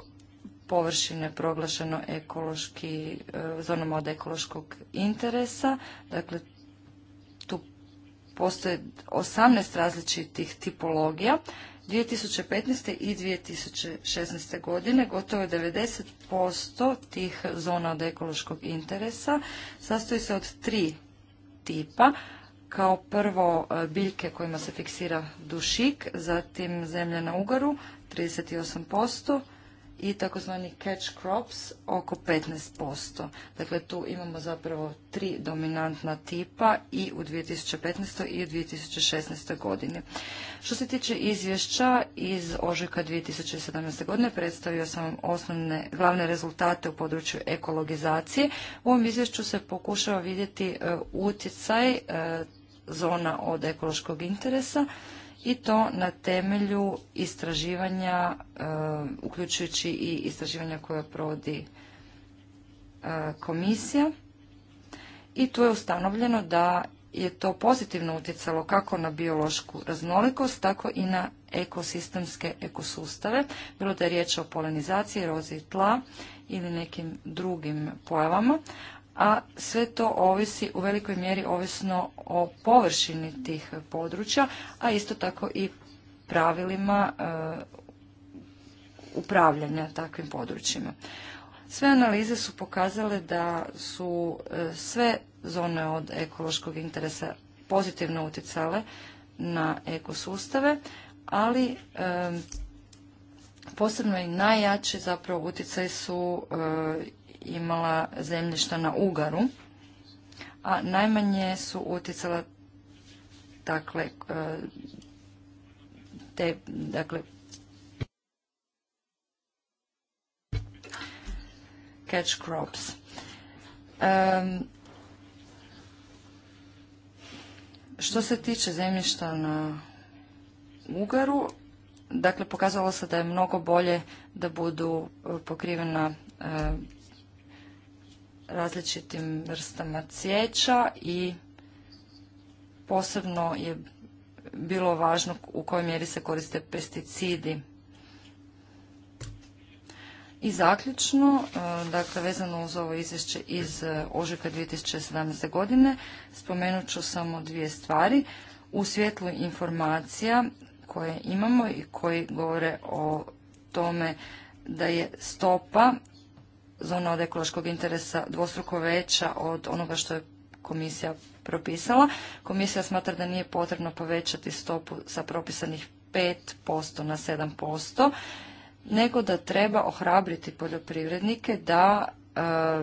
površine proglašeno ekološki, e, zonom od ekološkog interesa. Dakle, tu postoje 18 različitih tipologija. 2015. i 2016. godine gotovo je 90% tih zona od ekološkog interesa sastoji se od tri tipa. Kao prvo e, biljke kojima se fiksira dušik, zatim zemlja na ugaru 38%, i takozvani catch crops oko 15%. Dakle, tu imamo zapravo tri dominantna tipa i u 2015. i u 2016. godini. Što se tiče izvješća iz ožujka 2017. godine, predstavio sam vam osnovne, glavne rezultate u području ekologizacije. U ovom izvješću se pokušava vidjeti e, utjecaj e, zona od ekološkog interesa i to na temelju istraživanja, e, uključujući i istraživanja koje provodi e, komisija. I tu je ustanovljeno da je to pozitivno utjecalo kako na biološku raznolikost, tako i na ekosistemske ekosustave, bilo da je riječ o polenizaciji, erozi tla ili nekim drugim pojavama, a sve to ovisi u velikoj mjeri ovisno o površini tih područja, a isto tako i pravilima e, upravljanja takvim područjima. Sve analize su pokazale da su e, sve zone od ekološkog interesa pozitivno utjecale na ekosustave, ali e, posebno i najjači zapravo utjecaj su imala zemljišta na Ugaru, a najmanje su utjecala dakle, e, te, dakle, catch crops. što se tiče zemljišta na Ugaru, dakle pokazalo se da je mnogo bolje da budu e, pokrivena e, različitim vrstama cvijeća i posebno je bilo važno u kojoj mjeri se koriste pesticidi. I zaključno, e, dakle vezano uz ovo izvješće iz e, ožujka 2017. godine, spomenut ću samo dvije stvari. U svjetlu informacija koje imamo i koji govore o tome da je stopa zona od ekološkog interesa dvostruko veća od onoga što je komisija propisala. Komisija smatra da nije potrebno povećati stopu sa propisanih 5% na 7%, nego da treba ohrabriti poljoprivrednike da e,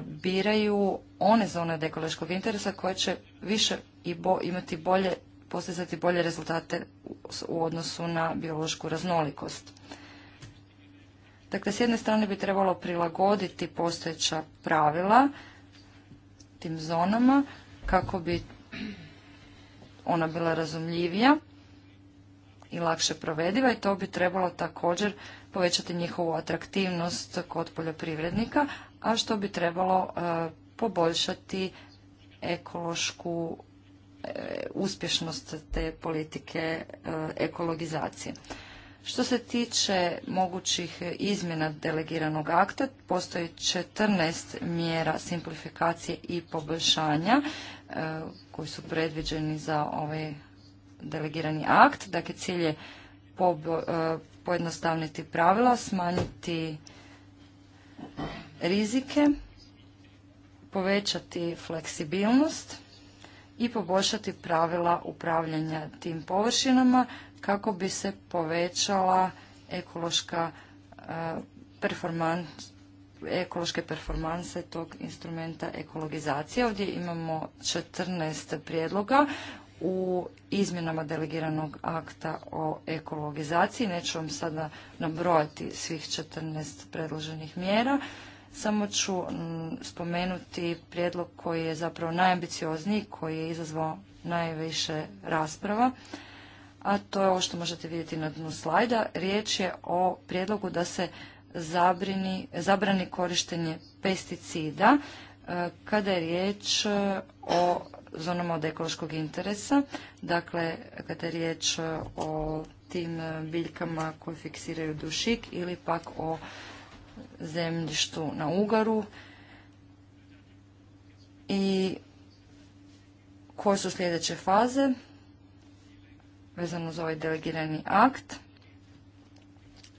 biraju one zone od ekološkog interesa koje će više imati bolje, postizati bolje rezultate u odnosu na biološku raznolikost. Dakle, s jedne strane bi trebalo prilagoditi postojeća pravila tim zonama kako bi ona bila razumljivija i lakše provediva i to bi trebalo također povećati njihovu atraktivnost kod poljoprivrednika, a što bi trebalo e, poboljšati ekološku e, uspješnost te politike e, ekologizacije. Što se tiče mogućih izmjena delegiranog akta, postoji 14 mjera simplifikacije i poboljšanja e, koji su predviđeni za ovaj delegirani akt. Dakle, cilj je e, pojednostavniti pravila, smanjiti rizike, povećati fleksibilnost i poboljšati pravila upravljanja tim površinama kako bi se povećala ekološka e, performans, ekološke performanse tog instrumenta ekologizacije. Ovdje imamo 14 prijedloga u izmjenama delegiranog akta o ekologizaciji. Neću vam sada nabrojati svih 14 predloženih mjera. Samo ću spomenuti prijedlog koji je zapravo najambiciozniji, koji je izazvao najviše rasprava a to je ovo što možete vidjeti na dnu slajda. Riječ je o prijedlogu da se zabrani korištenje pesticida e, kada je riječ e, o zonama od ekološkog interesa, dakle kada je riječ e, o tim biljkama koje fiksiraju dušik ili pak o zemljištu na ugaru i koje su sljedeće faze vezano za ovaj delegirani akt.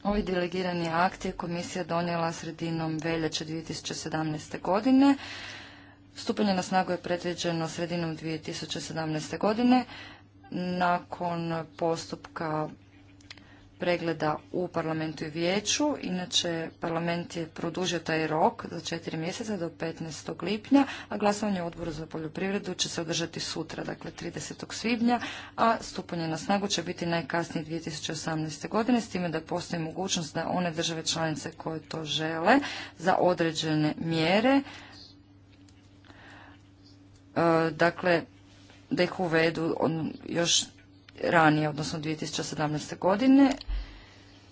Ovaj delegirani akt je komisija donijela sredinom veljače 2017. godine. Stupanje na snagu je predviđeno sredinom 2017. godine nakon postupka pregleda u parlamentu i vijeću. Inače, parlament je produžio taj rok za četiri mjeseca do 15. lipnja, a glasovanje u odboru za poljoprivredu će se održati sutra, dakle 30. svibnja, a stupanje na snagu će biti najkasnije 2018. godine, s time da postoji mogućnost da one države članice koje to žele za određene mjere, e, dakle, da ih uvedu još ranije, odnosno 2017. godine.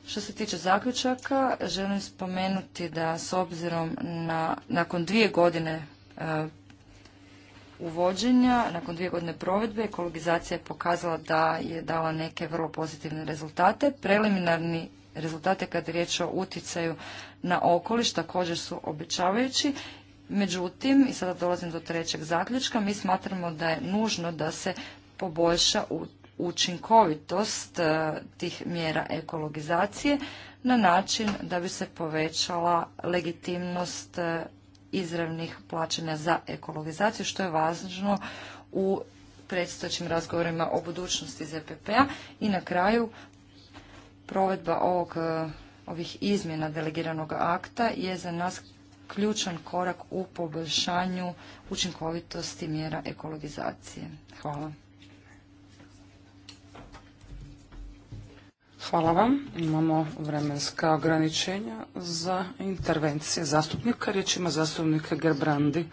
Što se tiče zaključaka, želim spomenuti da s obzirom na, nakon dvije godine e, uvođenja, nakon dvije godine provedbe, ekologizacija je pokazala da je dala neke vrlo pozitivne rezultate. Preliminarni rezultate kada je riječ o uticaju na okoliš također su obećavajući. Međutim, i sada dolazim do trećeg zaključka, mi smatramo da je nužno da se poboljša učinkovitost e, tih mjera ekologizacije na način da bi se povećala legitimnost e, izravnih plaćanja za ekologizaciju, što je važno u predstojećim razgovorima o budućnosti ZPP-a. I na kraju, provedba ovog, e, ovih izmjena delegiranog akta je za nas ključan korak u poboljšanju učinkovitosti mjera ekologizacije. Hvala. Hvala vam. Imamo vremenska ograničenja za intervencije zastupnika. Riječ ima zastupnika Gerbrandi.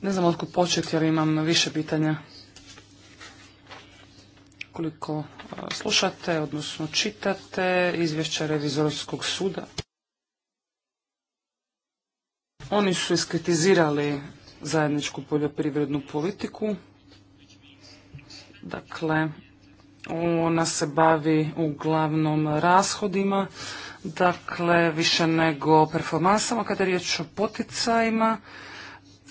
Ne znam otkud početi jer imam više pitanja. Koliko e, slušate, odnosno čitate izvješća revizorskog suda. Oni su iskritizirali zajedničku poljoprivrednu politiku. Dakle, ona se bavi uglavnom rashodima, dakle više nego performansama kada je riječ o poticajima.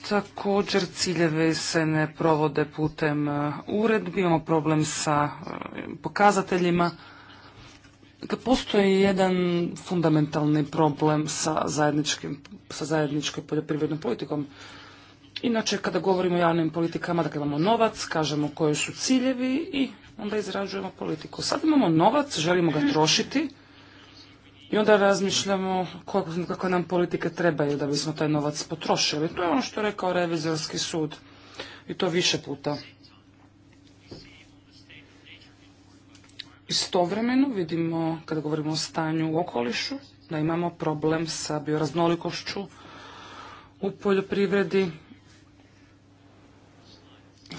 Također ciljeve se ne provode putem e, uredbi, imamo problem sa e, pokazateljima. Da postoji jedan fundamentalni problem sa, sa zajedničkom poljoprivrednom politikom. Inače, kada govorimo o javnim politikama, dakle imamo novac, kažemo koji su ciljevi i onda izrađujemo politiku. Sad imamo novac, želimo ga trošiti i onda razmišljamo kako nam politike trebaju da bismo taj novac potrošili. To je ono što je rekao revizorski sud i to više puta. Istovremeno vidimo, kada govorimo o stanju u okolišu, da imamo problem sa bioraznolikošću u poljoprivredi,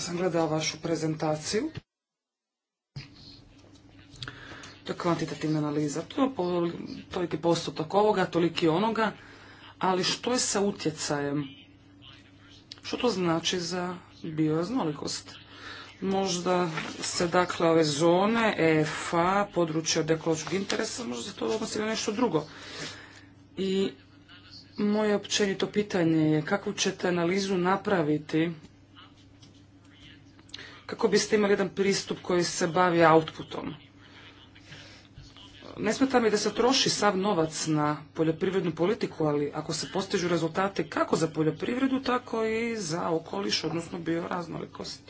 sam gledala vašu prezentaciju. To je kvantitativna analiza. To je toliki postotak ovoga, toliki onoga. Ali što je sa utjecajem? Što to znači za bioraznolikost? Možda se dakle ove zone, EFA, područje od ekološkog interesa, možda se to odnosi na nešto drugo. I moje općenito pitanje je kakvu ćete analizu napraviti kako biste imali jedan pristup koji se bavi outputom. Ne smeta mi da se troši sav novac na poljoprivrednu politiku, ali ako se postižu rezultate kako za poljoprivredu, tako i za okoliš, odnosno bioraznolikost.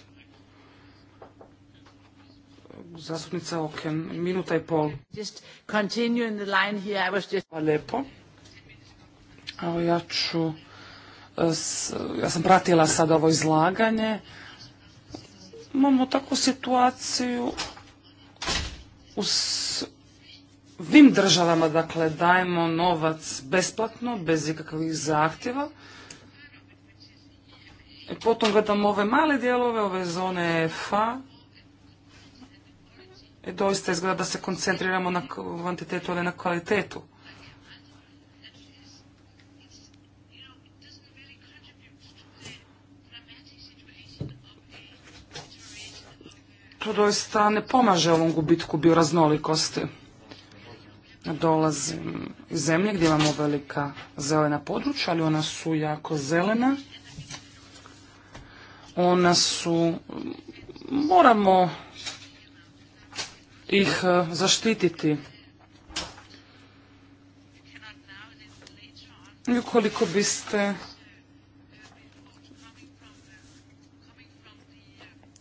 Zastupnica Oken, minuta i pol. Hvala lijepo. ja ću, e, ja sam pratila sad ovo izlaganje Imamo takvu situaciju u svim državama, dakle, dajemo novac besplatno, bez ikakvih zahtjeva. I e, potom gledamo ove male dijelove, ove zone FA. I e, doista izgleda da se koncentriramo na kvantitetu, ali na kvalitetu. to doista ne pomaže ovom gubitku bioraznolikosti. Dolazim iz zemlje gdje imamo velika zelena područja, ali ona su jako zelena. Ona su, moramo ih e, zaštititi. I ukoliko biste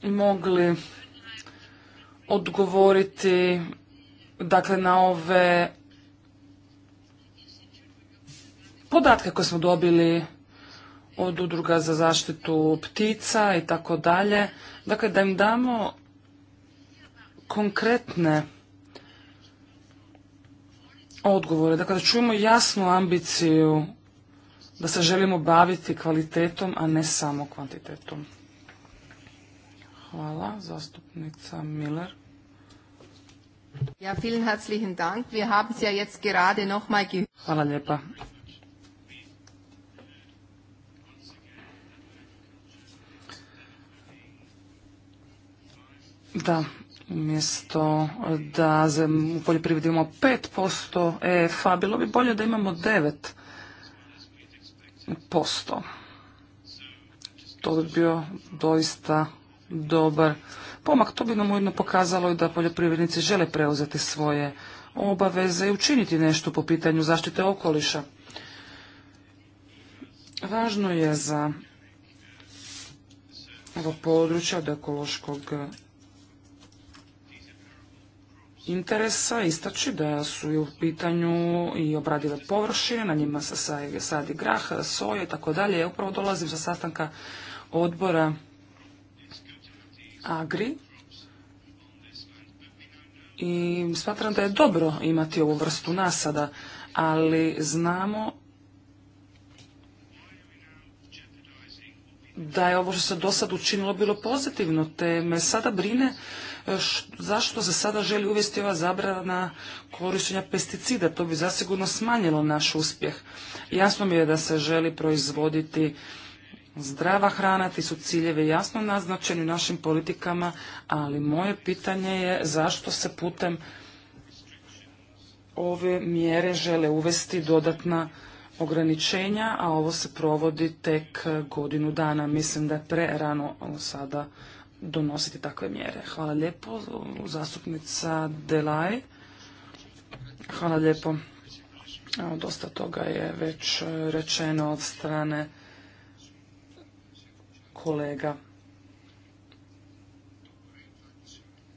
mogli odgovoriti dakle na ove podatke koje smo dobili od udruga za zaštitu ptica i tako dalje. Dakle, da im damo konkretne odgovore. Dakle, da čujemo jasnu ambiciju da se želimo baviti kvalitetom, a ne samo kvantitetom. Hvala, zastupnica Miller. Ja, vielen herzlichen Dank. Wir haben es ja jetzt gerade noch mal gehört. Hvala lijepa. Da, umjesto da u poljoprivredi imamo 5% EFA, bilo bi bolje da imamo 9%. To bi bio doista dobar pomak. To bi nam ujedno pokazalo i da poljoprivrednici žele preuzeti svoje obaveze i učiniti nešto po pitanju zaštite okoliša. Važno je za ovo područje od ekološkog interesa istaći da su u pitanju i obradive površine, na njima se sadi grah, soje i tako dalje. Upravo dolazim sa sastanka odbora Agri i smatram da je dobro imati ovu vrstu nasada, ali znamo da je ovo što se do sad učinilo bilo pozitivno, te me sada brine e, zašto se sada želi uvesti ova zabrana korištenja pesticida. To bi zasigurno smanjilo naš uspjeh. Jasno mi je da se želi proizvoditi Zdrava hrana, ti su ciljevi jasno naznačeni u našim politikama, ali moje pitanje je zašto se putem ove mjere žele uvesti dodatna ograničenja, a ovo se provodi tek godinu dana. Mislim da je prerano sada donositi takve mjere. Hvala lijepo, zastupnica Delaj. Hvala lijepo. Dosta toga je već rečeno od strane kolega.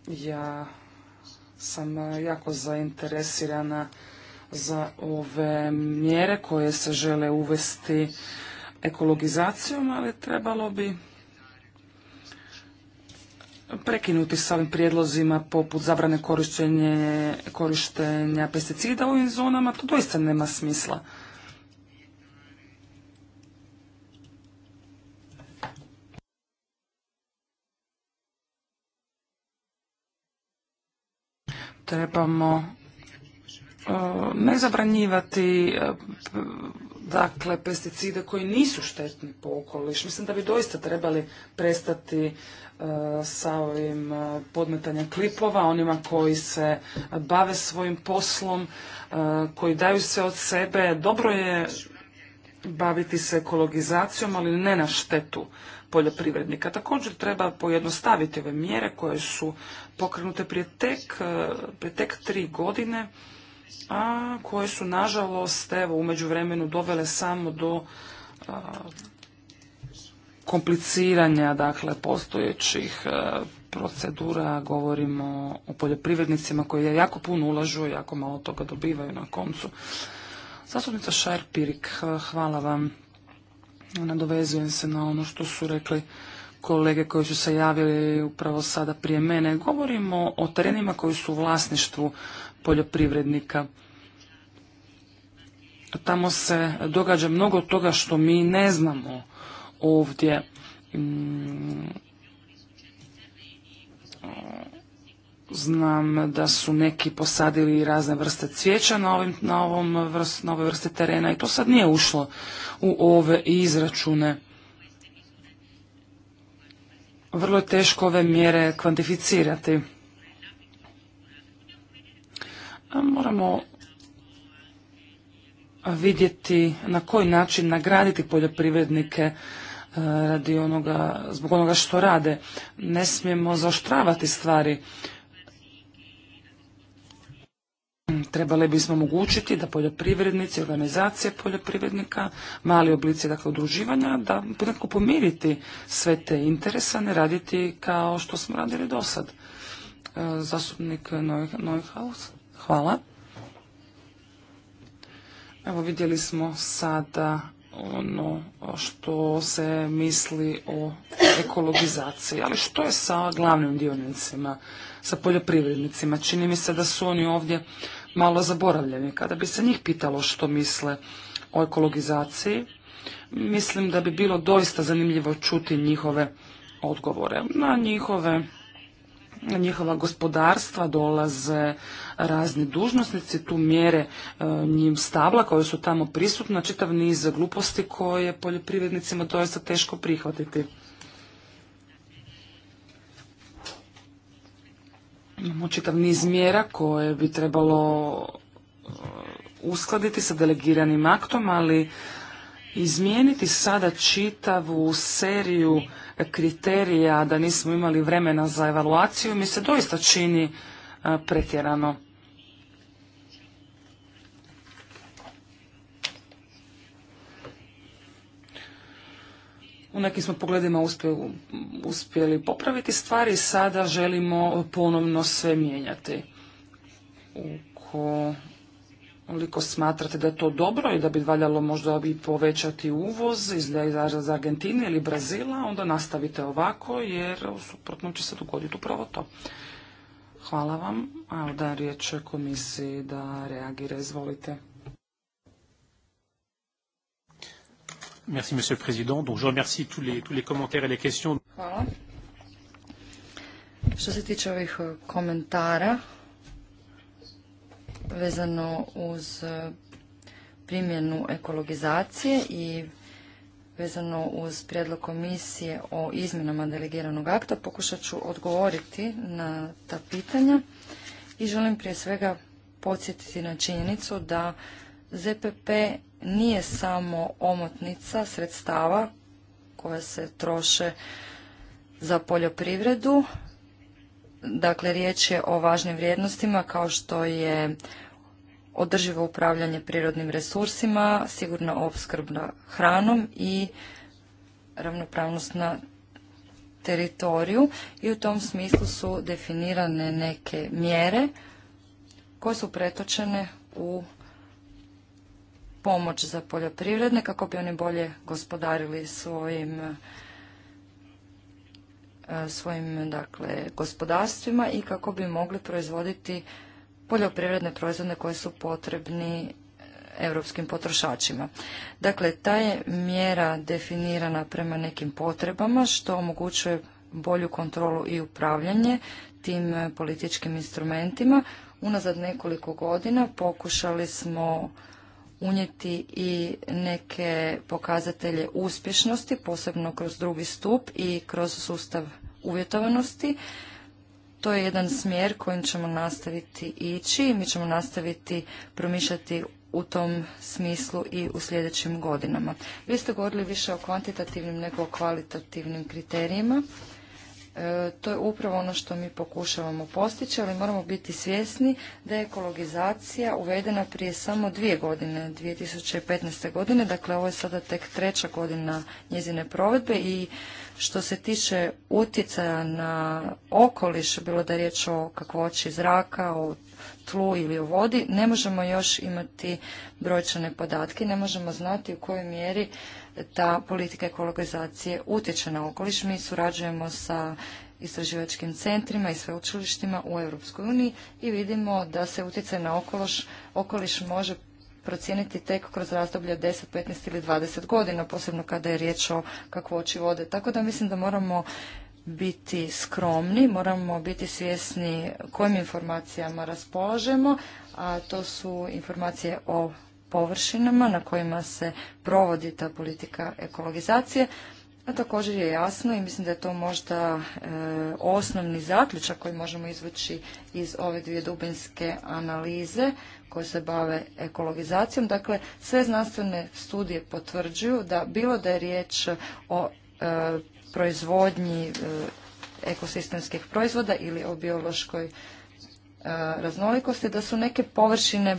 Ja sam e, jako zainteresirana za ove mjere koje se žele uvesti ekologizacijom, ali trebalo bi prekinuti s ovim prijedlozima poput zabrane korištenja pesticida u ovim zonama, to doista nema smisla. trebamo ne zabranjivati e, dakle pesticide koji nisu štetni po okoliš. Mislim da bi doista trebali prestati e, sa ovim e, podmetanjem klipova, onima koji se bave svojim poslom, koji daju sve od sebe. Dobro je baviti se ekologizacijom, ali ne na štetu poljoprivrednika. Također treba pojednostaviti ove mjere koje su pokrenute prije tek, e, prije tek tri godine, a koje su nažalost evo u međuvremenu dovele samo do e, kompliciranja dakle postojećih e, procedura, govorimo o poljoprivrednicima koji jako puno ulažu i jako malo toga dobivaju na koncu. Zastupnica Šajer Pirik, hvala vam. Nadovezujem se na ono što su rekli kolege koji su se javili upravo sada prije mene. Govorimo o terenima koji su u vlasništvu poljoprivrednika. Tamo se događa mnogo toga što mi ne znamo ovdje. Mm, Znam da su neki posadili razne vrste cvijeća na, na, ovom vrst, na ove vrste terena i to sad nije ušlo u ove izračune. Vrlo je teško ove mjere kvantificirati. Moramo vidjeti na koji način nagraditi poljoprivrednike e, radi onoga, zbog onoga što rade. Ne smijemo zaoštravati stvari. Trebali bismo omogućiti da poljoprivrednici, organizacije poljoprivrednika, mali oblici dakle udruživanja, da nekako pomiriti sve te interese, ne raditi kao što smo radili do sad. E, zastupnik Neuhaus, hvala. Evo vidjeli smo sada ono što se misli o ekologizaciji. Ali što je sa glavnim dionicima, sa poljoprivrednicima? Čini mi se da su oni ovdje malo zaboravljeni. Kada bi se njih pitalo što misle o ekologizaciji, mislim da bi bilo doista zanimljivo čuti njihove odgovore. Na njihove na njihova gospodarstva dolaze razni dužnosnici, tu mjere e, njim stabla koje su tamo prisutna, čitav niz gluposti koje poljoprivrednicima doista teško prihvatiti. Imamo čitav niz mjera koje bi trebalo uh, uskladiti sa delegiranim aktom, ali izmijeniti sada čitavu seriju kriterija da nismo imali vremena za evaluaciju mi se doista čini uh, pretjerano. U nekim smo pogledima uspjeli, popraviti stvari, sada želimo ponovno sve mijenjati. Ukoliko smatrate da je to dobro i da bi valjalo možda bi povećati uvoz iz Argentine ili Brazila, onda nastavite ovako jer suprotnom će se dogoditi upravo to. Hvala vam, a da riječ komisiji da reagira, izvolite. Merci, Monsieur le Président. Hvala. Što se tiče ovih eh, komentara vezano uz eh, primjenu ekologizacije i vezano uz prijedlog komisije o izmjenama delegiranog akta pokušat ću odgovoriti na ta pitanja i želim prije svega podsjetiti na činjenicu da ZPP nije samo omotnica sredstava koja se troše za poljoprivredu. Dakle, riječ je o važnim vrijednostima kao što je održivo upravljanje prirodnim resursima, sigurna opskrbna hranom i ravnopravnost na teritoriju i u tom smislu su definirane neke mjere koje su pretočene u pomoć za poljoprivredne kako bi oni bolje gospodarili svojim e, svojim dakle gospodarstvima i kako bi mogli proizvoditi poljoprivredne proizvode koje su potrebni europskim potrošačima. Dakle, ta je mjera definirana prema nekim potrebama što omogućuje bolju kontrolu i upravljanje tim e, političkim instrumentima. Unazad nekoliko godina pokušali smo unijeti i neke pokazatelje uspješnosti, posebno kroz drugi stup i kroz sustav uvjetovanosti. To je jedan smjer kojim ćemo nastaviti ići i mi ćemo nastaviti promišljati u tom smislu i u sljedećim godinama. Vi ste govorili više o kvantitativnim nego o kvalitativnim kriterijima. E, to je upravo ono što mi pokušavamo postići, ali moramo biti svjesni da je ekologizacija uvedena prije samo dvije godine, 2015. godine, dakle ovo je sada tek treća godina njezine provedbe i što se tiče utjecaja na okoliš, bilo da je riječ o kakvoći zraka, o tlu ili o vodi, ne možemo još imati brojčane podatke, ne možemo znati u kojoj mjeri ta politika ekologizacije utječe na okoliš. Mi surađujemo sa istraživačkim centrima i sveučilištima u Europskoj uniji i vidimo da se utjecaj na okoliš, okoliš može procijeniti tek kroz razdoblje od 10, 15 ili 20 godina, posebno kada je riječ o kakvoći vode. Tako da mislim da moramo biti skromni, moramo biti svjesni kojim informacijama raspolažemo, a to su informacije o površinama na kojima se provodi ta politika ekologizacije. A također je jasno i mislim da je to možda e, osnovni zaključak koji možemo izvući iz ove dvije dubinske analize koje se bave ekologizacijom. Dakle, sve znanstvene studije potvrđuju da bilo da je riječ o e, proizvodnji e, ekosistemskih proizvoda ili o biološkoj e, raznolikosti, da su neke površine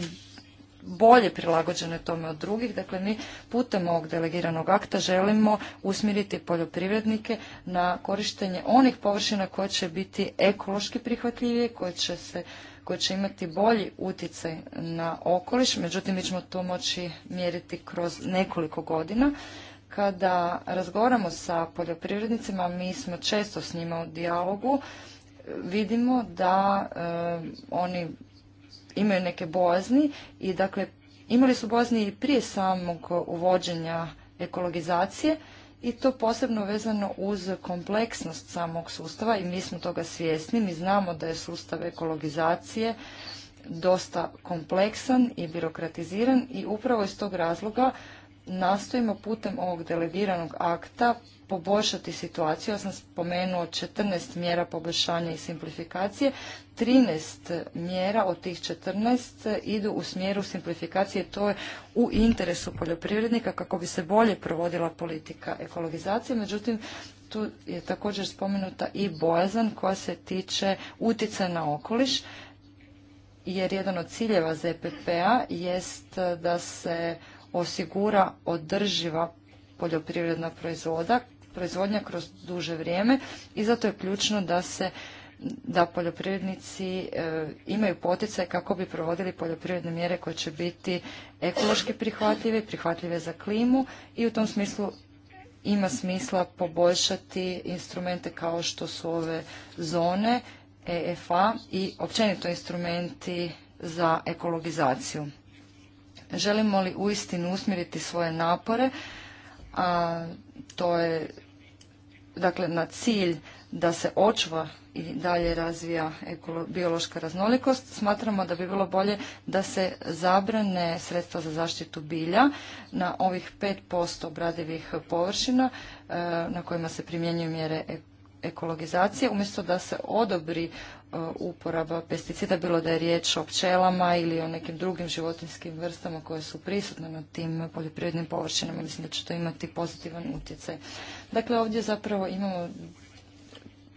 bolje prilagođene tome od drugih. Dakle, mi putem ovog delegiranog akta želimo usmjeriti poljoprivrednike na korištenje onih površina koje će biti ekološki prihvatljivije, koje će se koje će imati bolji utjecaj na okoliš, međutim mi ćemo to moći mjeriti kroz nekoliko godina. Kada razgovaramo sa poljoprivrednicima, mi smo često s njima u dijalogu, vidimo da e, oni imaju neke bojazni i dakle imali su bojazni i prije samog uvođenja ekologizacije i to posebno vezano uz kompleksnost samog sustava i mi smo toga svjesni, mi znamo da je sustav ekologizacije dosta kompleksan i birokratiziran i upravo iz tog razloga nastojimo putem ovog delegiranog akta poboljšati situaciju. Ja sam spomenuo 14 mjera poboljšanja i simplifikacije. 13 mjera od tih 14 idu u smjeru simplifikacije. To je u interesu poljoprivrednika kako bi se bolje provodila politika ekologizacije. Međutim, tu je također spomenuta i bojazan koja se tiče utjecaja na okoliš jer jedan od ciljeva ZPP-a jest da se osigura održiva poljoprivredna proizvodnja kroz duže vrijeme i zato je ključno da se da poljoprivrednici e, imaju poticaj kako bi provodili poljoprivredne mjere koje će biti ekološki prihvatljive, prihvatljive za klimu i u tom smislu ima smisla poboljšati instrumente kao što su ove zone EFA i općenito instrumenti za ekologizaciju. Želimo li uistinu usmjeriti svoje napore, a to je dakle na cilj da se očva i dalje razvija biološka raznolikost, smatramo da bi bilo bolje da se zabrane sredstva za zaštitu bilja na ovih 5% obradivih površina e, na kojima se primjenjuju mjere ekologizacije, umjesto da se odobri e, uporaba pesticida, bilo da je riječ o pčelama ili o nekim drugim životinskim vrstama koje su prisutne na tim poljoprivrednim površinama. Mislim da će to imati pozitivan utjecaj. Dakle, ovdje zapravo imamo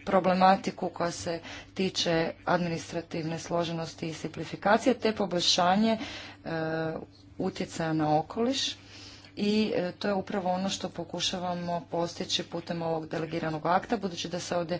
problematiku koja se tiče administrativne složenosti i simplifikacije te poboljšanje e, utjecaja na okoliš i e, to je upravo ono što pokušavamo postići putem ovog delegiranog akta, budući da se ovdje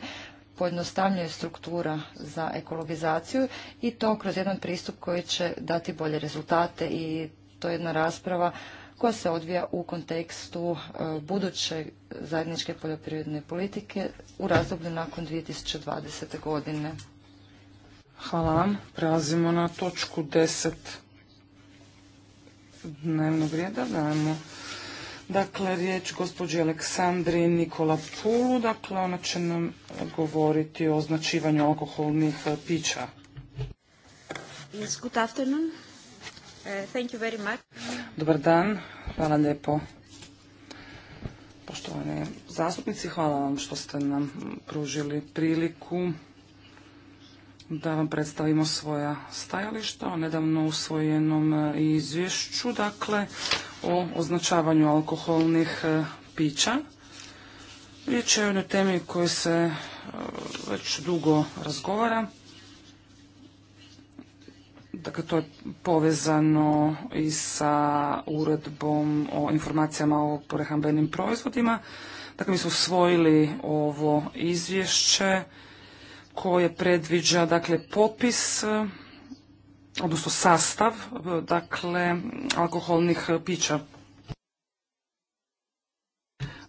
pojednostavljuje struktura za ekologizaciju i to kroz jedan pristup koji će dati bolje rezultate i to je jedna rasprava koja se odvija u kontekstu e, buduće zajedničke poljoprivredne politike u razdoblju nakon 2020. godine. Hvala vam. Prelazimo na točku 10 dnevnog reda dajemo dakle riječ gospođi Aleksandri Nikola Pulu, dakle ona će nam govoriti o označivanju alkoholnih eh, pića. Yes, eh, Thank you very much. Dobar dan, hvala lijepo. Poštovani zastupnici, hvala vam što ste nam pružili priliku da vam predstavimo svoja stajališta o nedavno usvojenom e, izvješću, dakle, o označavanju alkoholnih e, pića. Riječ je o jednoj temi kojoj se e, već dugo razgovara. Dakle, to je povezano i sa uredbom o informacijama o prehrambenim proizvodima. Dakle, mi smo usvojili ovo izvješće koje predviđa dakle popis odnosno sastav dakle alkoholnih pića.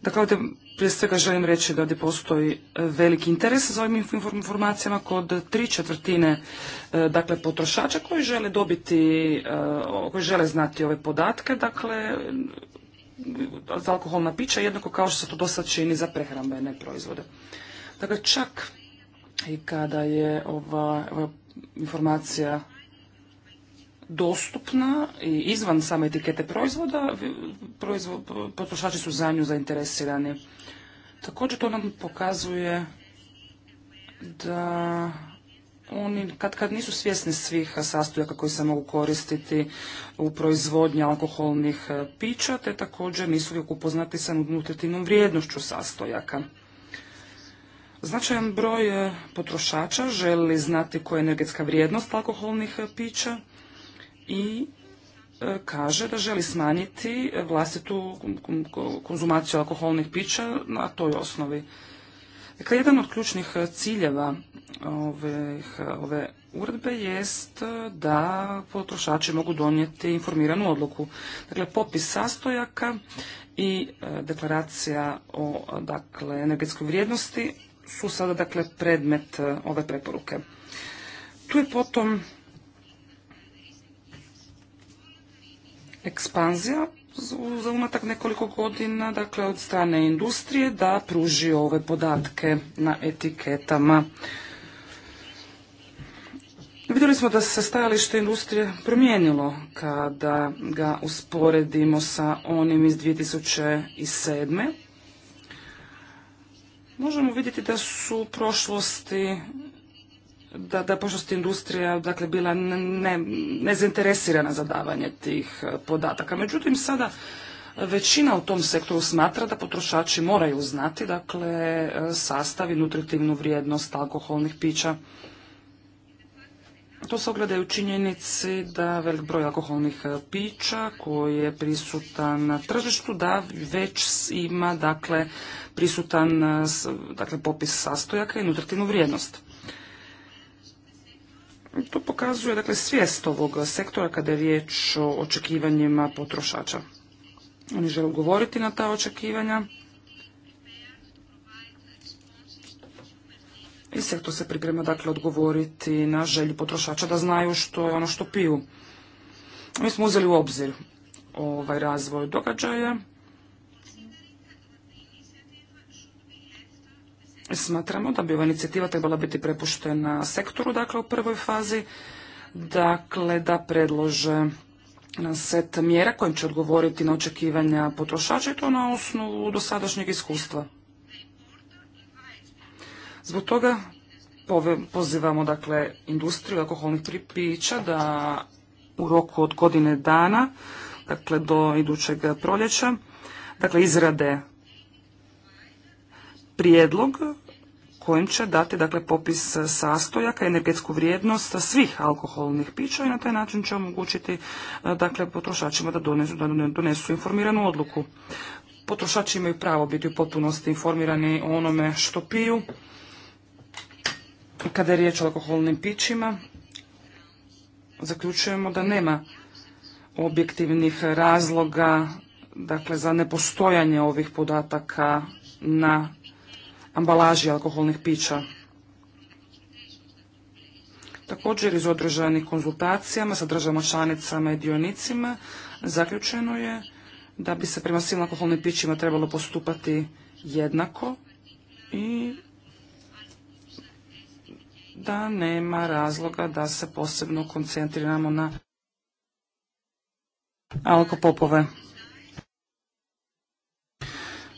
Dakle, ovdje prije svega želim reći da ovdje postoji veliki interes za ovim informacijama kod tri četvrtine e, dakle, potrošača koji žele dobiti, e, koji žele znati ove podatke, dakle, za alkoholna pića, jednako kao što se to do čini za prehrambene proizvode. Dakle, čak i kada je ova, informacija dostupna i izvan same etikete proizvoda, potrošači su za nju zainteresirani. Također to nam pokazuje da oni kad kad nisu svjesni svih sastojaka koji se mogu koristiti u proizvodnji alkoholnih pića, te također nisu uvijek upoznati sa nutritivnom vrijednošću sastojaka. Značajan broj e, potrošača želi znati koja je energetska vrijednost alkoholnih e, pića i e, kaže da želi smanjiti vlastitu konzumaciju alkoholnih pića na toj osnovi. Dakle, jedan od ključnih ciljeva ove, ove uredbe jest da potrošači mogu donijeti informiranu odluku. Dakle, popis sastojaka i deklaracija o dakle, energetskoj vrijednosti su sada dakle predmet e, ove preporuke. Tu je potom ekspanzija za unatak nekoliko godina, dakle od strane industrije da pruži ove podatke na etiketama. Vidjeli smo da se stajalište industrije promijenilo kada ga usporedimo sa onim iz 2007 možemo vidjeti da su u prošlosti da, da industrija dakle, bila ne, nezainteresirana za davanje tih e, podataka. Međutim, sada većina u tom sektoru smatra da potrošači moraju znati dakle, e, sastav i nutritivnu vrijednost alkoholnih pića. To se ogleda i u činjenici da velik broj alkoholnih e, pića koji je prisutan na tržištu, da već ima dakle, prisutan e, dakle, popis sastojaka i nutritivnu vrijednost. To pokazuje dakle, svijest ovog sektora kada je riječ o očekivanjima potrošača. Oni žele govoriti na ta očekivanja I sektor se priprema dakle odgovoriti na želju potrošača da znaju što je ono što piju. Mi smo uzeli u obzir ovaj razvoj događaja. Smatramo da bi ova inicijativa trebala biti prepuštena sektoru, dakle u prvoj fazi, dakle da predlože na set mjera kojim će odgovoriti na očekivanja potrošača i to na osnovu dosadašnjeg iskustva. Zbog toga pozivamo dakle industriju alkoholnih pića da u roku od godine dana, dakle do idućeg proljeća, dakle izrade prijedlog kojim će dati dakle popis sastojaka, energetsku vrijednost svih alkoholnih pića i na taj način će omogućiti dakle potrošačima da donesu, da donesu informiranu odluku. Potrošači imaju pravo biti u potpunosti informirani o onome što piju, kada je riječ o alkoholnim pićima, zaključujemo da nema objektivnih razloga dakle, za nepostojanje ovih podataka na ambalaži alkoholnih pića. Također iz održanih konzultacijama sa državama članicama i dionicima zaključeno je da bi se prema svim alkoholnim pićima trebalo postupati jednako i da nema razloga da se posebno koncentriramo na alkopopove.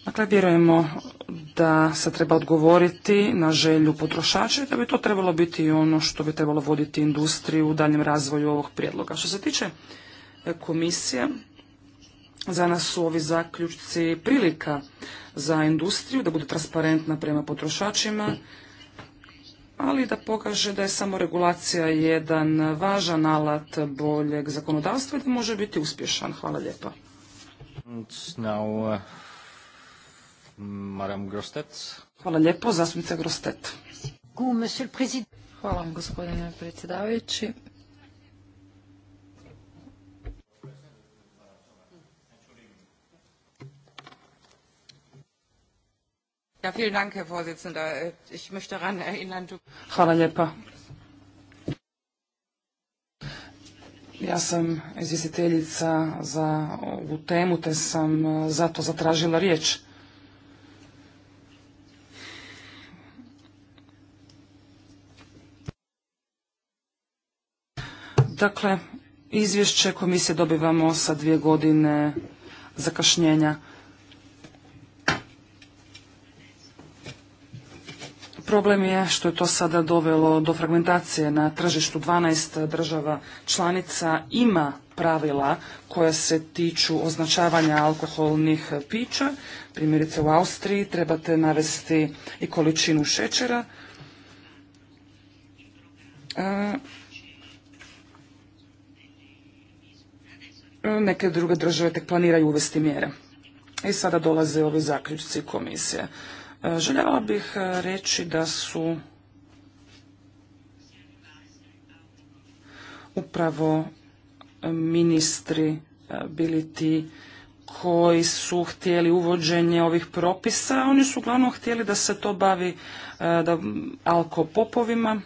Dakle, vjerujemo da se treba odgovoriti na želju potrošača i da bi to trebalo biti ono što bi trebalo voditi industriju u daljem razvoju ovog prijedloga. Što se tiče e, komisije, za nas su ovi zaključci prilika za industriju da bude transparentna prema potrošačima ali da pokaže da je samo regulacija jedan važan alat boljeg zakonodavstva i da može biti uspješan. Hvala lijepa. Uh, Hvala lijepo, zastupnica Grostet. Hvala vam gospodine predsjedavajući. Hvala lijepa. Ja sam izvjestiteljica za ovu temu, te sam e, zato zatražila riječ. Dakle, izvješće komisije dobivamo sa dvije godine zakašnjenja. Problem je što je to sada dovelo do fragmentacije na tržištu 12 država članica ima pravila koja se tiču označavanja alkoholnih pića. Primjerice u Austriji trebate navesti i količinu šećera. E, neke druge države tek planiraju uvesti mjere. I sada dolaze ovi zaključci komisije. Željela bih e, reći da su upravo e, ministri e, bili ti koji su htjeli uvođenje ovih propisa. Oni su uglavnom htjeli da se to bavi da, alkopopovima.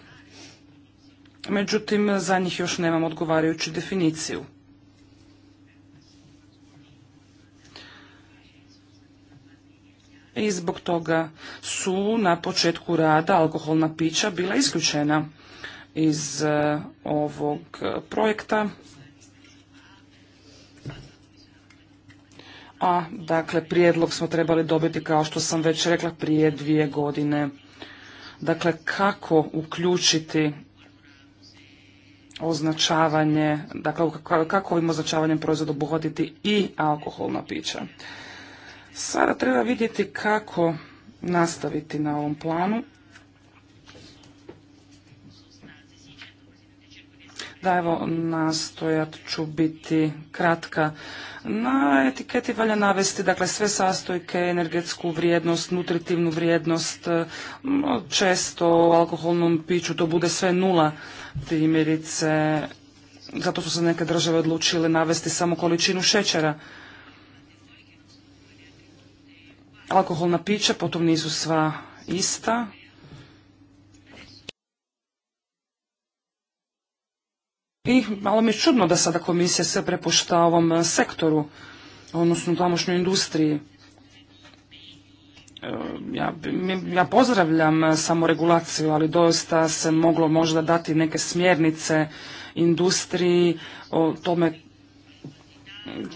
Međutim, za njih još nemam odgovarajuću definiciju. i zbog toga su na početku rada alkoholna pića bila isključena iz e, ovog e, projekta. A, dakle, prijedlog smo trebali dobiti, kao što sam već rekla, prije dvije godine. Dakle, kako uključiti označavanje, dakle, kako ovim označavanjem proizvoda obuhvatiti i alkoholna pića. Sada treba vidjeti kako nastaviti na ovom planu. Da, evo, nastojat ću biti kratka. Na etiketi valja navesti, dakle, sve sastojke, energetsku vrijednost, nutritivnu vrijednost, često u alkoholnom piću to bude sve nula, primjerice, zato su se neke države odlučile navesti samo količinu šećera. alkoholna pića, potom nisu sva ista. I malo mi je čudno da sada komisija sve prepušta ovom sektoru, odnosno tamošnjoj industriji. E, ja, ja pozdravljam samoregulaciju, ali doista se moglo možda dati neke smjernice industriji o tome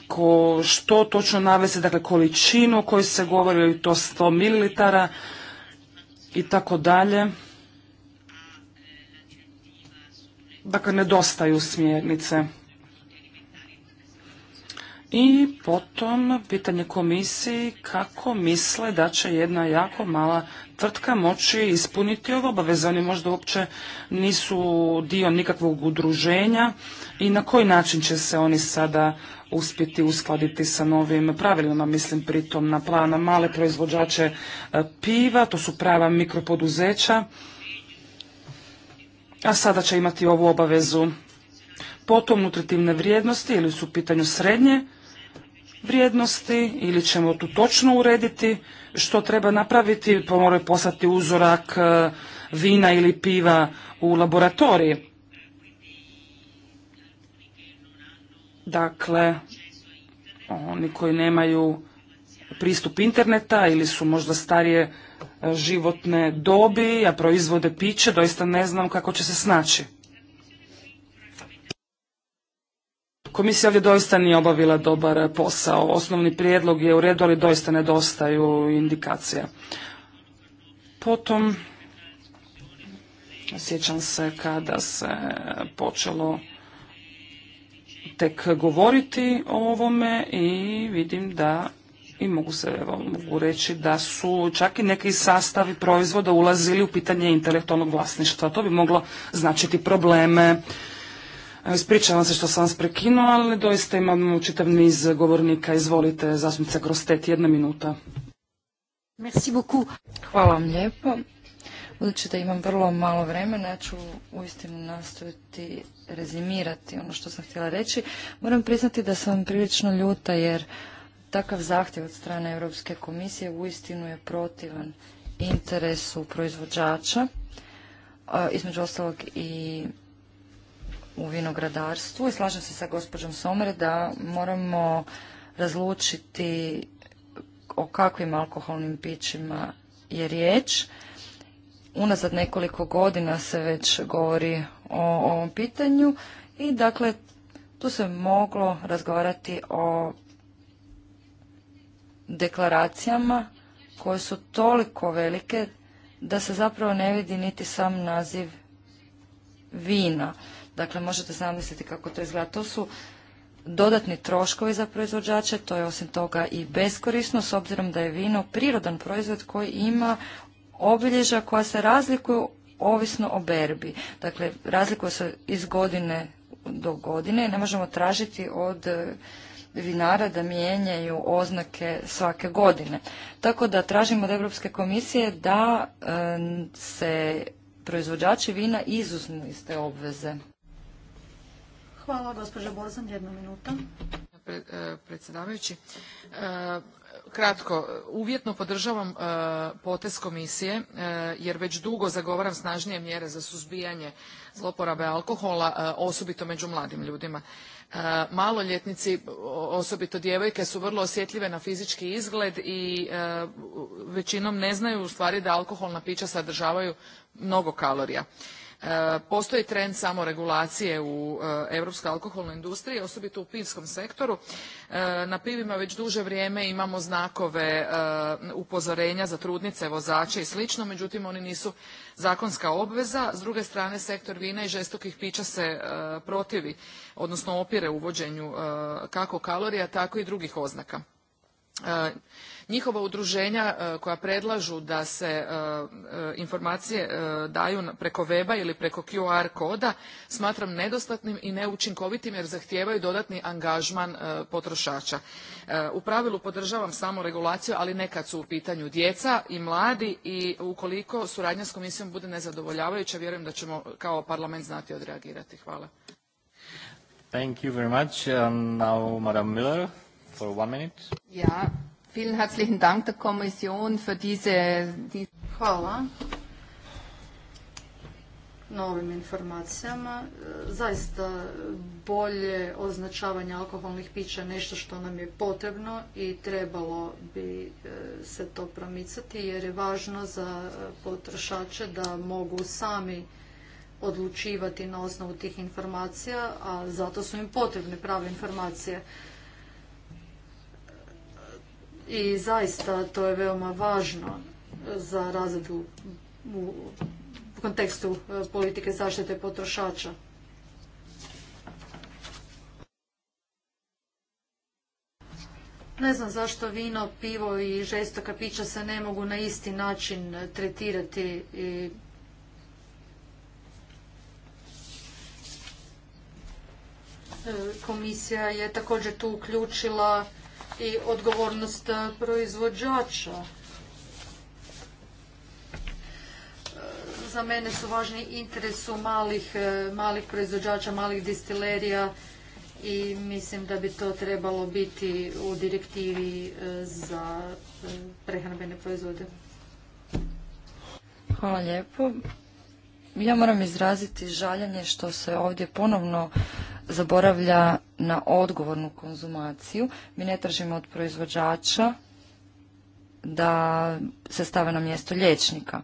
ko, što točno navese, dakle količinu o kojoj se govori, to 100 mililitara i tako dalje. Dakle, nedostaju smjernice. I potom pitanje komisiji kako misle da će jedna jako mala tvrtka moći ispuniti ove obaveze. Oni možda uopće nisu dio nikakvog udruženja i na koji način će se oni sada uspjeti uskladiti sa novim pravilima, mislim pritom na plana male proizvođače e, piva, to su prava mikropoduzeća, a sada će imati ovu obavezu. Potom nutritivne vrijednosti ili su u pitanju srednje vrijednosti ili ćemo tu točno urediti što treba napraviti, pa moraju poslati uzorak e, vina ili piva u laboratoriji. Dakle, oni koji nemaju pristup interneta ili su možda starije e, životne dobi, a proizvode piće, doista ne znam kako će se snaći. Komisija ovdje doista nije obavila dobar posao. Osnovni prijedlog je u redu, ali doista nedostaju indikacije. Potom, sjećam se kada se počelo tek govoriti o ovome i vidim da i mogu se evo, mogu reći da su čak i neki sastavi proizvoda ulazili u pitanje intelektualnog vlasništva. To bi moglo značiti probleme Ispričavam se što sam vas prekinuo, ali doista imamo čitav niz govornika. Izvolite, zastupnica Grostet, jedna minuta. Merci beaucoup. Hvala vam lijepo. Budući da imam vrlo malo vremena, ja ću uistinu nastaviti rezimirati ono što sam htjela reći. Moram priznati da sam prilično ljuta jer takav zahtjev od strane Europske komisije uistinu je protivan interesu proizvođača, između ostalog i u vinogradarstvu i slažem se sa gospođom Somer da moramo razlučiti o kakvim alkoholnim pićima je riječ. Unazad nekoliko godina se već govori o ovom pitanju i dakle tu se moglo razgovarati o deklaracijama koje su toliko velike da se zapravo ne vidi niti sam naziv vina. Dakle, možete zamisliti kako to izgleda. To su dodatni troškovi za proizvođače, to je osim toga i beskorisno, s obzirom da je vino prirodan proizvod koji ima obilježja koja se razlikuju ovisno o berbi. Dakle, razlikuje se iz godine do godine. Ne možemo tražiti od vinara da mijenjaju oznake svake godine. Tako da tražimo od Europske komisije da se proizvođači vina izuzmu iz te obveze. Hvala, gospođa Borzan, jedna minuta. E, predsjedavajući, e, kratko, uvjetno podržavam e, potez komisije jer već dugo zagovaram snažnije mjere za suzbijanje zloporabe alkohola, osobito među mladim ljudima. Maloljetnici, osobito djevojke, su vrlo osjetljive na fizički izgled i većinom ne znaju u stvari da alkoholna pića sadržavaju mnogo kalorija. E, postoji trend samoregulacije u europskoj alkoholnoj industriji, osobito u pivskom sektoru. E, na pivima već duže vrijeme imamo znakove e, upozorenja za trudnice, vozače i slično, međutim oni nisu zakonska obveza. S druge strane, sektor vina i žestokih pića se protivi, odnosno opire uvođenju kako kalorija, tako i drugih oznaka. Njihova udruženja e, koja predlažu da se e, e, informacije daju preko weba ili preko QR koda smatram nedostatnim i neučinkovitim jer zahtijevaju dodatni angažman potrošača. U pravilu podržavam samo regulaciju, ali nekad su u pitanju djeca i mladi i ukoliko suradnja s komisijom bude nezadovoljavajuća, vjerujem da ćemo kao parlament znati odreagirati. Hvala. Thank you very much. now, Madam for one minute. Ja, Hvala na ovim informacijama. Zaista bolje označavanje alkoholnih pića je nešto što nam je potrebno i trebalo bi e, se to promicati jer je važno za potrošače da mogu sami odlučivati na osnovu tih informacija, a zato su im potrebne prave informacije i zaista to je veoma važno za razredu u kontekstu e, politike zaštite potrošača. Ne znam zašto vino, pivo i žestoka pića se ne mogu na isti način tretirati i e, Komisija je također tu uključila i odgovornost e, proizvođača. E, za mene su važni interesu malih, e, malih proizvođača, malih distilerija i mislim da bi to trebalo biti u direktivi za prehrambene proizvode. Hvala lijepo. Ja moram izraziti žaljenje što se ovdje ponovno zaboravlja na odgovornu konzumaciju. Mi ne tražimo od proizvođača da se stave na mjesto liječnika.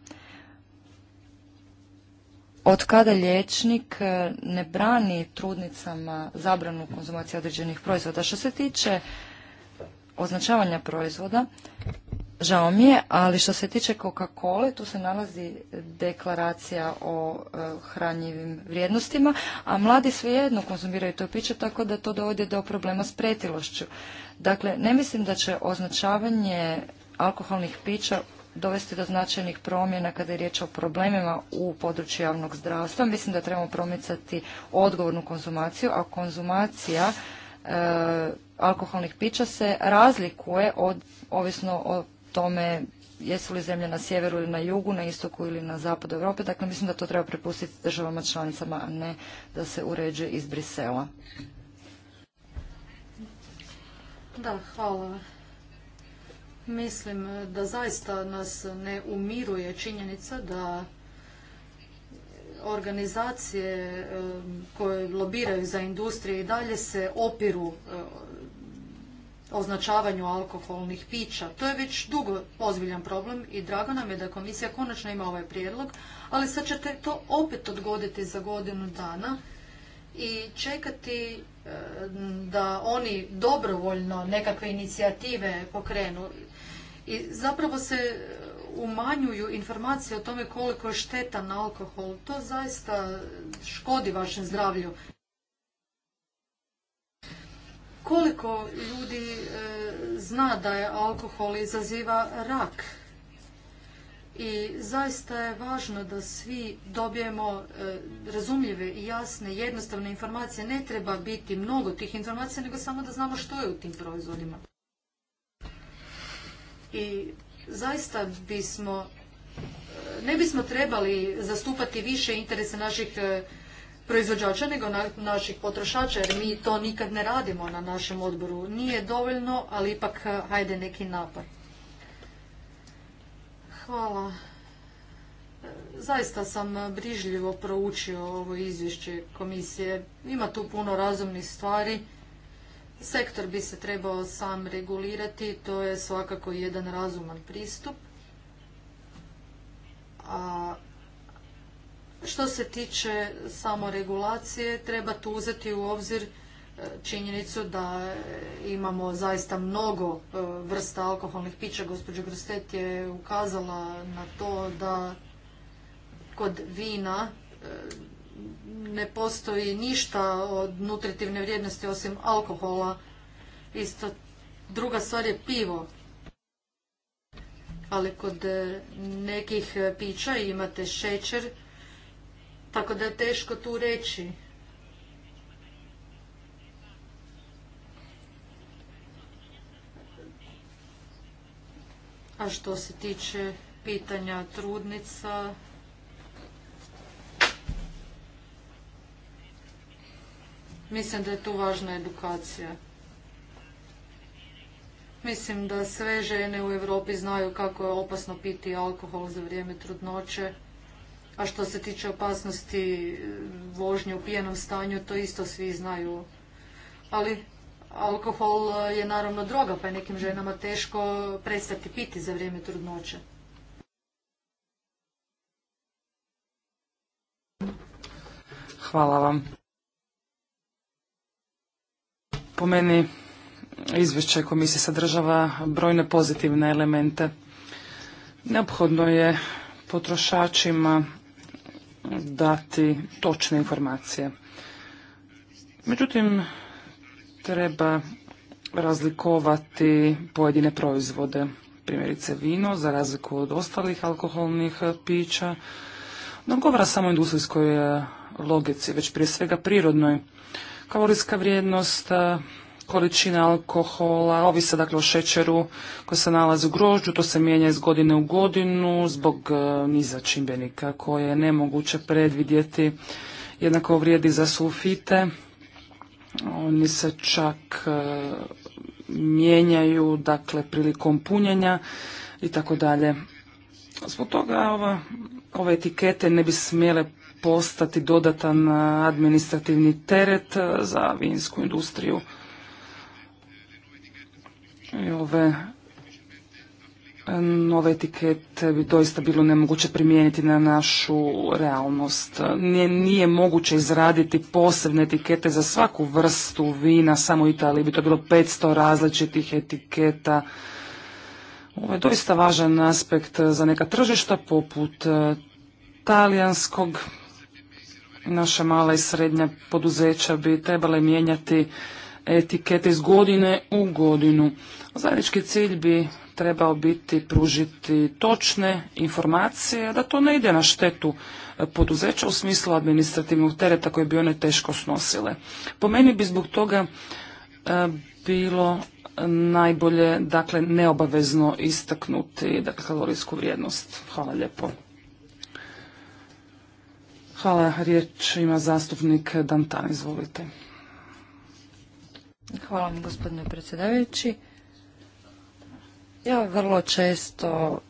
Od kada liječnik eh, ne brani trudnicama zabranu konzumacije određenih proizvoda? Što se tiče označavanja proizvoda, Žao mi je, ali što se tiče Coca-Cola, tu se nalazi deklaracija o e, hranjivim vrijednostima, a mladi svejedno konzumiraju to piće, tako da to dovodi do problema s pretilošću. Dakle, ne mislim da će označavanje alkoholnih pića dovesti do značajnih promjena kada je riječ o problemima u području javnog zdravstva. Mislim da trebamo promicati odgovornu konzumaciju, a konzumacija e, alkoholnih pića se razlikuje od, ovisno o tome jesu li zemlje na sjeveru ili na jugu, na istoku ili na zapadu Europe. Dakle, mislim da to treba prepustiti državama članicama, a ne da se uređuje iz Brisela. Da, hvala. Mislim da zaista nas ne umiruje činjenica da organizacije koje lobiraju za industrije i dalje se opiru označavanju alkoholnih pića. To je već dugo ozbiljan problem i drago nam je da komisija konačno ima ovaj prijedlog, ali sad ćete to opet odgoditi za godinu dana i čekati e, da oni dobrovoljno nekakve inicijative pokrenu. I zapravo se e, umanjuju informacije o tome koliko je štetan alkohol. To zaista škodi vašem zdravlju. Koliko ljudi e, zna da alkohol izaziva rak? I zaista je važno da svi dobijemo e, razumljive i jasne, jednostavne informacije. Ne treba biti mnogo tih informacija, nego samo da znamo što je u tim proizvodima. I zaista bismo, e, ne bismo trebali zastupati više interese naših proizvođača nego na naših potrošača jer mi to nikad ne radimo na našem odboru. Nije dovoljno, ali ipak eh, hajde neki napad. Hvala. Zaista sam eh, brižljivo proučio ovo izvješće komisije. Ima tu puno razumnih stvari. Sektor bi se trebao sam regulirati, to je svakako jedan razuman pristup. A što se tiče samoregulacije, treba tu uzeti u obzir e, činjenicu da e, imamo zaista mnogo e, vrsta alkoholnih pića. Gospođa Grostet je ukazala na to da kod vina ne postoji ništa od nutritivne vrijednosti osim alkohola. Isto druga stvar je pivo. Ali kod nekih pića imate šećer, tako da je teško tu reći. A što se tiče pitanja trudnica, mislim da je tu važna edukacija. Mislim da sve žene u Europi znaju kako je opasno piti alkohol za vrijeme trudnoće. A što se tiče opasnosti e, vožnje u pijenom stanju, to isto svi znaju. Ali alkohol e, je naravno droga, pa je nekim ženama teško prestati piti za vrijeme trudnoće. Hvala vam. Po meni izvješće komisije sadržava brojne pozitivne elemente. Neophodno je potrošačima dati točne informacije. Međutim, treba razlikovati pojedine proizvode, primjerice vino, za razliku od ostalih alkoholnih pića. Ne govora samo industrijskoj eh, logici, već prije svega prirodnoj. Kalorijska vrijednost eh, količina alkohola, ovisa dakle o šećeru koji se nalazi u grožđu, to se mijenja iz godine u godinu zbog e, niza čimbenika koje je nemoguće predvidjeti. Jednako vrijedi za sulfite, oni se čak e, mijenjaju dakle prilikom punjenja i tako dalje. Zbog toga ova, ove etikete ne bi smjele postati dodatan administrativni teret e, za vinsku industriju. I ove nove etikete bi doista bilo nemoguće primijeniti na našu realnost. Nije, nije moguće izraditi posebne etikete za svaku vrstu vina, samo u Italiji bi to bilo 500 različitih etiketa. Ovo je doista važan aspekt za neka tržišta poput e, talijanskog. Naša mala i srednja poduzeća bi trebale mijenjati etikete iz godine u godinu. Zajednički cilj bi trebao biti pružiti točne informacije, da to ne ide na štetu e, poduzeća u smislu administrativnog tereta koje bi one teško snosile. Po meni bi zbog toga e, bilo najbolje, dakle, neobavezno istaknuti dakle, kalorijsku vrijednost. Hvala lijepo. Hvala, riječ ima zastupnik Dantan, izvolite. Hvala vam gospodine predsjedavajući. Ja vrlo često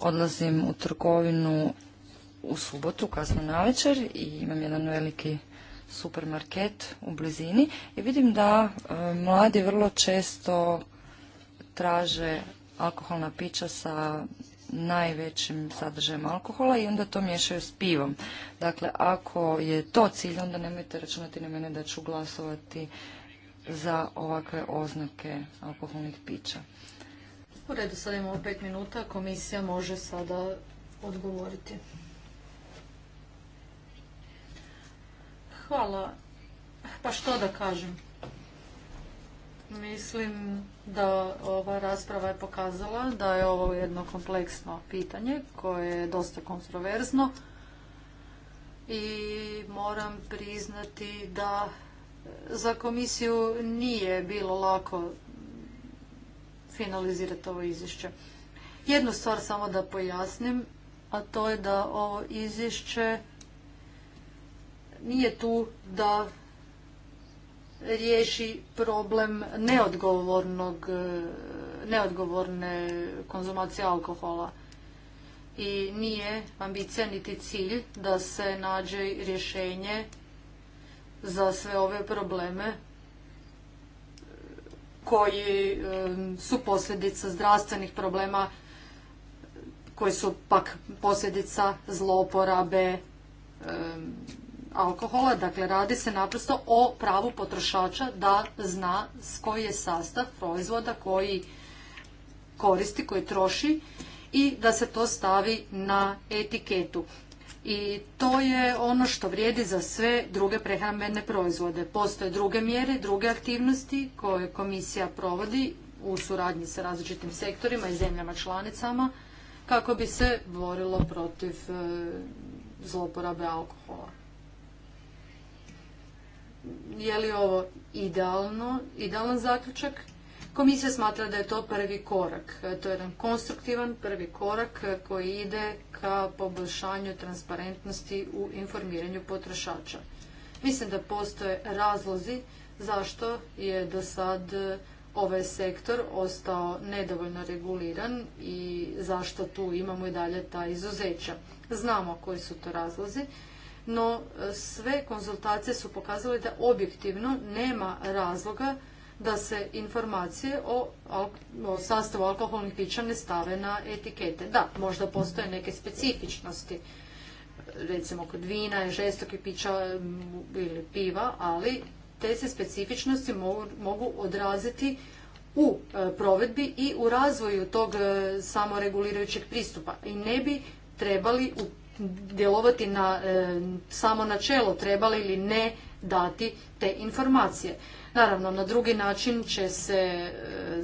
odlazim u trgovinu u subotu, kasno navečer i imam jedan veliki supermarket u blizini i vidim da e, mladi vrlo često traže alkoholna pića sa najvećim sadržajem alkohola i onda to miješaju s pivom. Dakle, ako je to cilj, onda nemojte računati na mene da ću glasovati za ovakve oznake alkoholnih pića. U redu, sad imamo pet minuta. Komisija može sada odgovoriti. Hvala. Pa što da kažem? Mislim da ova rasprava je pokazala da je ovo jedno kompleksno pitanje koje je dosta kontroverzno i moram priznati da za komisiju nije bilo lako finalizirati ovo izvješće. Jednu stvar samo da pojasnim, a to je da ovo izvješće nije tu da riješi problem neodgovornog, neodgovorne konzumacije alkohola. I nije ambicija niti cilj da se nađe rješenje za sve ove probleme koji e, su posljedica zdravstvenih problema koji su pak posljedica zloporabe e, alkohola. Dakle, radi se naprosto o pravu potrošača da zna s koji je sastav proizvoda koji koristi, koji troši i da se to stavi na etiketu i to je ono što vrijedi za sve druge prehrambene proizvode. Postoje druge mjere, druge aktivnosti koje komisija provodi u suradnji sa različitim sektorima i zemljama članicama kako bi se borilo protiv e, zloporabe alkohola. Je li ovo idealno, idealan zaključak? Komisija smatra da je to prvi korak. E, to je jedan konstruktivan prvi korak e, koji ide ka poboljšanju transparentnosti u informiranju potrošača. Mislim da postoje razlozi zašto je do sad e, ovaj sektor ostao nedovoljno reguliran i zašto tu imamo i dalje ta izuzeća. Znamo koji su to razlozi, no sve konzultacije su pokazale da objektivno nema razloga da se informacije o, sastavu alkoholnih pića ne stave na etikete. Da, možda postoje neke specifičnosti, recimo kod vina, žestokih pića mm, ili piva, ali te se specifičnosti mogu, odraziti u e, provedbi i u razvoju tog e, samoregulirajućeg pristupa. I ne bi trebali djelovati na e, samo načelo, trebali ili ne dati te informacije. Naravno, na drugi način će se e,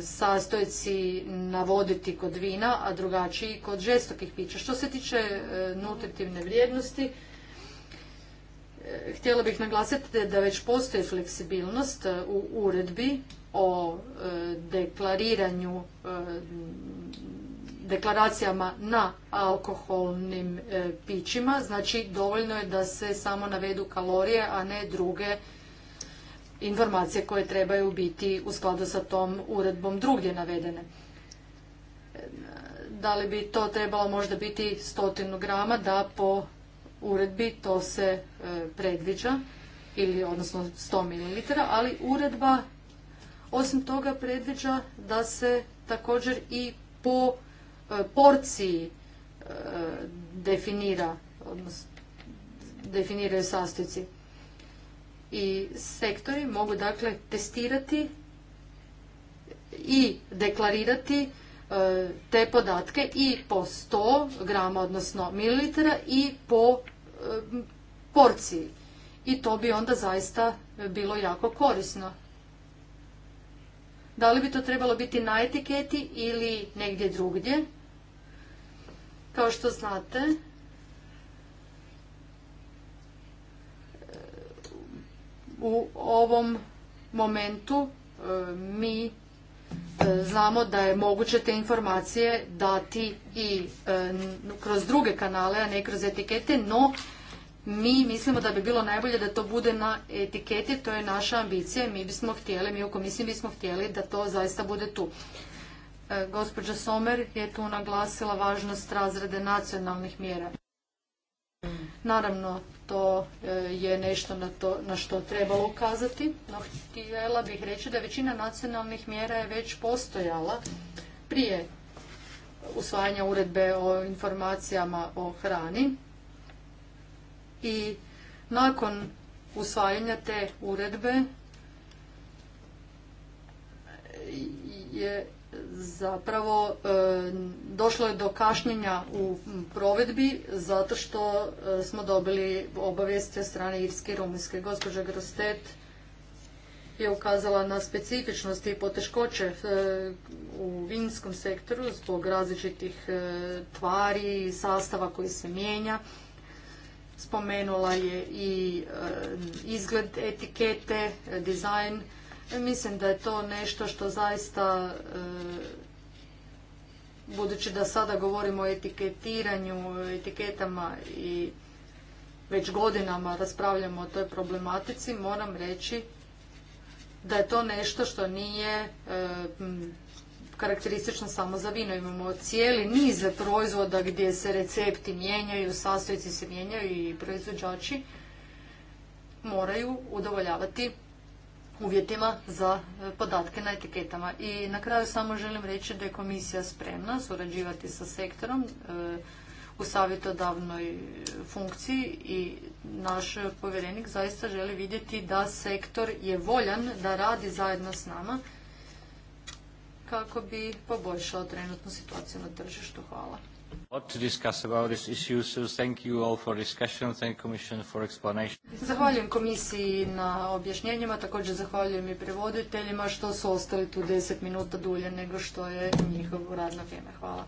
sastojci navoditi kod vina, a drugačiji kod žestokih pića. Što se tiče e, nutritivne vrijednosti, e, htjela bih naglasiti da već postoji fleksibilnost u uredbi o deklariranju deklaracijama na alkoholnim pićima. Znači, dovoljno je da se samo navedu kalorije, a ne druge informacije koje trebaju biti u skladu sa tom uredbom drugdje navedene. Da li bi to trebalo možda biti stotinu grama da po uredbi to se e, predviđa ili odnosno 100 ml, ali uredba osim toga predviđa da se također i po e, porciji e, definira, odnosno definiraju sastojci i sektori mogu dakle testirati i deklarirati e, te podatke i po 100 grama, odnosno mililitara i po e, porciji. I to bi onda zaista bilo jako korisno. Da li bi to trebalo biti na etiketi ili negdje drugdje? Kao što znate, U ovom momentu e, mi e, znamo da je moguće te informacije dati i e, kroz druge kanale, a ne kroz etikete, no mi mislimo da bi bilo najbolje da to bude na etiketi, to je naša ambicija mi bismo htjeli, mi u komisiji bismo htjeli da to zaista bude tu. Gospođa Somer je tu naglasila važnost razrede nacionalnih mjera. Mm. Naravno, to e, je nešto na, to, na što trebalo ukazati, no htjela bih reći da većina nacionalnih mjera je već postojala prije usvajanja uredbe o informacijama o hrani i nakon usvajanja te uredbe je zapravo e, došlo je do kašnjenja u provedbi zato što e, smo dobili obavijest od strane Irske i Rumunjske. Gospođa Grostet je ukazala na specifičnosti i poteškoće e, u vinskom sektoru zbog različitih tvari i sastava koji se mijenja. Spomenula je i izgled etikete, dizajn, Mislim da je to nešto što zaista, e, budući da sada govorimo o etiketiranju, etiketama i već godinama raspravljamo o toj problematici, moram reći da je to nešto što nije e, karakteristično samo za vino. Imamo cijeli niz proizvoda gdje se recepti mijenjaju, sastojci se mijenjaju i proizvođači moraju udovoljavati uvjetima za e, podatke na etiketama. I na kraju samo želim reći da je komisija spremna surađivati sa sektorom e, u savjetodavnoj funkciji i naš povjerenik zaista želi vidjeti da sektor je voljan da radi zajedno s nama kako bi poboljšao trenutnu situaciju na tržištu. Hvala. Zahvaljujem komisiji na objašnjenjima, također zahvaljujem i prevoditeljima što su ostali tu 10 minuta dulje nego što je njihovo radno vrijeme. Hvala.